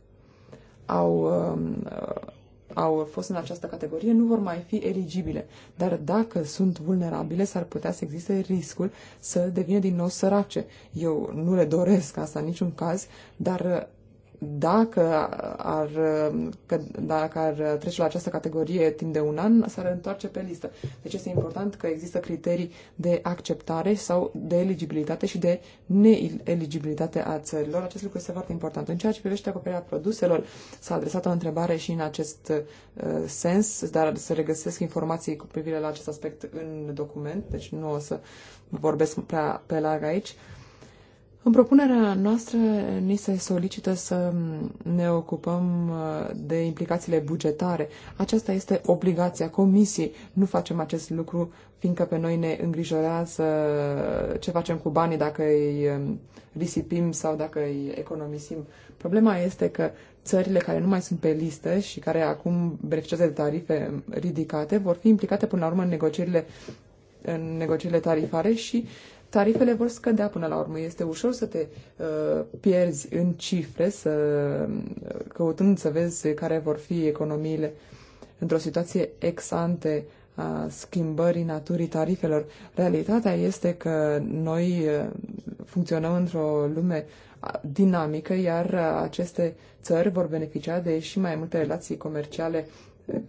au, um, uh, au fost în această categorie, nu vor mai fi eligibile. Dar dacă sunt vulnerabile, s-ar putea să existe riscul să devină din nou sărace. Eu nu le doresc asta în niciun caz, dar uh, dacă ar, că, dacă ar trece la această categorie timp de un an, s-ar întoarce pe listă. Deci este important că există criterii de acceptare sau de eligibilitate și de neeligibilitate a țărilor. Acest lucru este foarte important. În ceea ce privește acoperirea produselor, s-a adresat o întrebare și în acest uh, sens, dar se regăsesc informații cu privire la acest aspect în document, deci nu o să vorbesc prea pe larg aici. Uh, în propunerea noastră ni se solicită să ne ocupăm uh, de implicațiile bugetare. Aceasta este obligația comisiei. Nu facem acest lucru fiindcă pe noi ne îngrijorează ce facem cu banii dacă îi um, risipim sau dacă îi economisim. Problema este că țările care nu mai sunt pe listă și care acum beneficiază de tarife ridicate vor fi implicate până la urmă în negocierile în negocierile tarifare și tarifele vor scădea până la urmă. Este ușor să te uh, pierzi în cifre, să, uh, căutând să vezi care vor fi economiile într-o situație ex ante a schimbării naturii tarifelor. Realitatea este că noi uh, funcționăm într-o lume dinamică, iar aceste țări vor beneficia de și mai multe relații comerciale uh,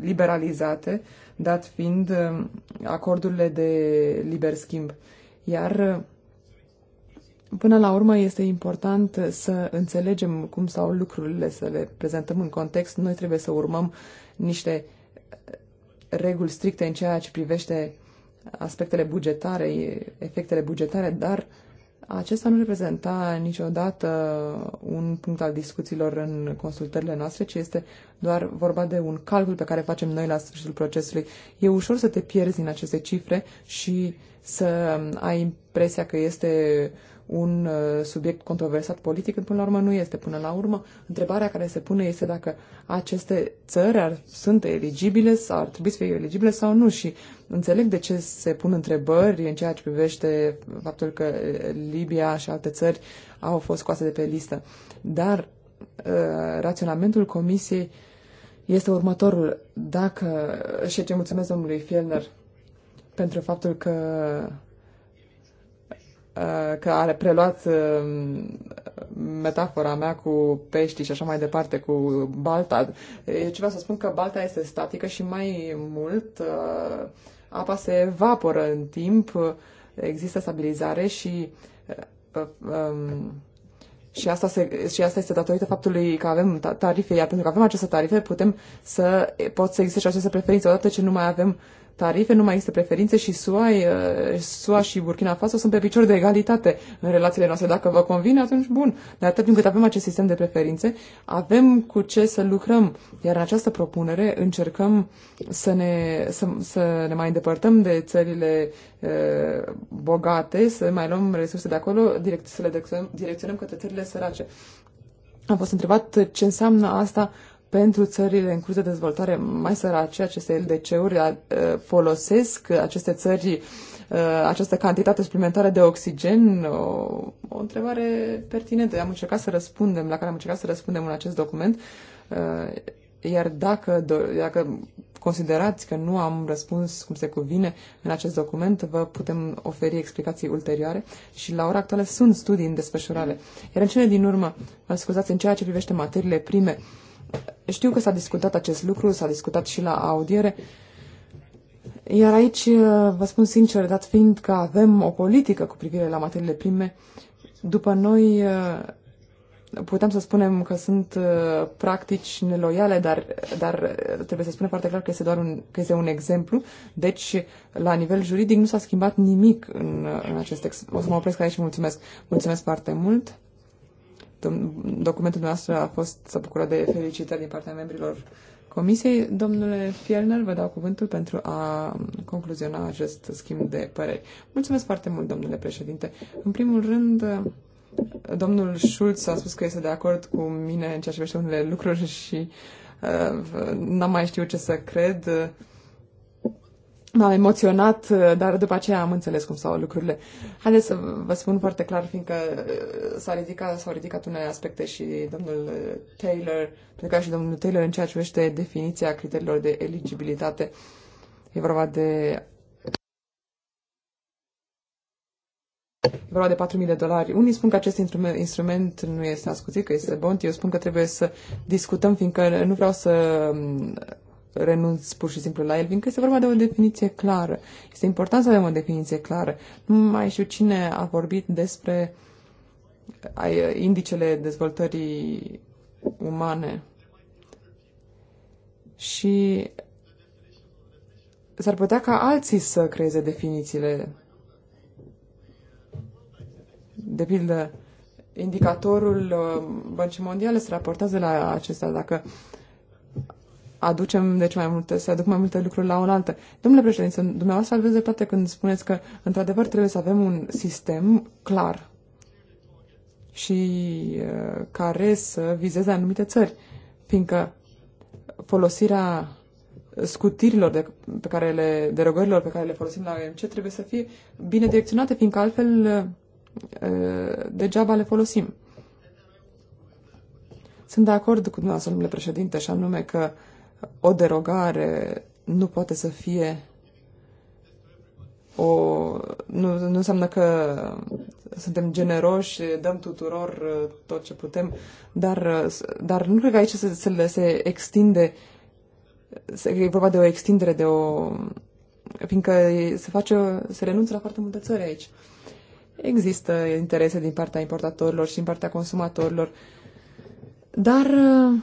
liberalizate, dat fiind acordurile de liber schimb. Iar uh, până la urmă este important să înțelegem cum stau lucrurile, să le prezentăm în context. Noi trebuie să urmăm niște uh, reguli stricte în ceea ce privește aspectele bugetare, efectele bugetare, dar acesta nu reprezenta niciodată un punct al discuțiilor în consultările noastre, ci este doar vorba de un calcul pe care facem noi la sfârșitul procesului. E ușor să te pierzi în aceste cifre și să ai impresia că este un uh, subiect controversat politic, când până la urmă nu este. Până la urmă, întrebarea care se pune este dacă aceste țări ar, sunt eligibile sau ar trebui să fie eligibile sau nu. Și înțeleg de ce se pun întrebări în ceea ce privește faptul că uh, Libia și alte țări au fost scoase de pe listă. Dar uh, raționamentul Comisiei este următorul. Dacă, și ce mulțumesc domnului Fielner, pentru faptul că uh, că are preluat uh, metafora mea cu peștii și așa mai departe, cu balta. Eu ce vreau să spun că balta este statică și mai mult uh, apa se evaporă în timp, există stabilizare și um, și asta, se, și asta este datorită faptului că avem tarife, iar pentru că avem aceste tarife putem să pot să existe și aceste preferințe. Odată ce nu mai avem tarife, nu mai există preferințe și SUA, SUA și Burkina Faso sunt pe picior de egalitate în relațiile noastre. Dacă vă convine, atunci bun. Dar atât timp cât avem acest sistem de preferințe, avem cu ce să lucrăm. Iar în această propunere încercăm să ne, să, să ne mai îndepărtăm de țările e, bogate, să mai luăm resurse de acolo, direct, să le direcționăm către țările sărace. Am fost întrebat ce înseamnă asta pentru țările în curs de dezvoltare mai sărace, aceste LDC-uri folosesc aceste țări această cantitate suplimentară de oxigen? O, o întrebare pertinentă. Am încercat să răspundem, la care am încercat să răspundem în acest document. Iar dacă, dacă considerați că nu am răspuns cum se cuvine în acest document, vă putem oferi explicații ulterioare și la ora actuală sunt studii în desfășurare. Iar în cele din urmă, mă scuzați, în ceea ce privește materiile prime, uh, știu că s-a discutat acest lucru, s-a discutat și la audiere, iar aici uh, vă spun sincer, dat fiind că avem o politică cu privire la materiile prime, după noi uh, putem să spunem că sunt uh, practici neloiale, dar, dar trebuie să spunem foarte clar că este doar un, că este un exemplu. Deci, la nivel juridic, nu s-a schimbat nimic în, în acest text. O să mă opresc aici și mulțumesc. Mulțumesc foarte mult documentul nostru a fost să bucură de felicitări din partea membrilor Comisiei. Domnule Fielner, vă dau cuvântul pentru a concluziona acest schimb de păreri. Mulțumesc foarte mult, domnule președinte. În primul rând, domnul Schulz a spus că este de acord cu mine în ceea ce privește unele lucruri și uh, n-am mai știut ce să cred. Uh, M-am emoționat, uh, dar după aceea am înțeles cum stau lucrurile. Haideți să vă spun foarte clar, fiindcă uh, s-au ridicat, s-au ridicat unele aspecte și domnul uh, Taylor, pentru că și domnul Taylor în ceea ce privește definiția criteriilor de eligibilitate. E vorba de E vorba de 4.000 de dolari. Unii spun că acest instrument nu este ascuțit, că este bun. Eu spun că trebuie să discutăm, fiindcă nu vreau să mm, renunț pur și simplu la el, fiindcă este vorba de o definiție clară. Este important să avem o definiție clară. Nu mai știu cine a vorbit despre indicele dezvoltării umane. Și s-ar putea ca alții să creeze definițiile. De pildă, indicatorul uh, Băncii Mondiale se raportează la acesta. Dacă aducem deci mai multe, să aduc mai multe lucruri la oaltă. Domnule președinte, dumneavoastră aveți dreptate când spuneți că într-adevăr trebuie să avem un sistem clar și uh, care să vizeze anumite țări, fiindcă folosirea scutirilor de, pe care le, derogărilor pe care le folosim la OMC trebuie să fie bine direcționate, fiindcă altfel uh, degeaba le folosim. Sunt de acord cu dumneavoastră, domnule președinte, și anume că o derogare nu poate să fie o, nu, nu înseamnă că suntem generoși, dăm tuturor uh, tot ce putem, dar, uh, dar nu cred că aici se, se, se extinde, se, e vorba de o extindere, de o, fiindcă se face, se renunță la foarte multe țări aici. Există interese din partea importatorilor și din partea consumatorilor, dar uh,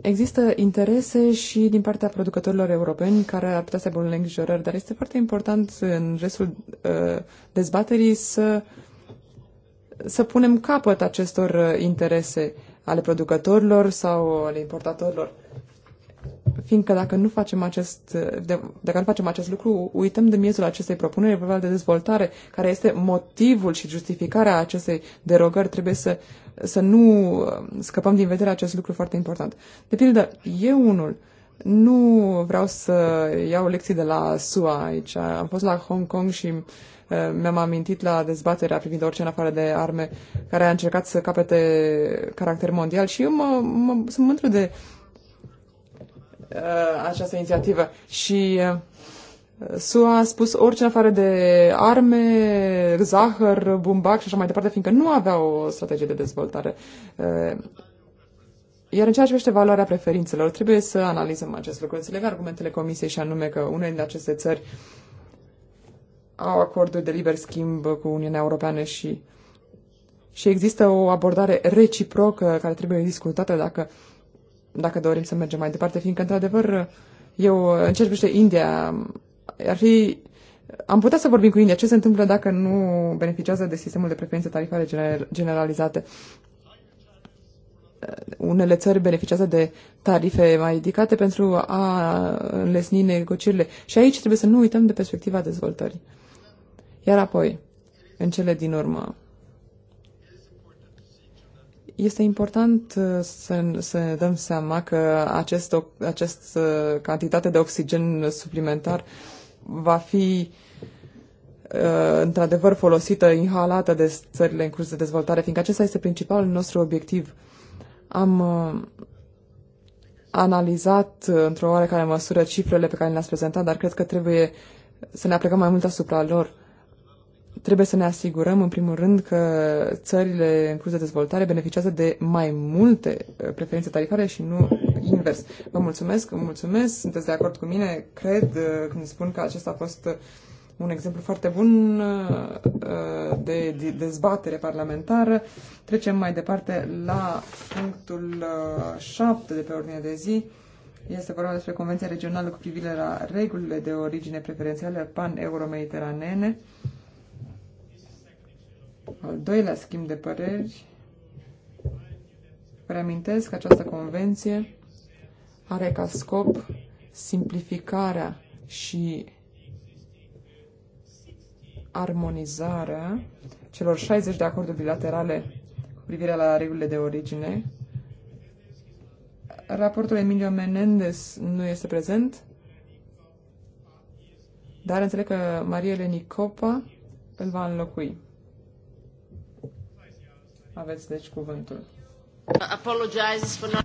Există interese și din partea producătorilor europeni care ar putea să aibă un îngrijorări, dar este foarte important în restul uh, dezbaterii să, să punem capăt acestor uh, interese ale producătorilor sau ale importatorilor fiindcă dacă nu facem acest, de, dacă nu facem acest lucru, uităm de miezul acestei propuneri, vorba de dezvoltare, care este motivul și justificarea acestei derogări. Trebuie să, să nu uh, scăpăm din vedere acest lucru foarte important. De pildă, eu unul nu vreau să iau lecții de la SUA aici. Am fost la Hong Kong și uh, mi-am amintit la dezbaterea privind orice în afară de arme care a încercat să capete caracter mondial și eu mă, mă, sunt mândru de uh, Uh, această inițiativă și uh, SUA a spus orice în afară de arme, zahăr, bumbac și așa mai departe, fiindcă nu avea o strategie de dezvoltare. Uh, iar în ceea ce privește valoarea preferințelor, trebuie să analizăm acest lucru. Înțeleg argumentele comisiei și anume că unele dintre aceste țări au acorduri de liber schimb cu Uniunea Europeană și, și există o abordare reciprocă care trebuie discutată dacă uh, dacă dorim să mergem mai departe, fiindcă, într-adevăr, eu, încerc ce India, ar fi... Am putea să vorbim cu India ce se întâmplă dacă nu beneficiază de sistemul de preferințe tarifare generalizate. Unele țări beneficiază de tarife mai ridicate pentru a înlesni negocierile. Și aici trebuie să nu uităm de perspectiva dezvoltării. Iar apoi, în cele din urmă, este important uh, să, să ne dăm seama că acest, acest uh, cantitate de oxigen suplimentar va fi uh, într-adevăr folosită, inhalată de țările în curs de dezvoltare, fiindcă acesta este principalul nostru obiectiv. Am analizat într-o oarecare măsură cifrele pe care le-ați prezentat, dar cred că trebuie să ne aplicăm mai mult asupra lor. Trebuie să ne asigurăm, în primul rând, că țările în curs de dezvoltare beneficiază de mai multe uh, preferințe tarifare și nu invers. Vă mulțumesc, vă mulțumesc, sunteți de acord cu mine, cred, uh, când spun că acesta a fost uh, un exemplu foarte bun de dezbatere parlamentară. Trecem mai departe la punctul 7 de pe ordine de zi. Este vorba despre Convenția Regională cu privire la regulile de origine preferențiale pan-euro-mediteranene. Al doilea schimb de păreri. Reamintesc că această convenție are ca scop simplificarea și armonizarea celor 60 de acorduri bilaterale cu privire la regulile de origine. Raportul Emilio Menendez nu este prezent, dar înțeleg că Maria Eleni Copa îl va înlocui. Aveți deci cuvântul. Apologizes for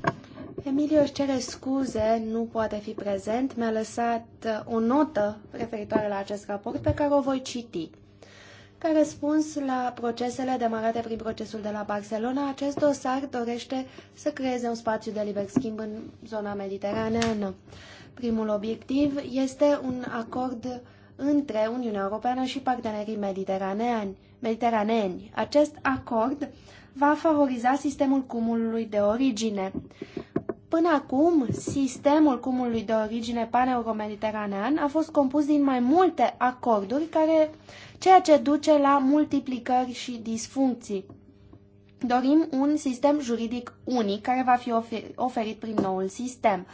Emilio își cere scuze, nu poate fi prezent. Mi-a lăsat uh, o notă referitoare la acest raport pe care o voi citi. Ca răspuns la procesele demarate prin procesul de la Barcelona, acest dosar dorește să creeze un spațiu de liber schimb în zona mediteraneană. Primul obiectiv este un acord între Uniunea Europeană și partenerii mediteraneani mediteraneeni. Acest acord va favoriza sistemul cumulului de origine. Până acum, sistemul cumulului de origine paneuromediteranean a fost compus din mai multe acorduri, care, ceea ce duce la multiplicări și disfuncții. Dorim un sistem juridic unic care va fi oferit prin noul sistem.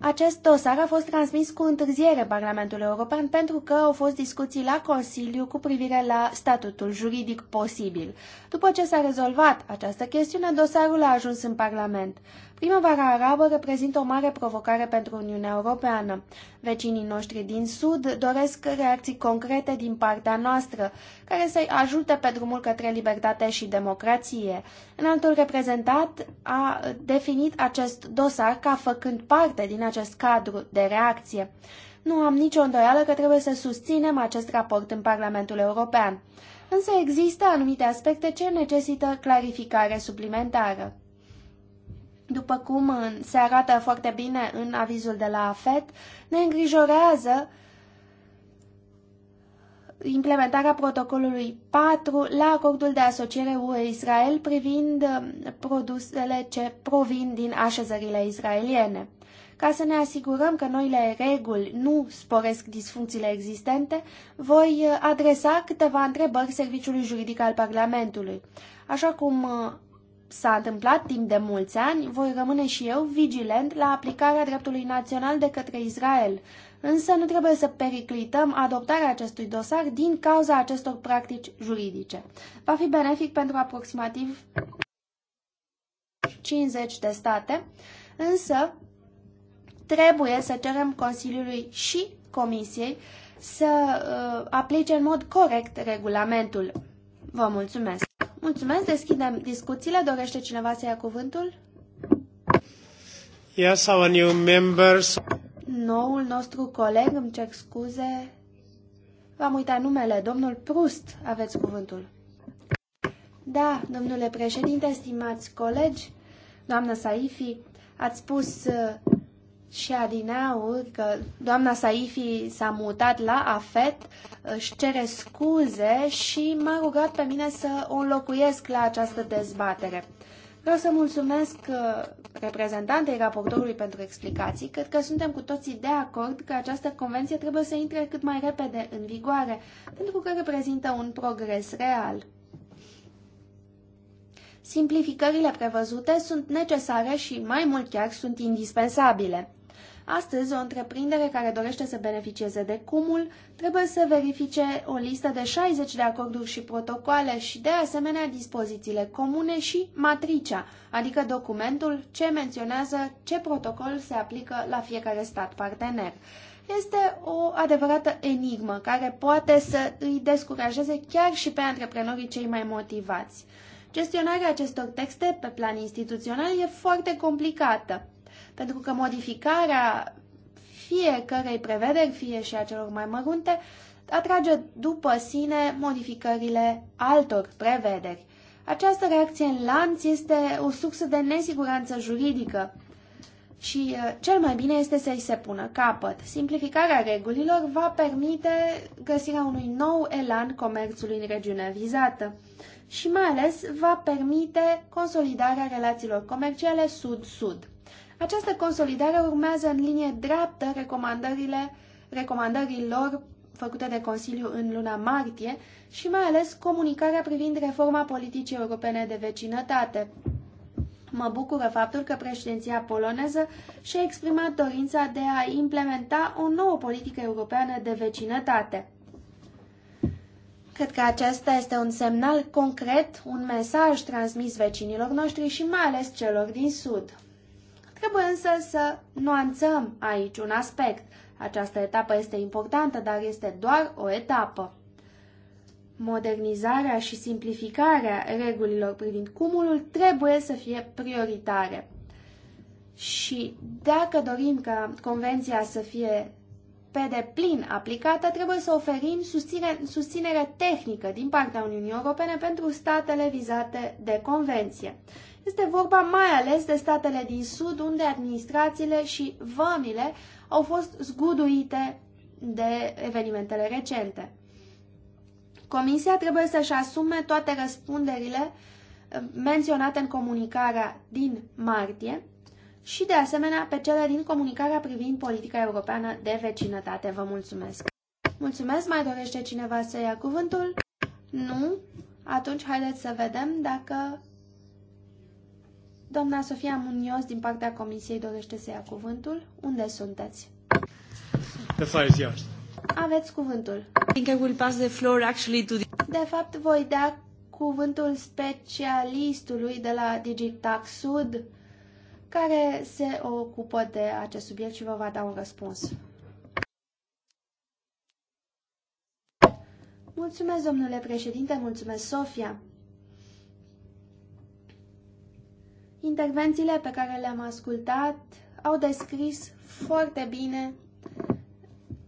Acest dosar a fost transmis cu întârziere Parlamentului European pentru că au fost discuții la Consiliu cu privire la statutul juridic posibil. După ce s-a rezolvat această chestiune, dosarul a ajuns în Parlament. Primăvara arabă reprezintă o mare provocare pentru Uniunea Europeană. Vecinii noștri din Sud doresc reacții concrete din partea noastră, care să-i ajute pe drumul către libertate și democrație. Înaltul reprezentat a definit acest dosar ca făcând parte din acest cadru de reacție. Nu am nicio îndoială că trebuie să susținem acest raport în Parlamentul European. Însă există anumite aspecte ce necesită clarificare suplimentară. După cum se arată foarte bine în avizul de la AFET, ne îngrijorează implementarea protocolului 4 la acordul de asociere UE-Israel privind um, produsele ce provin din așezările israeliene. Ca să ne asigurăm că noile reguli nu sporesc disfuncțiile existente, voi uh, adresa câteva întrebări Serviciului Juridic al Parlamentului. Așa cum uh, s-a întâmplat timp de mulți ani, voi rămâne și eu vigilent la aplicarea dreptului național de către Israel. Însă nu trebuie să periclităm adoptarea acestui dosar din cauza acestor practici juridice. Va fi benefic pentru aproximativ 50 de state, însă trebuie să cerem Consiliului și Comisiei să uh, aplice în mod corect regulamentul. Vă mulțumesc. Mulțumesc, deschidem discuțiile. Dorește cineva să ia cuvântul? Yes, our new members. Noul nostru coleg, îmi cer scuze. V-am uitat numele, domnul Prust, aveți cuvântul. Da, domnule președinte, stimați colegi, doamnă Saifi, ați spus și adineauri că doamna Saifi s-a mutat la AFET, își cere scuze și m-a rugat pe mine să o înlocuiesc la această dezbatere. Vreau să mulțumesc uh, reprezentantei raportorului pentru explicații. Cred că suntem cu toții de acord că această convenție trebuie să intre cât mai repede în vigoare, pentru că reprezintă un progres real. Simplificările prevăzute sunt necesare și mai mult chiar sunt indispensabile. Astăzi, o întreprindere care dorește să beneficieze de cumul trebuie să verifice o listă de 60 de acorduri și protocoale și, de asemenea, dispozițiile comune și matricea, adică documentul ce menționează ce protocol se aplică la fiecare stat partener. Este o adevărată enigmă care poate să îi descurajeze chiar și pe antreprenorii cei mai motivați. Gestionarea acestor texte pe plan instituțional e foarte complicată pentru că modificarea fiecărei prevederi, fie și a celor mai mărunte, atrage după sine modificările altor prevederi. Această reacție în lanț este o sursă de nesiguranță juridică și uh, cel mai bine este să-i se pună capăt. Simplificarea regulilor va permite găsirea unui nou elan comerțului în regiunea vizată și mai ales va permite consolidarea relațiilor comerciale sud-sud. Această consolidare urmează în linie dreaptă recomandările recomandărilor făcute de Consiliu în luna martie și mai ales comunicarea privind reforma politicii europene de vecinătate. Mă bucură faptul că președinția poloneză și-a exprimat dorința de a implementa o nouă politică europeană de vecinătate. Cred că acesta este un semnal concret, un mesaj transmis vecinilor noștri și mai ales celor din Sud. Trebuie însă să nuanțăm aici un aspect. Această etapă este importantă, dar este doar o etapă. Modernizarea și simplificarea regulilor privind cumulul trebuie să fie prioritare. Și dacă dorim ca convenția să fie pe deplin aplicată, trebuie să oferim susținere, susținere tehnică din partea Uniunii Europene pentru statele vizate de convenție. Este vorba mai ales de statele din sud, unde administrațiile și vămile au fost zguduite de evenimentele recente. Comisia trebuie să-și asume toate răspunderile eh, menționate în comunicarea din martie și, de asemenea, pe cele din comunicarea privind politica europeană de vecinătate. Vă mulțumesc! Mulțumesc! Mai dorește cineva să ia cuvântul? Nu? Atunci haideți să vedem dacă Doamna Sofia Munios, din partea Comisiei, dorește să ia cuvântul. Unde sunteți? The floor is yours. Aveți cuvântul. I think I will pass the floor actually to the... De fapt, voi da cuvântul specialistului de la Digitax Sud, care se ocupă de acest subiect și vă va da un răspuns. Mulțumesc, domnule președinte, mulțumesc, Sofia. Intervențiile pe care le-am ascultat au descris foarte bine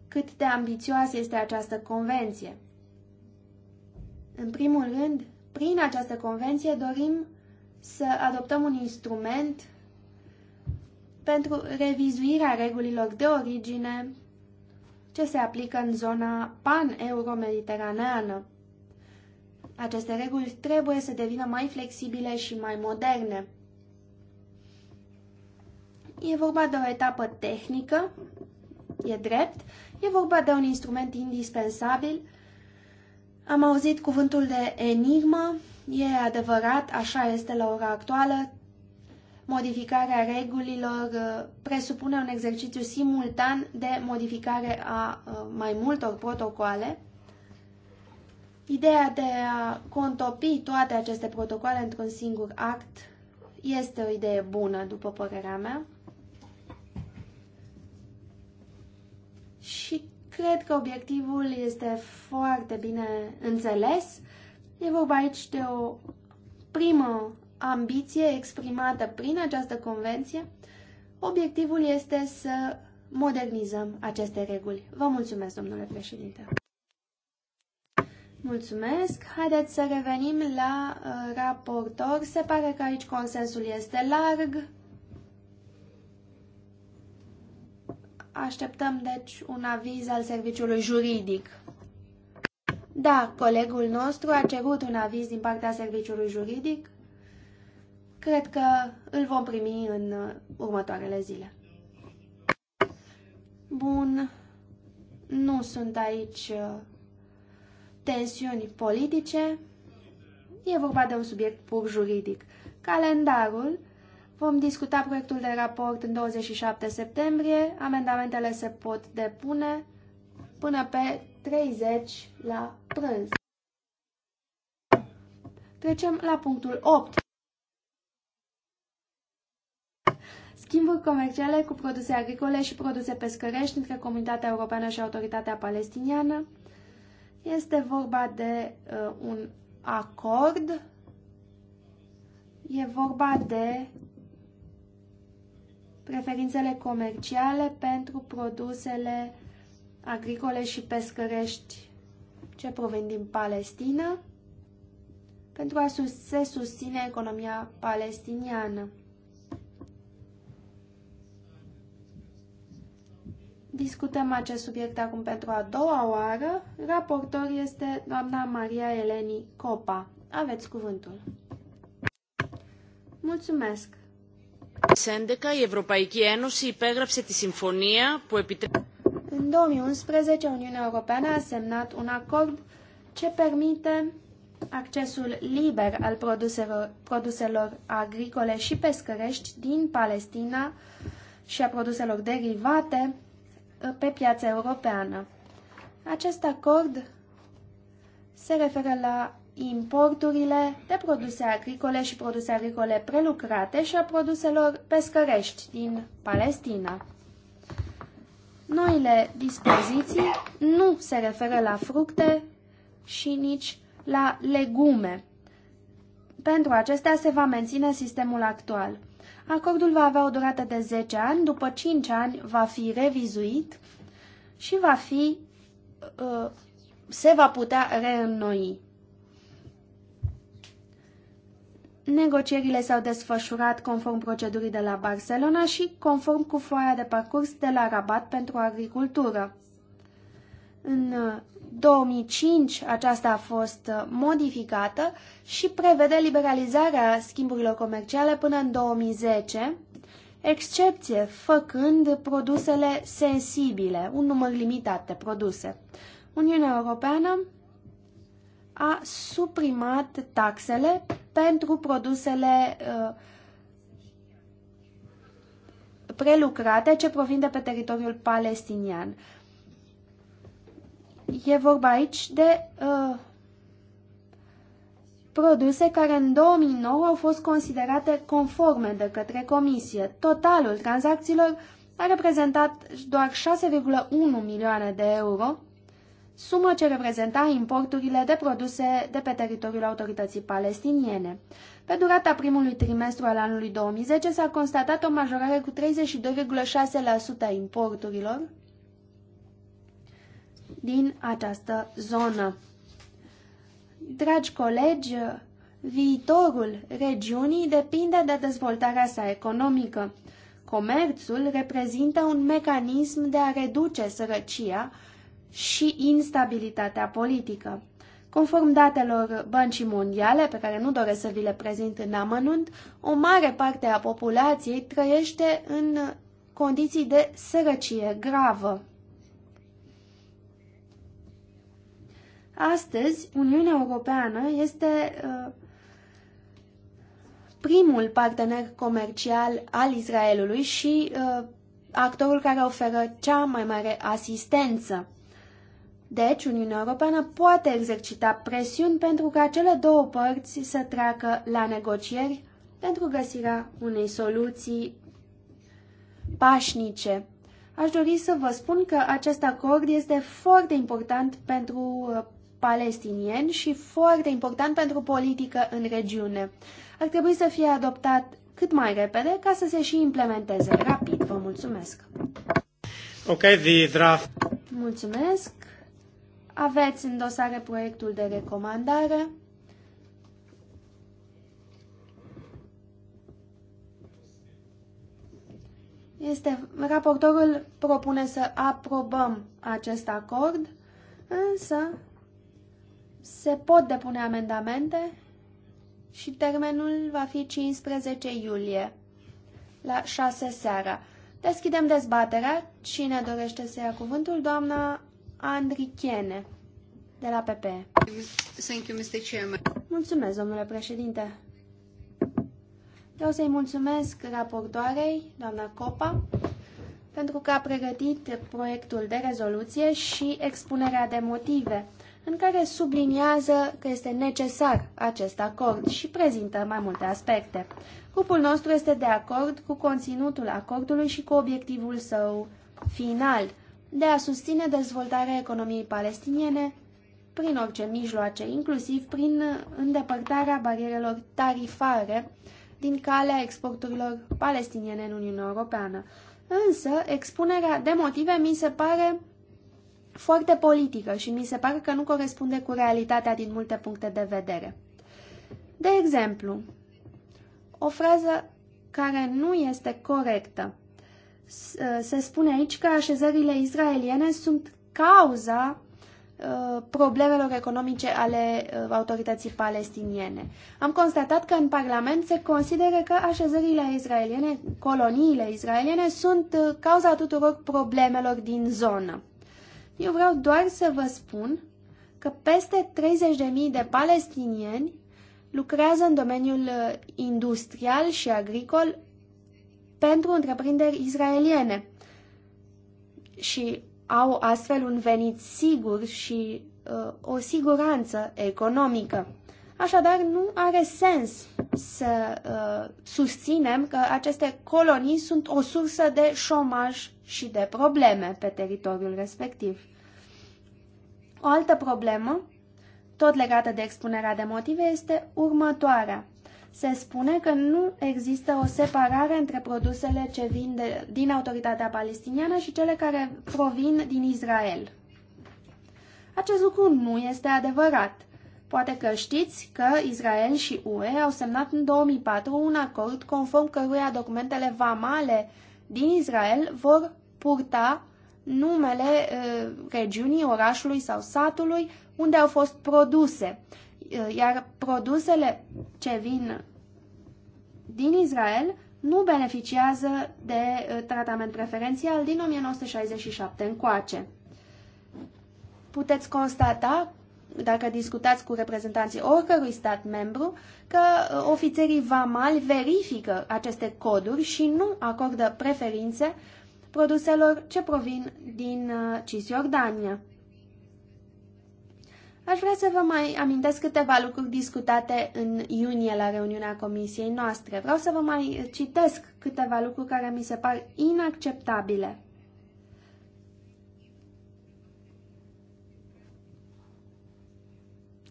cât de ambițioasă este această convenție. În primul rând, prin această convenție dorim să adoptăm un instrument pentru revizuirea regulilor de origine ce se aplică în zona pan-euro-mediteraneană. Aceste reguli trebuie să devină mai flexibile și mai moderne. E vorba de o etapă tehnică, e drept, e vorba de un instrument indispensabil. Am auzit cuvântul de enigmă, e adevărat, așa este la ora actuală. Modificarea regulilor uh, presupune un exercițiu simultan de modificare a uh, mai multor protocoale. Ideea de a contopi toate aceste protocoale într-un singur act este o idee bună, după părerea mea. și cred că obiectivul este foarte bine înțeles. E vorba aici de o primă ambiție exprimată prin această convenție. Obiectivul este să modernizăm aceste reguli. Vă mulțumesc, domnule președinte. Mulțumesc. Haideți să revenim la uh, raportor. Se pare că aici consensul este larg. Așteptăm, deci, un aviz al serviciului juridic. Da, colegul nostru a cerut un aviz din partea serviciului juridic. Cred că îl vom primi în uh, următoarele zile. Bun, nu sunt aici uh, tensiuni politice. E vorba de un subiect pur juridic. Calendarul Vom discuta proiectul de raport în 27 septembrie. Amendamentele se pot depune până pe 30 la prânz. Trecem la punctul 8. Schimburi comerciale cu produse agricole și produse pescărești între Comunitatea Europeană și Autoritatea Palestiniană. Este vorba de uh, un acord. E vorba de preferințele comerciale pentru produsele agricole și pescărești ce provin din Palestina pentru a sus se susține economia palestiniană. Discutăm acest subiect acum pentru a doua oară. Raportor este doamna Maria Eleni Copa. Aveți cuvântul. Mulțumesc! η Ευρωπαϊκή Ένωση υπέγραψε τη συμφωνία που επιτρέπει... În 2011, Uniunea Europeană a semnat un acord ce permite accesul liber al produselor, produselor agricole și pescărești din Palestina și a produselor derivate uh, pe piața europeană. Acest acord se referă la importurile de produse agricole și produse agricole prelucrate și a produselor pescărești din Palestina. Noile dispoziții nu se referă la fructe și nici la legume. Pentru acestea se va menține sistemul actual. Acordul va avea o durată de 10 ani, după 5 ani va fi revizuit și va fi, uh, se va putea reînnoi. Negocierile s-au desfășurat conform procedurii de la Barcelona și conform cu foaia de parcurs de la Rabat pentru agricultură. În 2005 uh, aceasta a fost uh, modificată și prevede liberalizarea schimburilor comerciale până în 2010, excepție făcând produsele sensibile, un număr limitat de produse. Uniunea Europeană a suprimat taxele pentru produsele uh, prelucrate ce provin de pe teritoriul palestinian. E vorba aici de uh, produse care în 2009 au fost considerate conforme de către comisie. Totalul tranzacțiilor a reprezentat doar 6,1 milioane de euro, sumă ce reprezenta importurile de produse de pe teritoriul autorității palestiniene. Pe durata primului trimestru al anului 2010 s-a constatat o majorare cu 32,6% a importurilor din această zonă. Dragi colegi, viitorul regiunii depinde de dezvoltarea sa economică. Comerțul reprezintă un mecanism de a reduce sărăcia, și instabilitatea politică. Conform datelor Băncii Mondiale, pe care nu doresc să vi le prezint în amănunt, o mare parte a populației trăiește în condiții de sărăcie gravă. Astăzi, Uniunea Europeană este uh, primul partener comercial al Israelului și uh, actorul care oferă cea mai mare asistență. Deci, Uniunea Europeană poate exercita presiuni pentru ca cele două părți să treacă la negocieri pentru găsirea unei soluții pașnice. Aș dori să vă spun că acest acord este foarte important pentru uh, palestinieni și foarte important pentru politică în regiune. Ar trebui să fie adoptat cât mai repede ca să se și implementeze rapid. Vă mulțumesc! Ok, the draft. Mulțumesc! Aveți în dosare proiectul de recomandare. Este, raportorul propune să aprobăm acest acord, însă se pot depune amendamente și termenul va fi 15 iulie la 6 seara. Deschidem dezbaterea. Cine dorește să ia cuvântul? Doamna Andrichene, de la PP. Thank you, Mr. Chairman. Mulțumesc, domnule președinte. Vreau să-i mulțumesc raportoarei, doamna Copa, pentru că a pregătit proiectul de rezoluție și expunerea de motive, în care subliniază că este necesar acest acord și prezintă mai multe aspecte. Grupul nostru este de acord cu conținutul acordului și cu obiectivul său final, de a susține dezvoltarea economiei palestiniene prin orice mijloace, inclusiv prin îndepărtarea barierelor tarifare din calea exporturilor palestiniene în Uniunea Europeană. Însă, expunerea de motive mi se pare foarte politică și mi se pare că nu corespunde cu realitatea din multe puncte de vedere. De exemplu, o frază care nu este corectă. Uh, se spune aici că așezările israeliene sunt cauza uh, problemelor economice ale uh, autorității palestiniene. Am constatat că în Parlament se consideră că așezările israeliene, coloniile israeliene, sunt cauza tuturor problemelor din zonă. Eu vreau doar să vă spun că peste 30.000 de palestinieni lucrează în domeniul industrial și agricol pentru întreprinderi israeliene și au astfel un venit sigur și uh, o siguranță economică. Așadar, nu are sens să uh, susținem că aceste colonii sunt o sursă de șomaj și de probleme pe teritoriul respectiv. O altă problemă, tot legată de expunerea de motive, este următoarea se spune că nu există o separare între produsele ce vin de, din autoritatea palestiniană și cele care provin din Israel. Acest lucru nu este adevărat. Poate că știți că Israel și UE au semnat în 2004 un acord conform căruia documentele vamale din Israel vor purta numele uh, regiunii, orașului sau satului unde au fost produse Eh, iar produsele ce vin din Israel nu beneficiază de eh, tratament preferențial din 1967 încoace. Puteți constata, dacă discutați cu reprezentanții oricărui stat membru, că eh, ofițerii vamali verifică aceste coduri și nu acordă preferințe produselor ce provin din Cisjordania. Aș vrea să vă mai amintesc câteva lucruri discutate în iunie la reuniunea comisiei noastre. Vreau să vă mai citesc câteva lucruri care mi se par inacceptabile.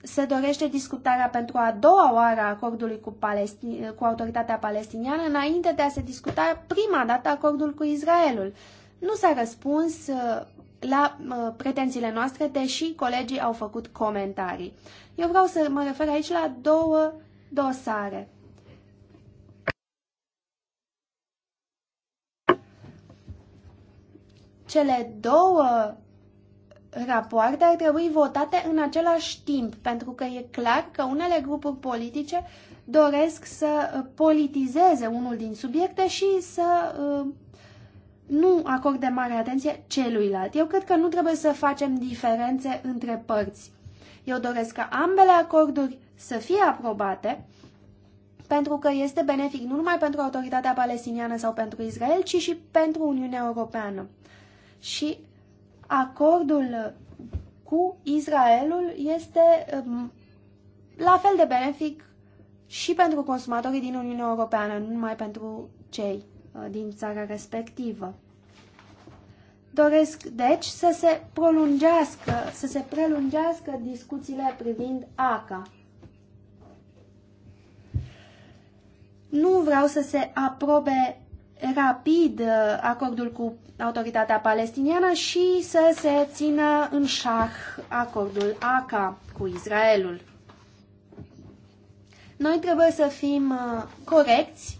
Se dorește discutarea pentru a doua oară a acordului cu, Palestin, cu autoritatea palestiniană înainte de a se discuta prima dată acordul cu Israelul. Nu s-a răspuns la pretențiile noastre, deși colegii au făcut comentarii. Eu vreau să mă refer aici la două dosare. Cele două rapoarte ar trebui votate în același timp, pentru că e clar că unele grupuri politice doresc să uh, politizeze unul din subiecte și să uh, nu acorde mare atenție celuilalt. Eu cred că nu trebuie să facem diferențe între părți. Eu doresc ca ambele acorduri să fie aprobate, pentru că este benefic nu numai pentru autoritatea palestiniană sau pentru Israel, ci și pentru Uniunea Europeană. Și acordul cu Israelul este um, la fel de benefic și pentru consumatorii din Uniunea Europeană, nu numai pentru cei Uh, din țara respectivă. Doresc, deci, să se prolungească, să se prelungească discuțiile privind ACA. Nu vreau să se aprobe rapid uh, acordul cu autoritatea palestiniană și să se țină în șah acordul ACA cu Israelul. Noi trebuie să fim uh, corecți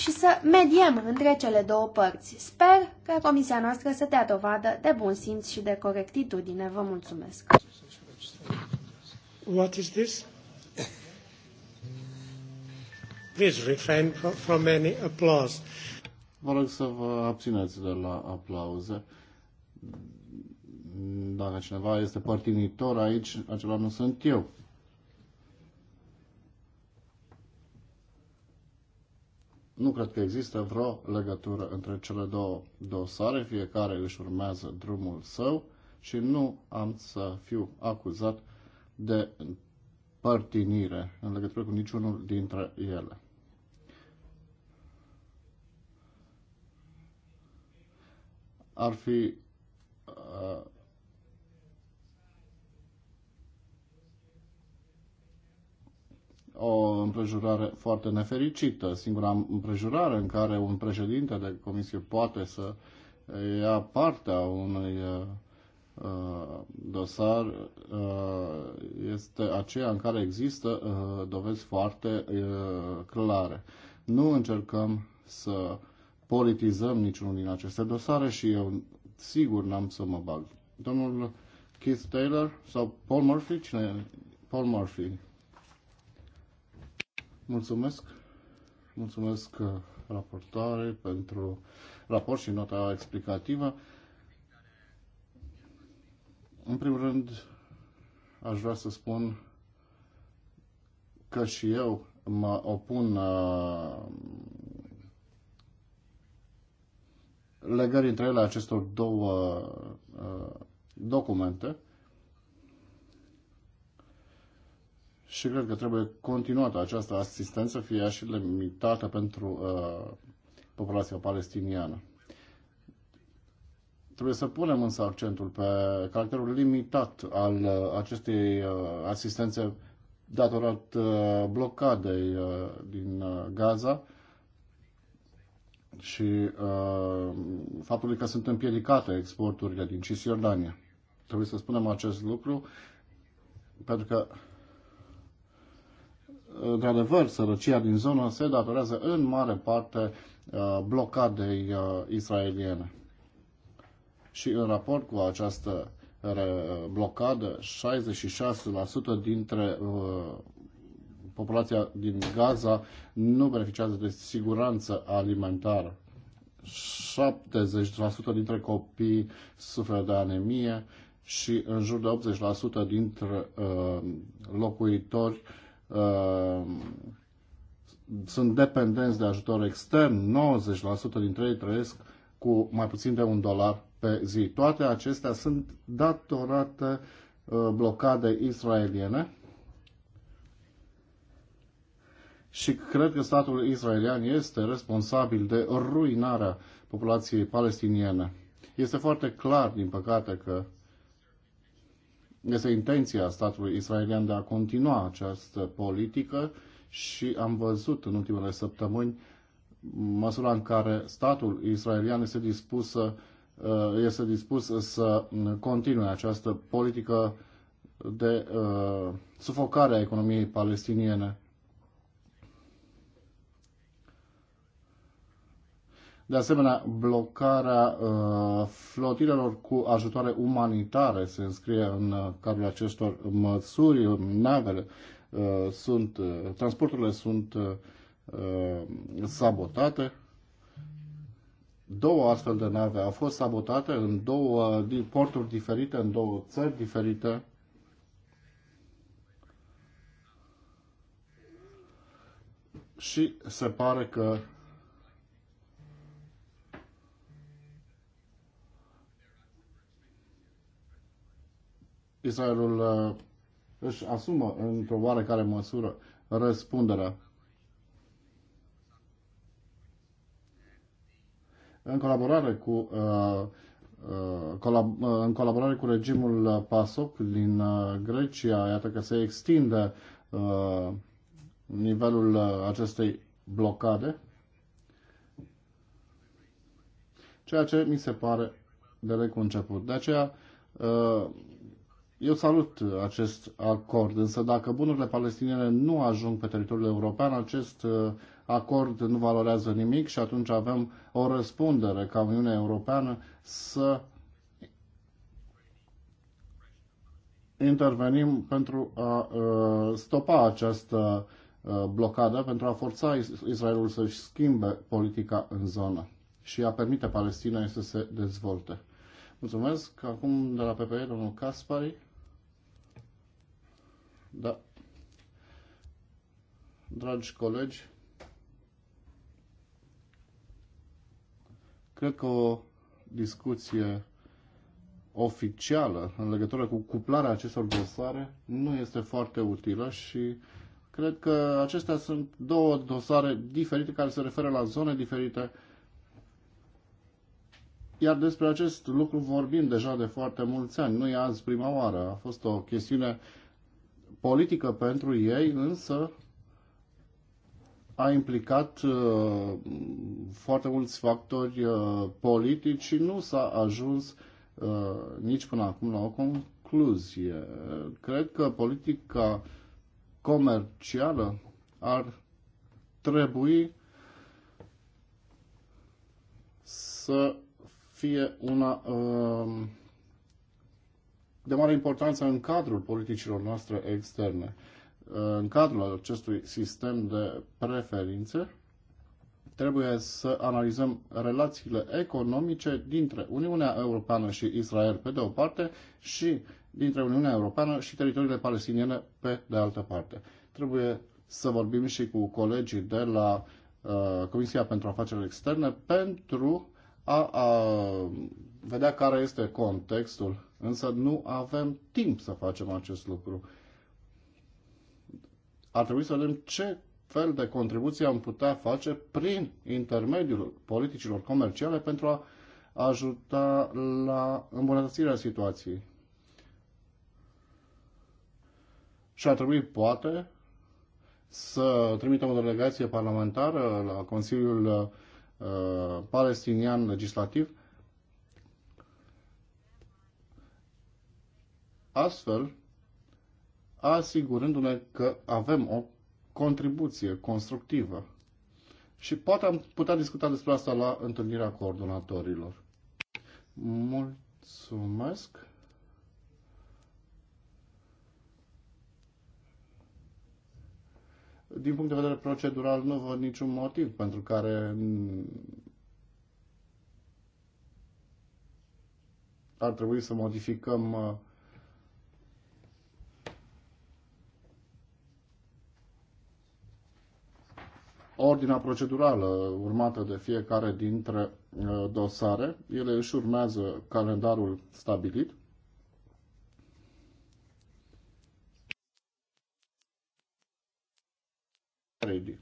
și să mediem între cele două părți. Sper că comisia noastră să dea dovadă de bun simț și de corectitudine. Vă mulțumesc. What is this? Please refrain from any applause. Vă rog să vă abțineți de la aplauze. Dacă cineva este părtinitor aici, acela nu sunt eu. nu cred că există vreo legătură între cele două dosare, fiecare își urmează drumul său și nu am să fiu acuzat de părtinire în legătură cu niciunul dintre ele. Ar fi uh, o împrejurare foarte nefericită. Singura împrejurare în care un președinte de comisie poate să ia partea unui uh, uh, dosar uh, este aceea în care există dovezi foarte clare. Nu încercăm să politizăm niciunul din aceste dosare și eu sigur n-am să mă bag. Domnul Keith Taylor sau Paul Murphy? Cine? Paul Murphy. Mulțumesc. Mulțumesc uh, raportoare pentru raport și nota explicativă. În primul rând, aș vrea să spun că și eu mă opun uh, legării între ele acestor două uh, documente. și cred că trebuie continuată această asistență, fie ea și limitată pentru uh, populația palestiniană. Trebuie să punem însă accentul pe caracterul limitat al uh, acestei uh, asistențe datorat uh, blocadei uh, din uh, Gaza și uh, faptului că sunt împiedicate exporturile din Cisjordania. Trebuie să spunem acest lucru pentru că într-adevăr, sărăcia din zonă se datorează în mare parte uh, blocadei uh, israeliene. Și în raport cu această uh, blocadă, 66% dintre populația din Gaza nu beneficiază de siguranță alimentară. 70% dintre copii suferă de anemie și în jur de 80% dintre uh, locuitori uh, Uh, sunt dependenți de ajutor extern, 90% dintre ei trăiesc cu mai puțin de un dolar pe zi. Toate acestea sunt datorate uh, blocadei israeliene și cred că statul israelian este responsabil de ruinarea populației palestiniene. Este foarte clar, din păcate, că este intenția statului israelian de a continua această politică și am văzut în ultimele săptămâni măsura în care statul israelian este dispus să, uh, este dispus să continue această politică de uh, sufocare a economiei palestiniene. De asemenea, blocarea uh, flotilelor cu ajutoare umanitare se înscrie în uh, cadrul acestor măsuri. Navele uh, sunt, transporturile sunt sabotate. Două astfel de nave au fost sabotate în două porturi diferite, în două țări diferite. Și se pare că Israelul uh, își asumă într-o oarecare măsură răspunderea. În colaborare cu uh, uh, uh în colaborare cu regimul PASOK din Grecia, iată că se extinde nivelul acestei blocade, ceea ce mi se pare de reconceput. De aceea, eu salut acest acord, însă dacă bunurile palestiniene nu ajung pe teritoriul european, acest uh, acord nu valorează nimic și atunci avem o răspundere ca Uniunea Europeană să intervenim pentru a uh, stopa această uh, blocadă, pentru a forța Israelul să-și schimbe politica în zonă și a permite Palestinei să se dezvolte. Mulțumesc. Acum de la PPE, domnul Caspari. Da. Dragi colegi, cred că o discuție oficială în legătură cu cuplarea acestor dosare nu este foarte utilă și cred că acestea sunt două dosare diferite care se referă la zone diferite. Iar despre acest lucru vorbim deja de foarte mulți ani, nu e azi prima oară, a fost o chestiune uh, politică pentru ei, însă a implicat uh, foarte mulți factori uh, politici și nu s-a ajuns uh, nici până acum la o concluzie. Cred că politica comercială ar trebui să fie una uh, de mare importanță în cadrul politicilor noastre externe, în cadrul acestui sistem de preferințe, trebuie să analizăm relațiile economice dintre Uniunea Europeană și Israel pe de o parte și dintre Uniunea Europeană și teritoriile palestiniene pe de altă parte. Trebuie să vorbim și cu colegii de la uh, Comisia pentru Afaceri Externe pentru a, a vedea care este contextul Însă nu avem timp să facem acest lucru. Ar trebui să vedem ce fel de contribuție am putea face prin intermediul politicilor comerciale pentru a ajuta la îmbunătățirea situației. Și ar trebui, poate, să trimitem o delegație parlamentară la Consiliul uh, Palestinian Legislativ astfel asigurându-ne că avem o contribuție constructivă. Și poate am putea discuta despre asta la întâlnirea coordonatorilor. Mulțumesc! Din punct de vedere procedural nu văd niciun motiv pentru care ar trebui să modificăm uh, ordinea procedurală urmată de fiecare dintre uh, dosare. Ele își urmează calendarul stabilit. Ready.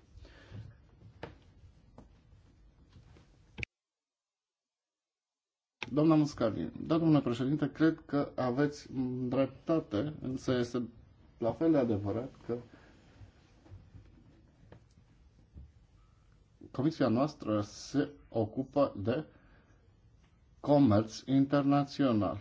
Doamna Muscardin, da, domnule președinte, cred că aveți dreptate, însă este la fel de adevărat că comisia noastră se ocupă de comerț internațional.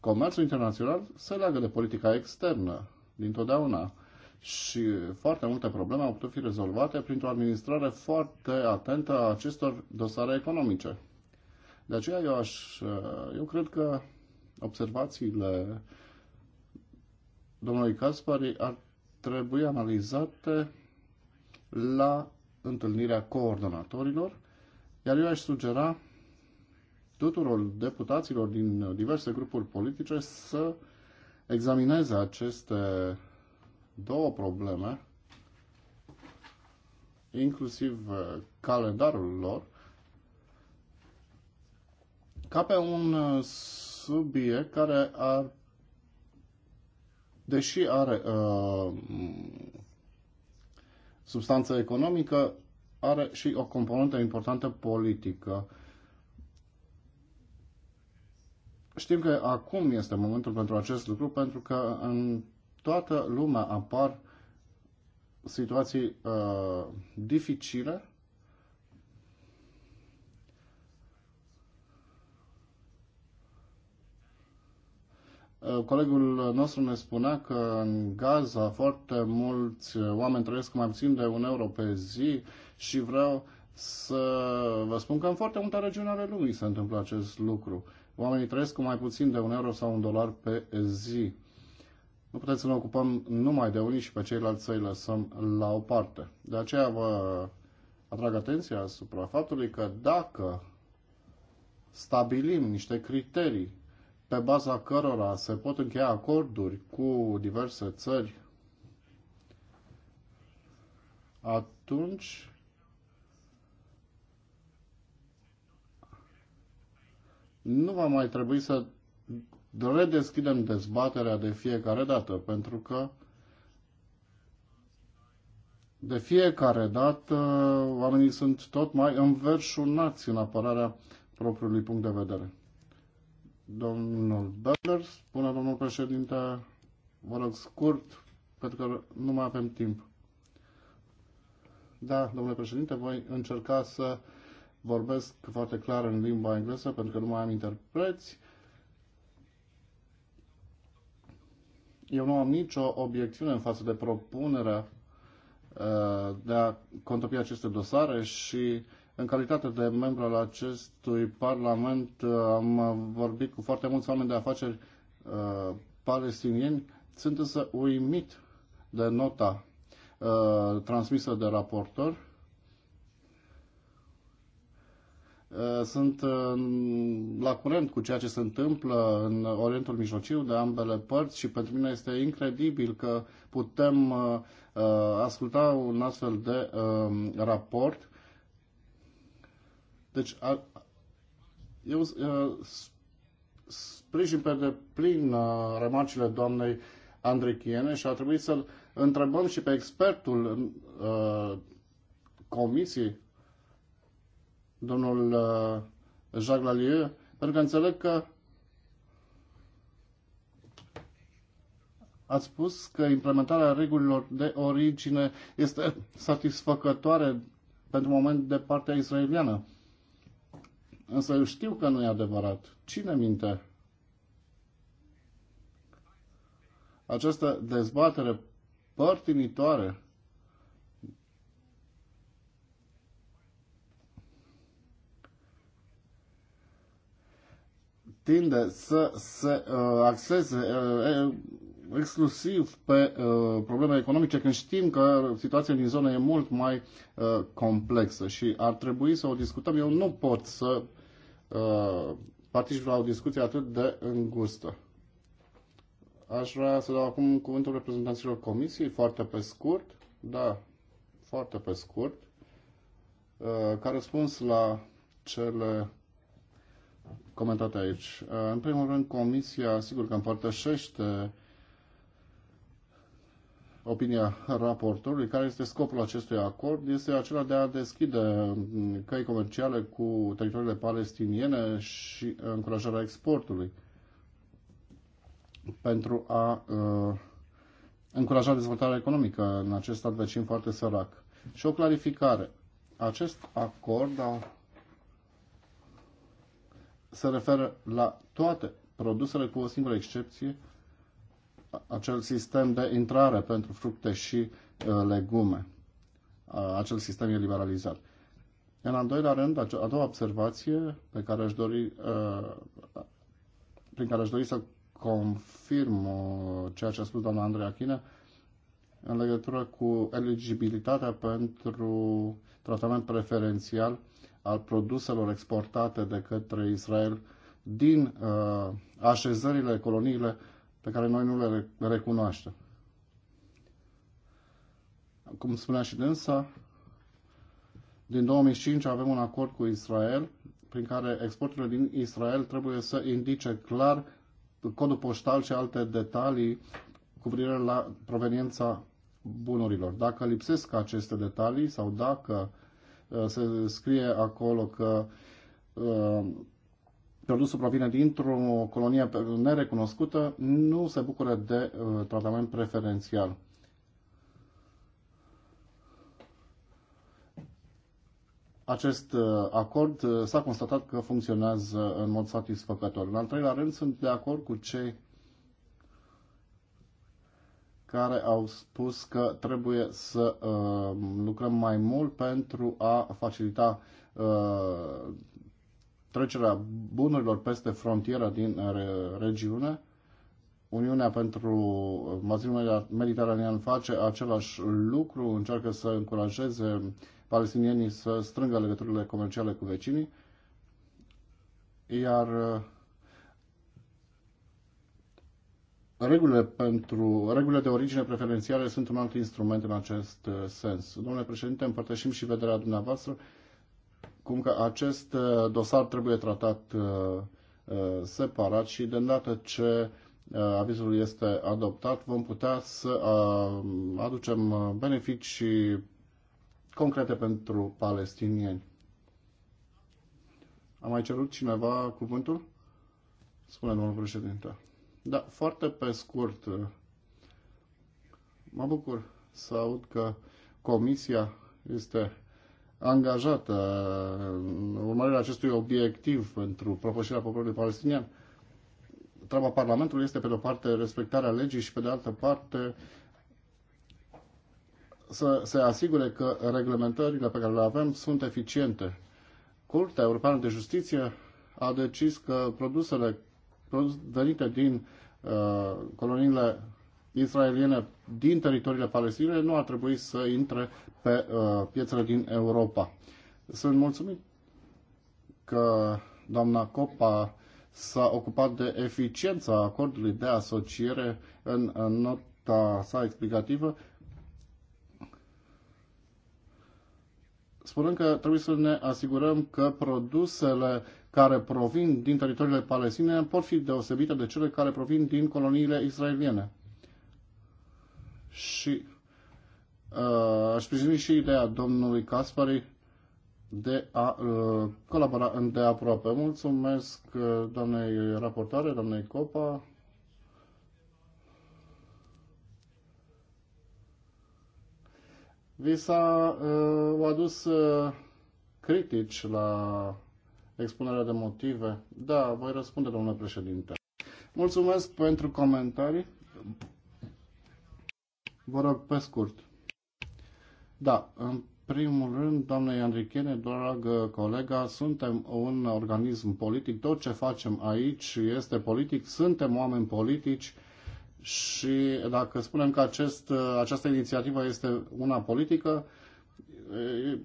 Comerțul internațional se leagă de politica externă dintotdeauna și foarte multe probleme au putut fi rezolvate printr-o administrare foarte atentă a acestor dosare economice. De aceea eu aș, eu cred că observațiile domnului Caspari ar trebui analizate la întâlnirea coordonatorilor, iar eu aș sugera tuturor deputaților din diverse grupuri politice să examineze aceste două probleme, inclusiv uh, calendarul lor, ca pe un uh, subiect care ar, deși are uh, substanță economică, are și o componentă importantă politică. Știm că acum este momentul pentru acest lucru, pentru că în toată lumea apar situații uh, dificile Uh, colegul nostru ne spunea că în Gaza foarte mulți uh, oameni trăiesc mai puțin de un euro pe zi și vreau să vă spun că în foarte multe regiuni ale lumii se întâmplă acest lucru. Oamenii trăiesc cu mai puțin de un euro sau un dolar pe zi. Nu putem să ne ocupăm numai de unii și pe ceilalți să-i lăsăm la o parte. De aceea vă atrag atenția asupra faptului că dacă stabilim niște criterii pe baza cărora se pot încheia acorduri cu diverse țări, atunci nu va mai trebui să redeschidem dezbaterea de fiecare dată, pentru că de fiecare dată oamenii sunt tot mai înverșunați în apărarea propriului punct de vedere. Domnul Beller, spune domnul președinte, vă rog scurt, pentru că nu mai avem timp. Da, domnule președinte, voi încerca să vorbesc foarte clar în limba engleză, pentru că nu mai am interpreți. Eu nu am nicio obiecțiune în față de propunerea uh, de a contopi aceste dosare și uh, în calitate de membru al acestui Parlament uh, am vorbit cu foarte mulți oameni de afaceri uh, palestinieni. Sunt însă uimit de nota uh, transmisă de raportor. sunt la curent cu ceea ce se întâmplă în Orientul Mijlociu de ambele părți și pentru mine este incredibil că putem asculta un astfel de raport deci, a, eu uh, sprijin pe deplin uh, remarcile doamnei Andrechiene și a trebuit să-l întrebăm și pe expertul a, uh, comisiei, domnul a, Jacques Lalieu, pentru că înțeleg că ați spus că implementarea regulilor de origine este satisfăcătoare pentru moment de partea israeliană. Însă eu știu că nu e adevărat. Cine minte? Această dezbatere părtinitoare tinde să se uh, axeze uh, exclusiv pe uh, probleme economice, când știm că situația din zonă e mult mai uh, complexă și ar trebui să o discutăm. Eu nu pot să uh, Uh, particip la o discuție atât de îngustă. Aș vrea să dau acum cuvântul reprezentanților comisiei, foarte pe scurt, da, foarte pe scurt, uh, ca răspuns la cele comentate aici. Uh, în primul rând, comisia, sigur că împărtășește opinia raportorului, care este scopul acestui acord, este acela de a deschide mm, căi comerciale cu teritoriile palestiniene și încurajarea exportului pentru a uh, încuraja dezvoltarea economică în acest stat vecin foarte sărac. Și o clarificare. Acest acord a, se referă la toate produsele, cu o singură excepție, uh, acel sistem de intrare pentru fructe și uh, legume. Acel sistem e liberalizat. În al doilea rând, a doua observație pe care aș dori, uh, prin care aș dori să confirm uh, ceea ce a spus doamna Andreea Chine, în legătură cu eligibilitatea pentru tratament preferențial al produselor exportate de către Israel din uh, așezările, coloniile pe care noi nu le recunoaștem. Cum spunea și dânsa, din 2005 avem un acord cu Israel prin care exporturile din Israel trebuie să indice clar codul poștal și alte detalii cu privire la proveniența bunurilor. Dacă lipsesc aceste detalii sau dacă uh, se scrie acolo că uh, produsul provine dintr-o colonie nerecunoscută, nu se bucură de uh, tratament preferențial. Acest uh, acord uh, s-a constatat că funcționează în mod satisfăcător. În al treilea rând, sunt de acord cu cei care au spus că trebuie să uh, lucrăm mai mult pentru a facilita uh, trecerea bunurilor peste frontiera din uh, regiune, Uniunea pentru uh, Mazinul Mediteranean face același lucru, încearcă să încurajeze palestinienii să strângă legăturile comerciale cu vecinii, iar uh, regulile, pentru, regulile de origine preferențiale sunt un alt instrument în acest sens. Domnule președinte, împărtășim și vederea dumneavoastră cum că acest uh, dosar trebuie tratat uh, uh, separat și de îndată ce avizul este adoptat, vom putea să aducem beneficii concrete pentru palestinieni. A mai cerut cineva cuvântul? Spune domnul președinte. Da, foarte pe scurt. Mă bucur să aud că comisia este angajată în urmărirea acestui obiectiv pentru propășirea poporului palestinian. Treaba Parlamentului este, pe de-o parte, respectarea legii și, pe de altă parte, să se asigure că reglementările pe care le avem sunt eficiente. Curtea Europeană de Justiție a decis că produsele venite din uh, coloniile israeliene din teritoriile palestine nu ar trebui să intre pe uh, piețele din Europa. Sunt mulțumit că doamna Copa s-a ocupat de eficiența acordului de asociere în, în nota sa explicativă, spunând că trebuie să ne asigurăm că produsele care provin din teritoriile palestine pot fi deosebite de cele care provin din coloniile israeliene și uh, aș sprijini și ideea domnului Caspari de a uh, colabora îndeaproape. Mulțumesc uh, doamnei raportoare, doamnei Copa. Vi s-a uh, adus uh, critici la expunerea de motive? Da, voi răspunde, domnule președinte. Mulțumesc pentru comentarii. Vă rog, pe scurt. Da, în primul rând, doamne Ianrichene, dragă colega, suntem un organism politic. Tot ce facem aici este politic. Suntem oameni politici și dacă spunem că acest, această inițiativă este una politică,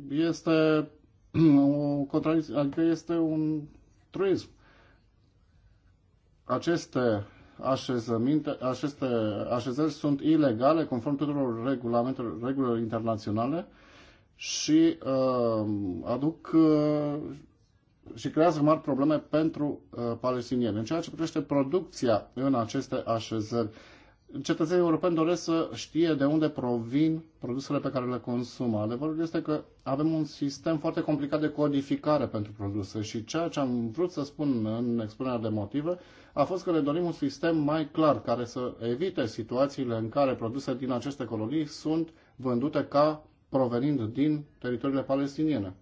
este o contradicție, adică este un truism. Aceste aceste așezări sunt ilegale conform tuturor regulamentelor, regulilor internaționale și uh, aduc uh, și creează mari probleme pentru uh, palestinieni. În ceea ce privește producția în aceste așezări, cetățenii europeni doresc să știe de unde provin produsele pe care le consumă. Adevărul este că avem un sistem foarte complicat de codificare pentru produse și ceea ce am vrut să spun în expunerea de motive a fost că ne dorim un sistem mai clar care să evite situațiile în care produse din aceste colonii sunt vândute ca provenind din teritoriile palestiniene.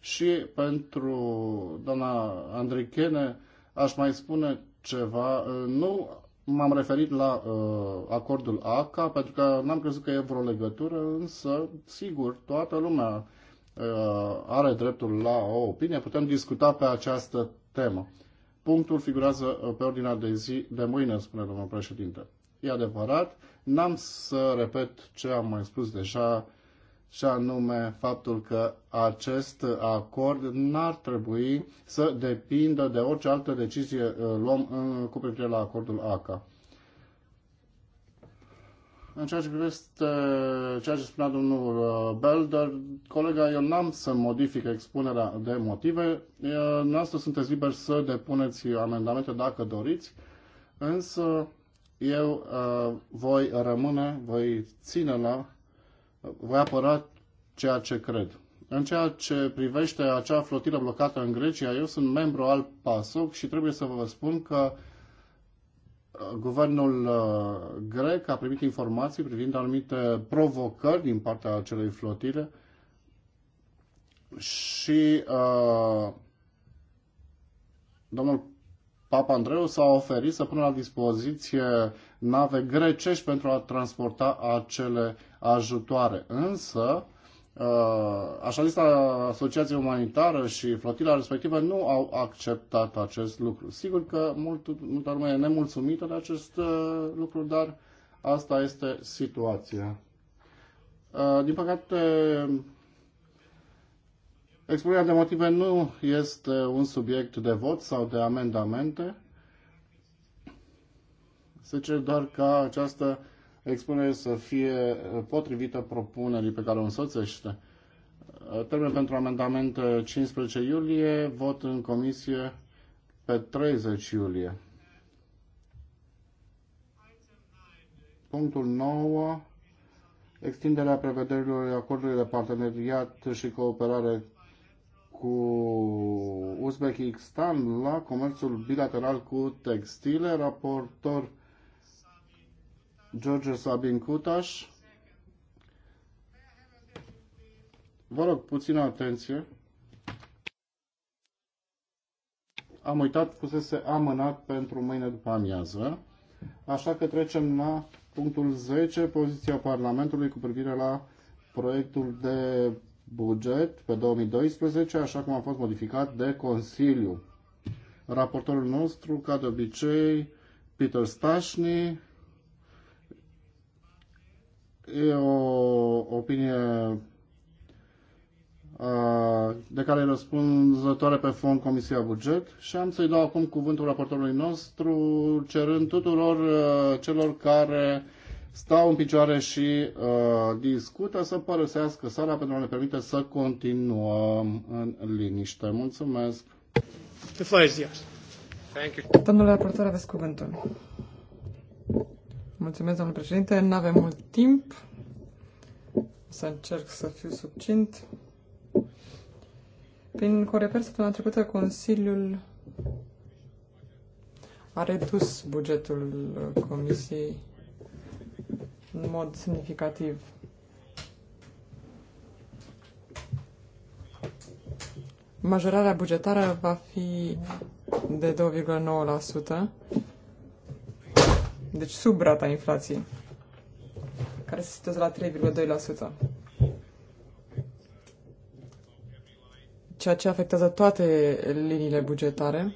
Și pentru doamna Andrichene aș mai spune ceva. Nu m-am referit la uh, acordul ACA pentru că n-am crezut că e vreo legătură, însă, sigur, toată lumea uh, are dreptul la o opinie. Putem discuta pe această temă. Punctul figurează uh, pe ordinea de zi de mâine, spune domnul președinte. E adevărat, n-am să repet ce am mai spus deja și anume faptul că acest acord n-ar trebui să depindă de orice altă decizie uh, luăm în, uh, cu privire la acordul ACA. În ceea ce privește ceea ce spunea domnul uh, Belder, colega, eu n-am să modific expunerea de motive. Noastră sunteți liberi să depuneți amendamente dacă doriți, însă eu voi rămâne, voi ține la voi apăra ceea ce cred. În ceea ce privește acea flotilă blocată în Grecia, eu sunt membru al PASOK și trebuie să vă spun că uh, guvernul uh, grec a primit informații privind anumite provocări din partea acelei flotile și uh, domnul Papa Andreu s-a oferit să pună la dispoziție nave grecești pentru a transporta acele ajutoare. Însă, uh, așa lista asociația umanitară și flotila respectivă nu au acceptat acest lucru. Sigur că mult, multă lume e nemulțumită de acest uh, lucru, dar asta este situația. Uh, din păcate, expunerea de motive nu este un subiect de vot sau de amendamente, se cere doar ca această expunere să fie uh, potrivită propunerii pe care o însoțește. Uh, termen pentru amendament 15 uh, iulie, vot în comisie pe 30 iulie. Punctul 9. Extinderea prevederilor acordului de parteneriat și cooperare cu Uzbekistan la comerțul bilateral cu textile. Raportor George Sabin Cutaș. Vă rog, puțină atenție. Am uitat, fusese amânat pentru mâine după amiază, așa că trecem la punctul 10, poziția Parlamentului cu privire la proiectul de buget pe 2012, așa cum a fost modificat de Consiliu. Raportorul nostru, ca de obicei, Peter Stașni, e o opinie de care răspunzătoare pe fond Comisia Buget și am să-i dau acum cuvântul raportorului nostru, cerând tuturor celor care stau în picioare și discută să părăsească sala pentru a ne permite să continuăm în liniște. Mulțumesc! Domnule raportor, aveți cuvântul. Mulțumesc, domnule președinte. Nu avem mult timp. O să încerc să fiu subcint. Prin Coreper, săptămâna trecută, Consiliul a redus bugetul Comisiei în mod semnificativ. Majorarea bugetară va fi de 2,9%, deci sub rata inflației, care se situează la 3,2%. Ceea ce afectează toate liniile bugetare,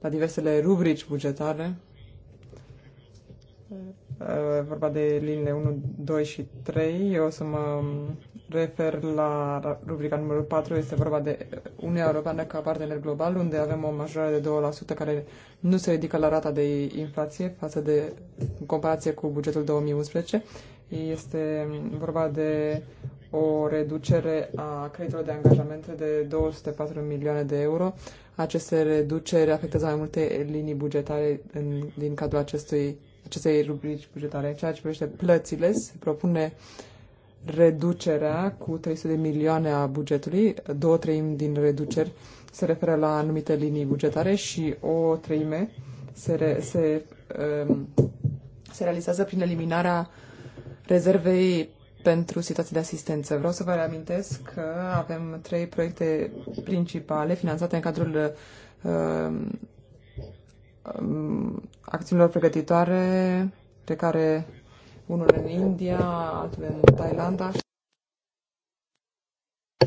la diversele rubrici bugetare, Uh, vorba de liniile 1, 2 și 3. Eu o să mă refer la rubrica numărul 4, este vorba de Uniunea Europeană ca partener global, unde avem o majorare de 2% care nu se ridică la rata de inflație față de în comparație cu bugetul 2011. Este vorba de o reducere a creditelor de angajamente de 204 milioane de euro. Aceste reduceri afectează mai multe linii bugetare în, din cadrul acestui acestei rubrici bugetare. În ceea ce privește plățile, se propune reducerea cu 300 de milioane a bugetului, două treimi din reduceri se referă la anumite linii bugetare și o treime se, re, se, um, se realizează prin eliminarea rezervei pentru situații de asistență. Vreau să vă reamintesc că avem trei proiecte principale finanțate în cadrul um, Um, acțiunilor pregătitoare, pe care unul în India, altul în Thailanda.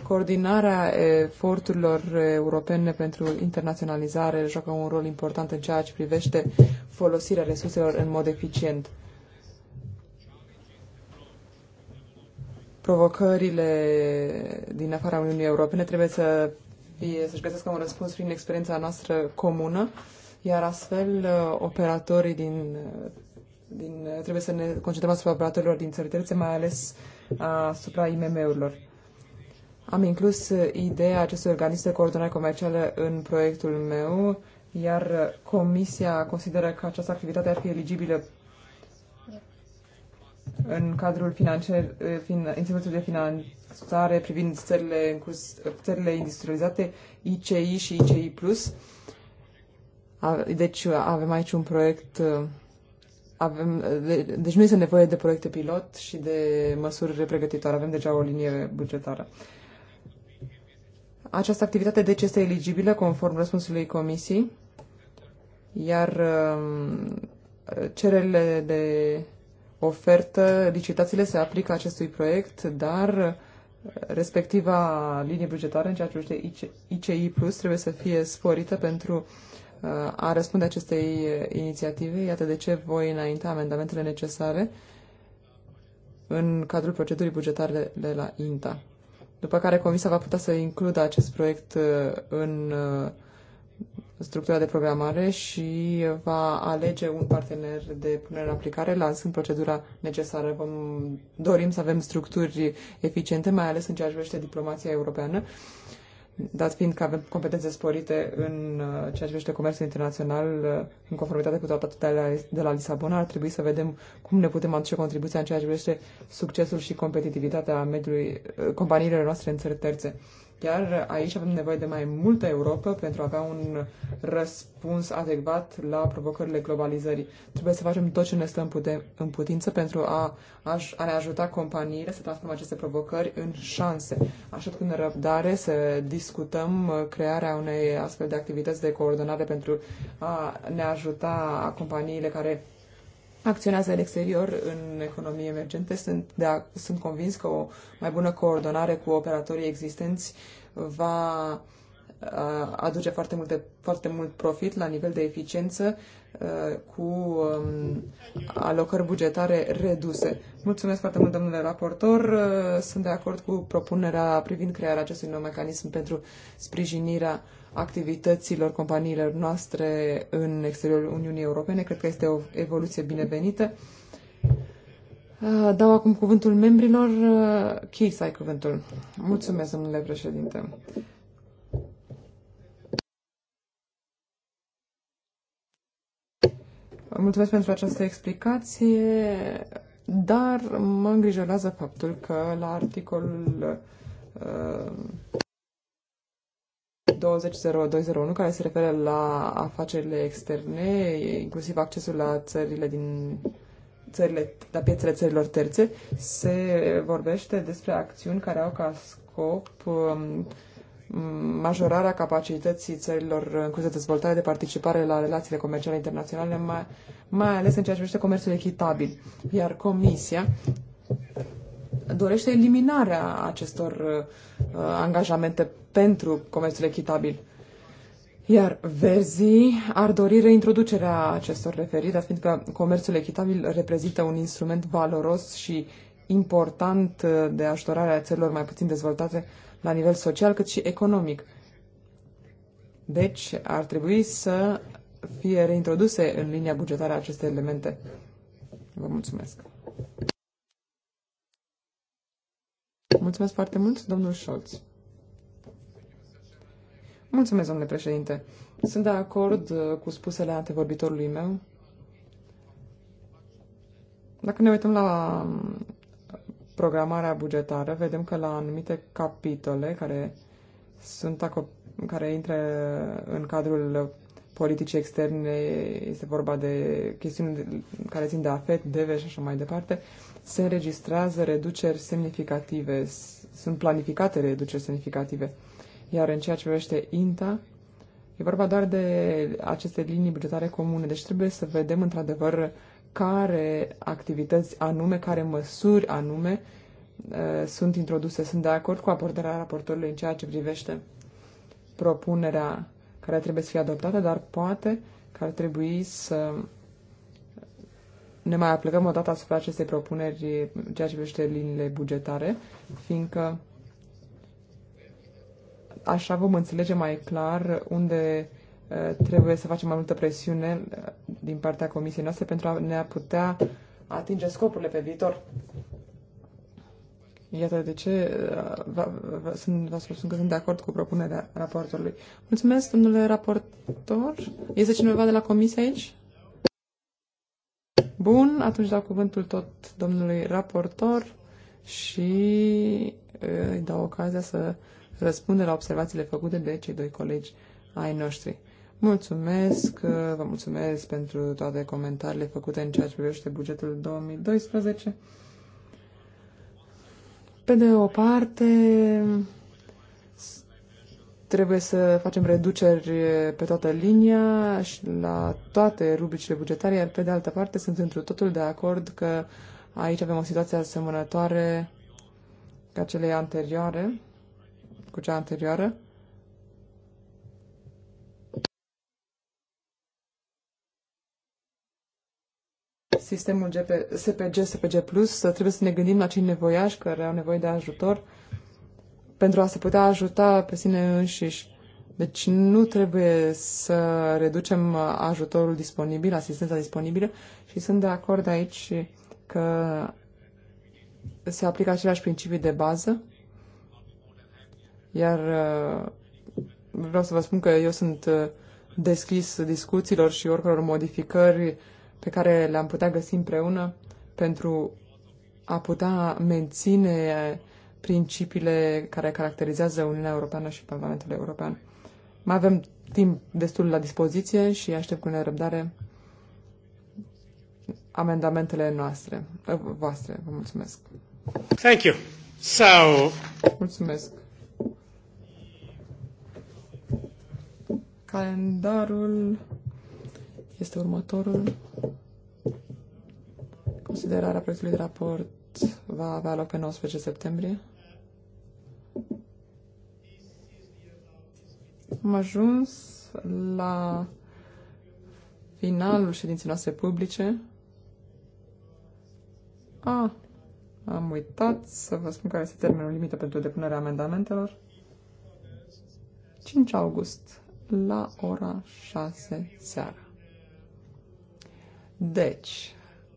Coordinarea eforturilor europene pentru internaționalizare joacă un rol important în ceea ce privește folosirea resurselor în mod eficient. Provocările din afara Uniunii Europene trebuie să fie, să-și găsească un răspuns prin experiența noastră comună iar astfel uh, operatorii din, uh, din uh, trebuie să ne concentrăm asupra operatorilor din țări terțe, mai ales asupra IMM-urilor. Am inclus ideea acestui organism de coordonare comercială în proiectul meu, iar Comisia consideră că această activitate ar fi eligibilă în cadrul financiar, de Finanțare privind țările, în curs, țările industrializate, ICI și ICI+, deci avem aici un proiect, uh, avem, deci nu este nevoie de proiecte pilot și de măsuri pregătitoare, avem deja o linie bugetară. Această activitate deci este eligibilă conform răspunsului comisiei, iar uh, cererile de ofertă, licitațiile se aplică acestui proiect, dar uh, respectiva linie bugetară în ceea ce privește ICI Plus trebuie să fie sporită pentru a răspunde acestei eh, inițiative. Iată de ce voi înainta amendamentele necesare în cadrul procedurii bugetare de la INTA. După care Comisia va putea să includă acest proiect eh, în eh, structura de programare și va alege un partener de punere în aplicare, lansând procedura necesară. Vom, dorim să avem structuri eficiente, mai ales în ceea ce privește diplomația europeană. Uh, dat fiind că avem competențe sporite în uh, ceea ce privește comerțul internațional, uh, în conformitate cu tratatele de la Lisabona, ar trebui să vedem cum ne putem aduce contribuția în ceea ce privește succesul și competitivitatea mediului uh, companiilor noastre în țări terțe. Iar aici avem nevoie de mai multă Europa pentru a avea un răspuns adecvat la provocările globalizării. Trebuie să facem tot ce ne stă în, pute- în putință pentru a, a ne ajuta companiile să transforme aceste provocări în șanse. Așa cu nerăbdare să discutăm crearea unei astfel de activități de coordonare pentru a ne ajuta companiile care acționează în exterior, în economie emergente. Sunt, de a, sunt convins că o mai bună coordonare cu operatorii existenți va aduce foarte, multe, foarte mult profit la nivel de eficiență cu um, alocări bugetare reduse. Mulțumesc foarte mult, domnule raportor. Sunt de acord cu propunerea privind crearea acestui nou mecanism pentru sprijinirea activităților companiilor noastre în exteriorul Uniunii Europene. Cred că este o evoluție binevenită. Dau acum cuvântul membrilor. Chis, ai cuvântul. Mulțumesc, domnule președinte. Mulțumesc pentru această explicație, dar mă îngrijorează faptul că la articolul uh, 20.0201, care se referă la afacerile externe, inclusiv accesul la țările din țările, la piețele țărilor terțe, se vorbește despre acțiuni care au ca scop uh, majorarea capacității țărilor în curs de dezvoltare de participare la relațiile comerciale internaționale, mai, mai ales în ceea ce privește comerțul echitabil. Iar Comisia dorește eliminarea acestor uh, angajamente pentru comerțul echitabil. Iar verzii ar dori reintroducerea acestor referiri, dar fiindcă comerțul echitabil reprezintă un instrument valoros și important uh, de ajutorare a țărilor mai puțin dezvoltate la nivel social cât și economic. Deci, ar trebui să fie reintroduse în linia bugetară aceste elemente. Vă mulțumesc. Mulțumesc foarte mult, domnul Scholz. Mulțumesc, domnule președinte. Sunt de acord uh, cu spusele antevorbitorului meu. Dacă ne uităm la um, programarea bugetară, vedem că la anumite capitole care sunt care intră în cadrul politicii externe, este vorba de chestiuni care țin de afet, deve și așa mai departe, se înregistrează reduceri semnificative, sunt planificate reduceri semnificative. Iar în ceea ce privește INTA, e vorba doar de aceste linii bugetare comune, deci trebuie să vedem într-adevăr uh, care activități anume, care măsuri anume uh, sunt introduse. Sunt de acord cu abordarea raportorului în ceea ce privește propunerea care trebuie să fie adoptată, dar poate că ar trebui să ne mai aplicăm o dată asupra acestei propuneri ceea ce privește liniile bugetare, fiindcă așa vom înțelege mai clar unde trebuie să facem mai multă presiune uh, din partea comisiei noastre pentru a ne putea atinge scopurile pe viitor. Iată de ce vă, uh, vă, sunt, vă spun că sunt de acord cu propunerea raportului. Mulțumesc, domnule raportor. Este cineva de la comisie aici? Bun, atunci dau cuvântul tot domnului raportor și uh, îi dau ocazia să răspundă la observațiile făcute de cei doi colegi ai noștri. Mulțumesc, vă mulțumesc pentru toate comentariile făcute în ceea ce privește bugetul 2012. Pe de o parte, trebuie să facem reduceri pe toată linia și la toate rubricile bugetare, iar pe de altă parte sunt într totul de acord că aici avem o situație asemănătoare ca celei anterioare, cu cea anterioară, sistemul GP, SPG, SPG+, trebuie să ne gândim la cei nevoiași care au nevoie de ajutor pentru a se putea ajuta pe sine înșiși. Deci nu trebuie să reducem ajutorul disponibil, asistența disponibilă și sunt de acord aici că se aplică aceleași principii de bază, iar uh, vreau să vă spun că eu sunt uh, deschis discuțiilor și oricăror modificări pe care le-am putea găsi împreună pentru a putea menține principiile care caracterizează Uniunea Europeană și Parlamentul European. Mai avem timp destul la dispoziție și aștept cu nerăbdare amendamentele noastre, eh, voastre. Vă mulțumesc. Thank you. So... Mulțumesc. Calendarul este următorul. Considerarea proiectului de raport va avea loc pe 19 septembrie. Am ajuns la finalul ședinței noastre publice. Ah, am uitat să vă spun care este termenul limită pentru depunerea amendamentelor. 5 august, la ora 6 seara. Deci,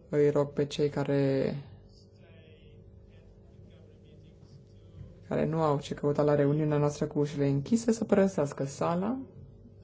îi rog pe cei care care nu au ce căuta la reuniunea noastră cu ușile închise să părăsească sala